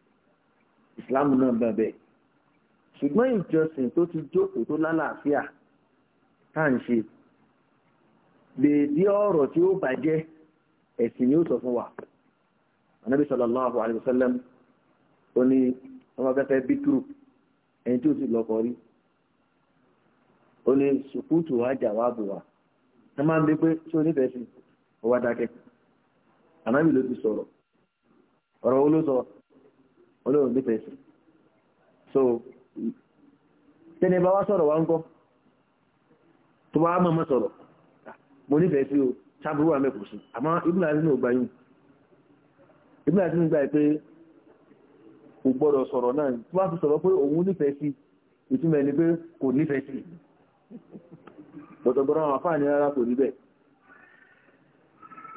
[SPEAKER 1] islam náà bẹ̀bẹ̀ ṣùgbọ́n ìjọsìn tó ti jókòó tó lálàáfíà tá à ń ṣe dèédé ọ̀rọ̀ tí ó bàjẹ́ ẹ̀sìn ni ó sọ fún wa anabi sallallahu alayhi wa sallam ó ní ọmọ afẹ́fẹ́ bíkúrú ẹni tí ó sì lọ́kọ rí ó ní sùkúùtù ajá wa bù wá ẹ máa ń bí pé tí ó nífẹ̀ẹ́ sí ó wá anabi ló ti sọ̀rọ̀ ọ̀rọ̀ wo ló sọ̀rọ̀ olóòrùn bí pẹ̀sì so tẹ́ni bá wá sọ̀rọ̀ wá ń kọ́ tó bá mọ̀ mọ́ sọ̀rọ̀ mo nífẹ̀ẹ́ sí o sábúrú wa mẹ́kùn sí àmọ́ ibùdó àti ní ògbáyún ibùdó àti ní gbà pé kò gbọ́dọ̀ sọ̀rọ̀ náà tó bá fi sọ̀rọ̀ pé òun nífẹ̀ẹ́ sí ìtumọ̀ ẹni pé kò nífẹ̀ẹ́ sí bọ̀tọ̀bọ̀rọ̀ àwọn afáàní rárá kò rí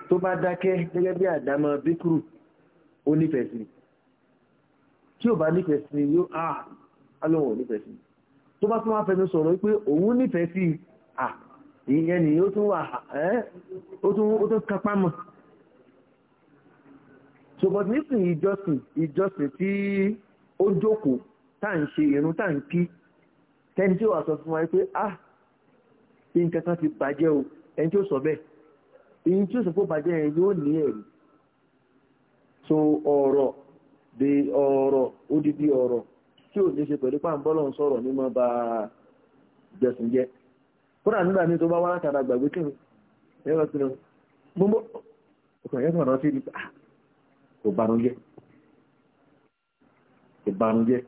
[SPEAKER 1] tó bá dákẹ́ gẹ́gẹ́ bí àdámọ́ bíkúrù ó nífẹ̀ẹ́ sí tí ò bá nífẹ̀ẹ́ sí yóò á ah, alóhùn nífẹ̀ẹ́ sí tó bá tún wá fẹnu sọ̀rọ̀ wípé òun nífẹ̀ẹ́ sí à ah, ni ó tún wà ẹ́ ó tún ó tún kápá mọ̀ ṣùgbọ́n nísìn ìjọsìn ìjọsìn tí ó jókòó tá à ń ṣe irun tá à ń kí tẹni tí ó wà sọ fún wa pé ah nǹkan kan ti bàjẹ́ o ẹni tí ó sọ bẹ́ẹ̀ èyí tí ó sọ pé bàjẹ́ yẹn yóò ní ẹ̀rí so ọ̀rọ̀ de ọ̀rọ̀ odidi ọ̀rọ̀ tí ò ní ṣe pẹ̀lú pàǹbọ́lọ̀ ń sọ̀rọ̀ ní mọ́ bá gbẹ̀sùn jẹ́ kódà nígbà míì tó bá wá látara gbàgbé kí ni ẹ̀rọ kí ni gbogbo ọkàn yẹn kàn rántí nípa ah, kò banújẹ́ kò banújẹ́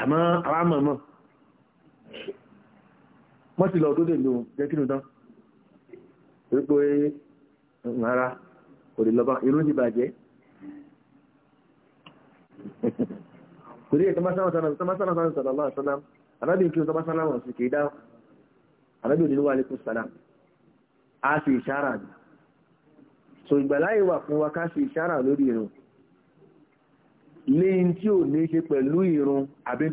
[SPEAKER 1] àmọ́ àwọn àmọ̀mọ́ wọ́n ti lọ tó dè lóhun jẹ́ kí ni tán wípé rárá kò lè lọ kò dé tọmásánà sọ̀rọ̀ máa sọ́nà anábì kí o tọmásánà wọ̀n sí kìí dáhùn anábì òdìlú wà lẹ́kùn sọ́nà a sì ìṣára so ìgbàláyè wà fún wa ká sì ìṣára lórí irun léyìn tí ò ní ṣe pẹ̀lú irun àbí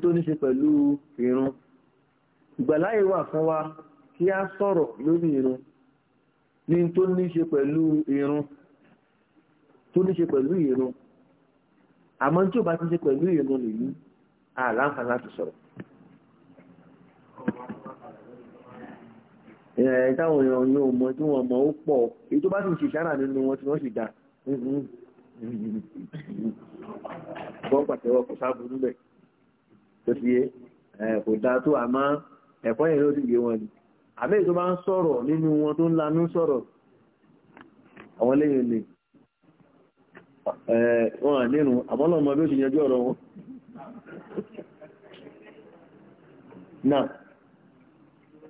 [SPEAKER 1] wa kí a sọ̀rọ̀ lórí irun ní tó ní ṣe pẹ̀lú irun àmọ́ tí ò bá ti ṣe pẹ̀lú ìrìnnà lèyí àlàǹfààní láti sọ̀rọ̀. ẹ̀ táwọn èèyàn yóò mọ tí wọ́n mọ ó pọ̀ èyí tó bá sì ń ṣe ìṣára nínú wọn tí wọ́n sì dá bọ́n pàtẹ́wọ́ kò sáàbùrú bẹ̀ tó fi yé kò dáa tó àmọ́ ẹ̀kọ́ yẹn ló sì yé wọn ni àmì tó bá ń sọ̀rọ̀ nínú wọn tó ń lanú sọ̀rọ̀ àwọn lẹ́yìn lè wọn àdínú àbọ́lọ́mọ bí ó ti yanjú ọ̀rọ̀ wọn náà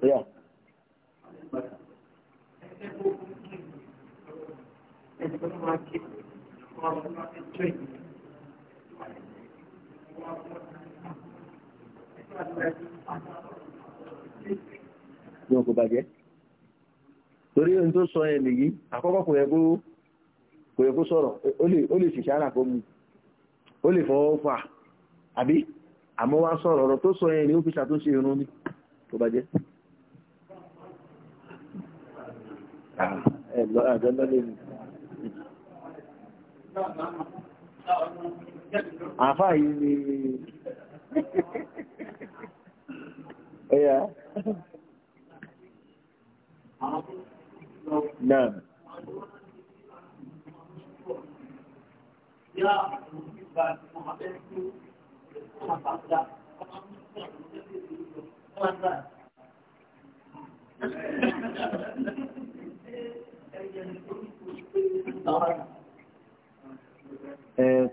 [SPEAKER 1] ríà Ní ọkọ̀ bàjẹ́. Torí ohun tó sọ ẹ̀ nìyí, àkọ́kọ́ kò kò yẹ kó sọ̀rọ̀ ó lè ṣìṣàrà kó mu ó lè fọwọ́ fà àbí àmọ́ wá sọ̀rọ̀ ọ̀rọ̀ tó sọ yẹn ni ó fi ṣàtúnṣe irun ní tó bá jẹ́ àfá yìí ni ẹ̀yà náà ya ìgbà tí wọ́n máa fẹ́ kí wọ́n bá dá wọ́n dá.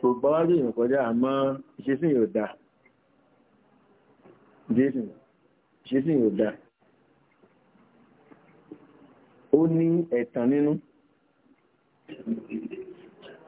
[SPEAKER 1] Kò gbá wá lóyìn kọjá àmọ́ ìṣesí yóò dá. Jésù, ìṣesí yóò dá. Ó ní ẹ̀tàn nínú.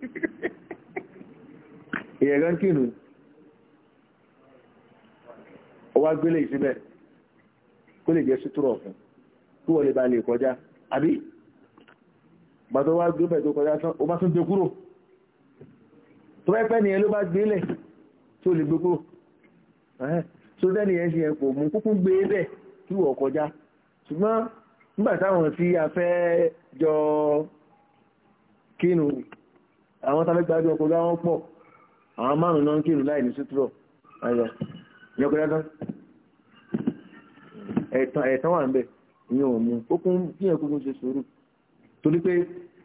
[SPEAKER 1] (laughs) ìyẹ̀gán kìnnù ó wá gbélé ìsíbẹ̀ kó lè jẹ́ sútúrọ̀ fún kí wọ́n lè lè kọjá àbí bàtọ́ wá gbé tó kọjá bá tún gbé kúrò tó pẹ́pẹ́ nìyẹn ló bá gbélé tí ó lè gbé kúrò tó kúkú gbé bẹ̀ kí wọ́n kọjá ṣùgbọ́n nígbà táwọn jọ àwọn tàbí gbájú ọkọ̀ láwọn pọ̀ àwọn márùn náà ń kírù láì ní sútúrọ̀ ayọ̀ yọkọ̀dákan ẹ̀tàn wà ń bẹ̀ ní òmù ókún kí ẹ̀ kúkún ṣe sùúrù torí pé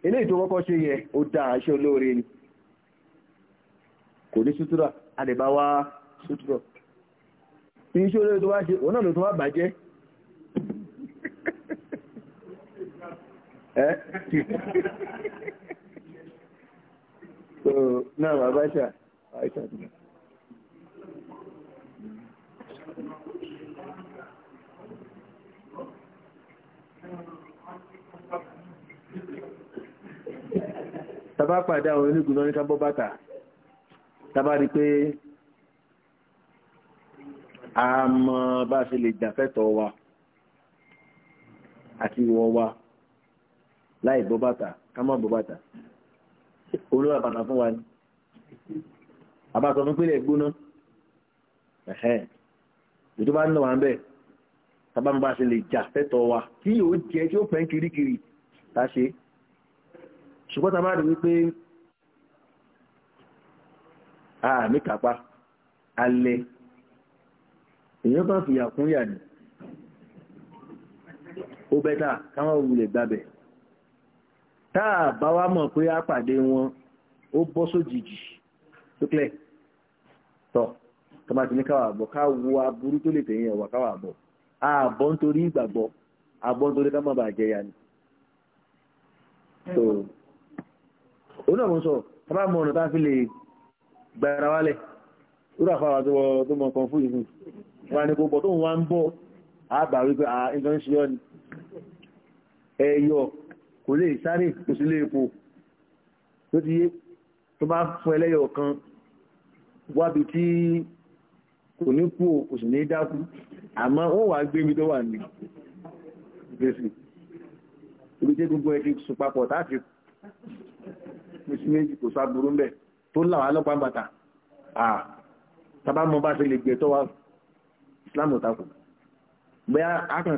[SPEAKER 1] ilé ìtò kọ́kọ́ ṣe yẹ ó dá àṣẹ olóore ni kò ní sútúrà àdìbá wá sútúrọ̀ iṣẹ́ olóore tó wá ṣe òun náà ló tó wá bàjẹ́ (laughs) ẹ́ so náà bàbá ṣà àìṣà nìyẹn. tàbá pàdé àwọn onígun náà ní ká bàtà tàbá rí pé a mọ bá ṣe lè jàfẹ́tọ̀ wa àti wọ wa láì bọ́ bàtà ká má bọ́ bàtà olúwa bàtà fún wa ni àbátọ̀ fún pínlẹ̀ gbóná ẹ̀hẹ́ ètò bá ń nà wà ń bẹ̀ tábà ṣe lè jà fẹ́tọ̀ wa kí yóò jẹ́ tí ó fẹ́ ń kirikiri tá a ṣe ṣùgbọ́n tá a bá rí wípé a ní kápá alẹ́ èèyàn kan fìyà kún yà ni ó bẹ́tà káwọn wulẹ̀ gbàbẹ̀ táà bá wá mọ̀ pé á pàdé wọn ó bọ́ sójijì tó clear tọ́ tọ́ba ti ní káwà bọ̀ ká wo aburú tó lè tẹ̀yìn ọ̀wà káwà bọ̀ àbọ̀ nítorí ìgbàgbọ́ àbọ̀ nítorí ká má bàa jẹ ya ni. òun náà mo sọ tábà mọ ọ̀nà tá fi lè gbára wálẹ̀ lórí kò lè sáré kò sí lè po tó ti yé tó bá fún ẹlẹ́yọ̀ kan wábi tí kò ní kú o kò sì ní dákú àmọ́ ó wà gbé mi tó wà ní gbèsè ibi tí gbogbo ẹ ti sùn papọ̀ láti pèsè méjì kò sáburú mbẹ tó láwọn ọlọ́pàá bàtà àà tàbá mọ bá ṣe lè gbé tó Islam ò takò bóyá a kàn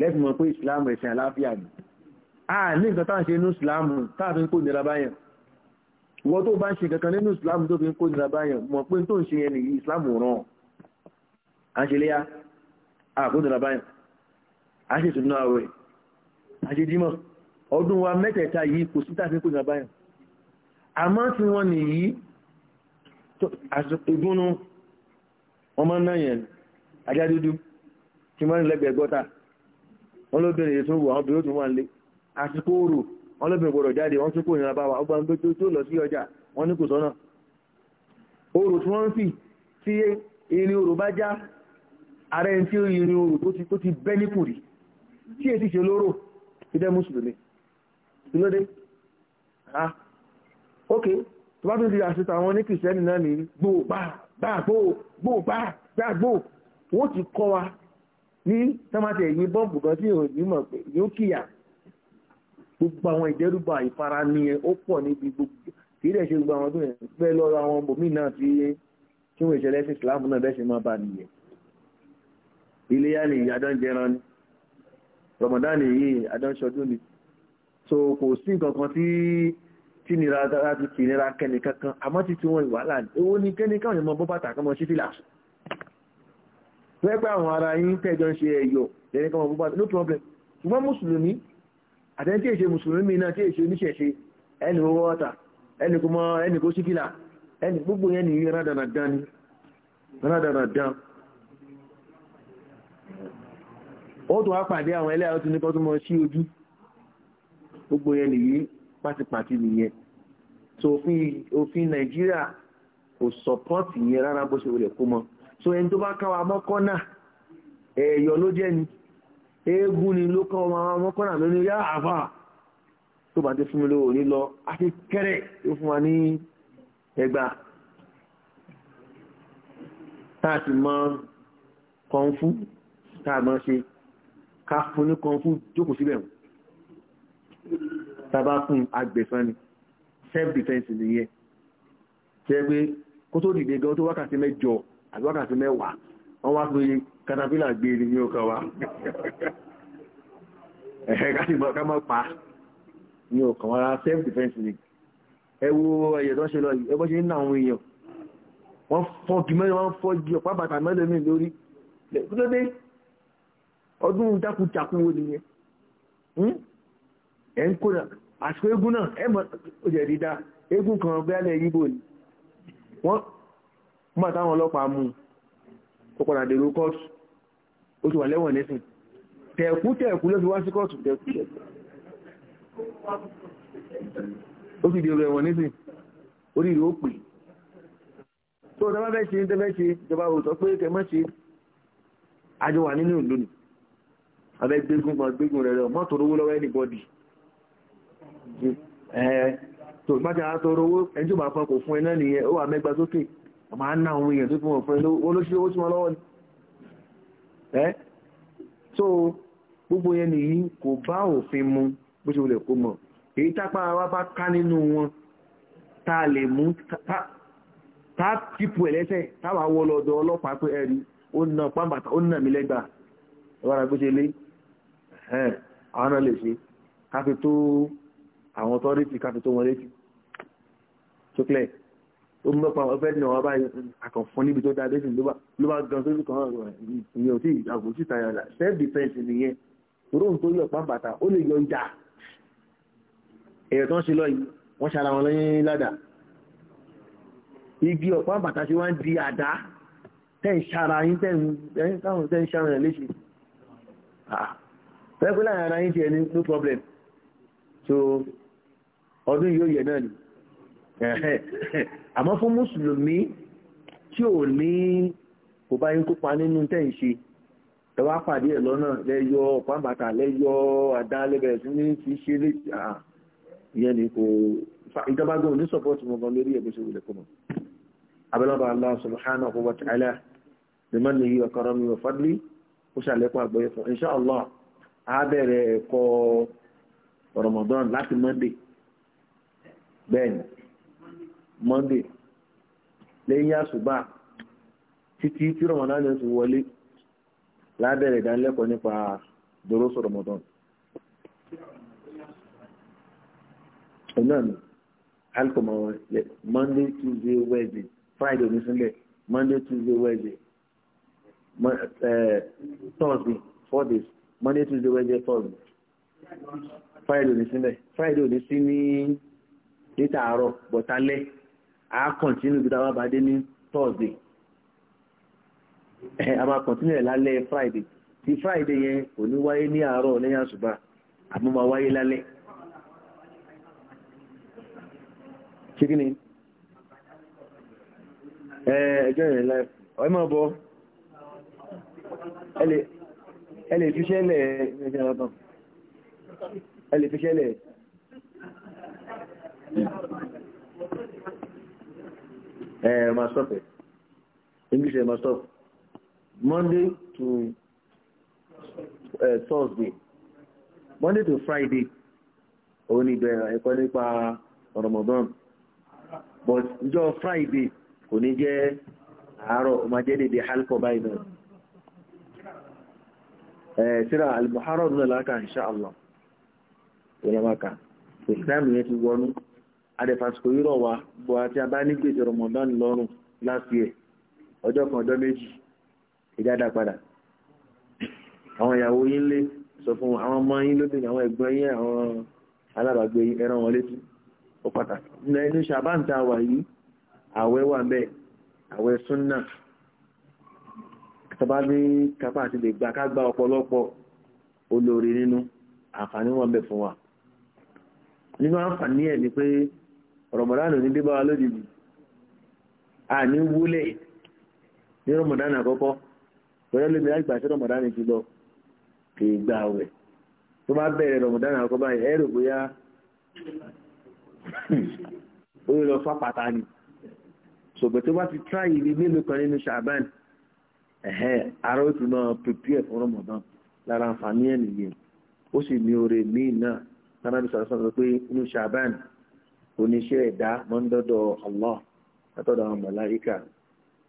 [SPEAKER 1] lẹ́sìn mọ̀ pé ìsìláàmù ẹ̀sìn àláfíà ni a ní nǹkan táà ń ṣe inú ìsìláàmù táà fi ń kó nira báyàn wọ́n tó bá ń ṣe kankan nínú Islam tó fi ń kó nira báyàn mọ̀ pé tó ń ṣe yẹn nìyí ìsìláàmù ràn á ṣe léyà a kó nira báyàn a ṣe ìtùnú àwẹ̀ a ṣe dímọ̀ ọdún wa mẹ́tẹ̀ẹ̀ta yìí kò sí táà kó nira báyàn àmọ́ tí wọ́n nìyí ìgbónú ọmọ náà yẹn ajá dúdú tí wọ́n ń lẹ́gbẹ̀ẹ́ gọ́ta wọ́n lóbìnrin yìí tún wò àwọn obìnrin tún wà nílé àsìkò òru wọ́n lóbìnrin gbọ́dọ̀ jáde wọ́n tún kò nira bá wa ọgbà gbé tó lọ sí ọjà wọ́n ní kò sọ́nà òru tí wọ́n ń fì tí irin òru bá já ara ẹni tí irin òru tó ti bẹ́ nípò rí tí èsì ṣe lóró ti dẹ́ mùsùlùmí kí ló dé ah ok tó bá tún di àṣetà àwọn ní kìsẹ́nì náà nìyí gbò gbà gbà gbò gbò gbà gbà gbò wọ́n ti kọ́ wa ní tọ́mátì ẹ̀yìn bọ́ǹbù kan tí yóò nímọ̀ pé yóò kíyà gbogbo àwọn ìdẹ́rùbà ìfara ni ó pọ̀ níbi gbogbo kì í dẹ̀ ṣe gbogbo àwọn tó yẹn fẹ́ lọ́rọ̀ àwọn bòmíì náà tí tí wọ́n ìṣẹ̀lẹ̀ sí Islam náà bẹ́ẹ̀ ṣe máa bá nìyẹn iléyà ni àdán jẹran ni Ramadan yìí àdán ṣọdún ni so kò sí nǹkan kan tí tí nira láti kì nira kẹ́nìkankan àmọ́ títí wọn ìwàhálà ni èwo ni kẹ́nìkan yẹn mọ bọ́ bàtà kan mọ pẹ́gbà àwọn ara yín tẹ́jọ ń ṣe ẹ̀yọ̀ lẹ́ni kan ọ̀pọ̀ no problem ṣùgbọ́n mùsùlùmí àtẹ́ni tí èṣe mùsùlùmí náà tí èṣe oníṣẹ̀ṣe ẹni owó ọ̀tà ẹni kó mọ ẹni kó síkìlà ẹni gbogbo yẹn nìyí rádaràdán ni rádaràdán ó tún wá pàdé àwọn ẹlẹ́yà ó ti ní kó tún mọ sí ojú gbogbo yẹn nìyí pátipàti nìyẹn tó òfin Nàìjíríà kò sọpọ́ọ̀tì yẹn rárá bó ṣe wọlé kó mọ́ so ẹni tó bá káwa mọ́kọ́nà ẹ̀yọ́ ló jẹ́ ni eégún ni ló kọ́ ọmọ mọ́kọ́nà lónìí yá àfà tó bá ti fún mi lówó ní lọ àti kẹ́rẹ̀ tó fún wa ní ẹgbà táàtì mọ kọ̀ǹfú táà mọ́ ṣe ká fún ní kọ̀ǹfú jókòó síbẹ̀ wọn tàbá fún agbẹ̀fán ni self defence nìyẹn jẹ́ pé kó tó dìde gan tó wákàtí mẹ́jọ àbí wákàtí mẹ́wàá wọ́n wá pé katapila gbé ni ní ọkọ̀ wa
[SPEAKER 2] (laughs) ẹ̀hẹ́
[SPEAKER 1] ká má pa ní ọkọ̀ wa self defence ni ẹ wo ẹ̀yẹ̀ tó ń ṣe lọ yìí ẹ bọ́ ṣe ń ná àwọn èèyàn wọ́n fọ́ kí mẹ́rin wọ́n fọ́ jí ọ̀pá bàtà mẹ́lẹ́mì lórí lẹ́kúlódé ọdún jákujàku wo nìyẹn hmm? ẹ̀ ń kó náà àsìkò eégún náà ẹ̀ mọ̀ ó jẹ̀ dídá eégún kan bẹ́ẹ̀ nígbà táwọn ọlọ́pàá mú ó padà dèrò kóòtù ó ti wà lẹ́wọ̀n nísìn tẹ̀kú tẹ̀kú ló fi wá sí kóòtù tẹ̀kú tẹ̀kú ó fi dèrò ẹ̀wọ̀n nísìn orí ìlú ó pè tó tẹ́fẹ́ fẹ́ ṣe tẹ́fẹ́ ṣe ìjọba òótọ́ pé kẹmọ́ ṣe àjọ wà nínú ìlú ni abẹ́ gbégún kan gbégún rẹ̀ lọ mọ́tò owó lọ́wọ́ ẹni bọ́dì tó bá ti àtọrọ owó ẹni tó kò fún ẹ náà nìyẹn ó wà mẹ́gbà sókè ọmọ àná àwọn èèyàn tó fún wọn pẹ̀lú olóṣèlú owó tí wọ́n lọ́wọ́ ẹ́ so gbogbo yẹn nìyí kò bá òfin mu bó ṣe wọlé kó mọ̀ èyí tápá wa bá ká nínú wọn tá a lè mú tá tìpù ẹ̀ lẹ́sẹ̀ táwa wọ lọ́dọ̀ ọlọ́pàá pé ẹ̀rí ó nà pàmbàtà ó nà mí lẹ́gbàá ẹ̀ wára gbé ṣe lé ẹ̀ àwọn náà lè ṣe káfí tó àwọn tọ́rìtì káfí tó wọn létí tó clear ó mú mẹ́pa ọ̀fẹ́ náà wá báyìí àkànfọ́n níbi tó dáa bẹ́sìn ló bá gan sórí kan ìyẹn ò tí àgò sí tayọ là self defence nìyẹn òróǹ tó yọ pàǹbàtà ó lè yọ ìjà èèyàn tó ń ṣe lọ yìí wọ́n ṣara wọn lẹ́yìn ládàá igi ọ̀pá bàtà ṣe wá ń di àdá tẹ́ǹ ṣara yín tẹ́ǹ ṣara rẹ̀ léṣe pẹ́pẹ́ láàrin ara yín ti ẹni no problem so ọdún yóò yẹ náà ni àmọ́ fún mùsùlùmí tí ò ní kò bá yín kópa nínú tẹ́yìn ṣe ẹ wá pàdé ẹ̀ lọ́nà lẹ́yọ ọ̀pábàtà lẹ́yọ àdá lẹ́bẹ̀rẹ̀ sí ní ti ṣe létí àà ìyẹn ni kò ìjọba gan ní sọ́pọ́ọ̀tì mọ̀gán lórí ẹ̀ Allah subhanahu wa ta'ala bimanihi wa karamihi wa fadli ó ṣàlékún àgbọ̀yé fún insha Allah á bẹ̀rẹ̀ ẹ̀kọ́ Ramadan láti Monday bẹ́ẹ̀ ni monday lẹ́yìn àṣùbà títí tí ramadan yóò ti wọlé lábẹ́rẹ̀ ìdánilẹ́kọ̀ọ́ nípa dòró sọ ramadan. ọ̀nà mi alkọ̀mọ̀ monday tuesday wednesday friday onísúnlẹ̀ monday tuesday wednesday thursday four days monday tuesday wednesday thursday friday onísúnlẹ̀ friday onísí ní níta àárọ̀ bọ̀tálẹ́ a kọ̀ntínú ibi táwọn abàdé ní thursday a máa kọ̀ntínú ẹ̀ lálẹ́ friday ti friday yẹn kò ní wáyé ní àárọ̀ lẹ́yìn àṣùbà àmọ́ máa wáyé lálẹ́ ṣé kí ni ẹjọ́ ìrìn láì ọ̀ẹ́ máa bọ́ ẹ lè fi ṣẹlẹ̀ ẹ̀ṣẹ̀ ọ̀tàn ẹ lè ẹ eh, máa stop ẹ english ẹ eh, stop monday to uh, thursday monday to friday òun ni ìbẹ̀rẹ̀ ẹ̀kọ́ ramadan but ọjọ́ friday kò ní jẹ́ àárọ̀ ó máa for al-muharram insha allah ìlàmàkà ìsìlámù yẹn adẹ̀fàsìkò rírọ̀ wa bọ̀ àti abá ní gbèsè lọ́rùn last year ọjọ́ kan ọjọ́ méjì ìjádá padà àwọn ìyàwó yín lé sọ fún àwọn ọmọ yín lóbìnrin àwọn ẹ̀gbọ́n yín àwọn alábàgbé yín ẹran wọn létí ó pàtàkì nínú ṣàbáǹtà wà yìí àwẹ̀ wà bẹ́ẹ̀ àwẹ̀ súnnà tọba ní kápá àti lè gbà ká gba ọ̀pọ̀lọpọ̀ olórí nínú àǹfààní wọn bẹ fún wa nínú àǹfààní ẹ̀ ni pé rọmọdánù ní débáwa a àní wule ní rọmọdánù àkọ́kọ́ pẹ̀lú ní láti gbàṣẹ́ rọmọdánù ti lọ kì í gbà wẹ̀ tó bá bẹ̀rẹ̀ rọmọdánù àkọ́kọ́ báyìí ẹ rò bóyá ó lọ fápàtà ni tó bá ti ní mélòó kan nínú ṣàbán ẹ̀hẹ́ ara ó fún rọmọdán lára àǹfààní ẹ̀ nìyẹn ó sì ní oore míì náà oníṣẹ́ ẹ̀dá máa ń dọ́dọ̀ Allah látọ̀dọ̀ àwọn màláíkà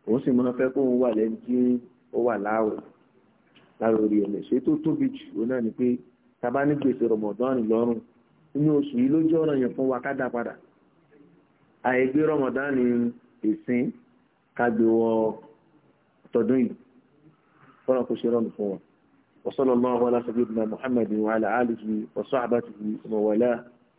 [SPEAKER 1] òun sì máa fẹ́ kó òun wà lẹ́nu tí ó wà láàwẹ̀ lára orí ẹ̀lẹ̀ ṣe tó tóbi jù òun náà ni pé tá bá ní gbèsè rọmọdánì lọ́rùn inú oṣù yìí lójú ọ̀ràn yẹn fún wa ká dá padà àìgbé rọmọdánì ìsìn kágbé tọdún yìí fọ́nà kó ṣe rọrùn fún wa wa sallallahu ala sayyidina Muhammadin wa ala alihi wa sahbihi wa wala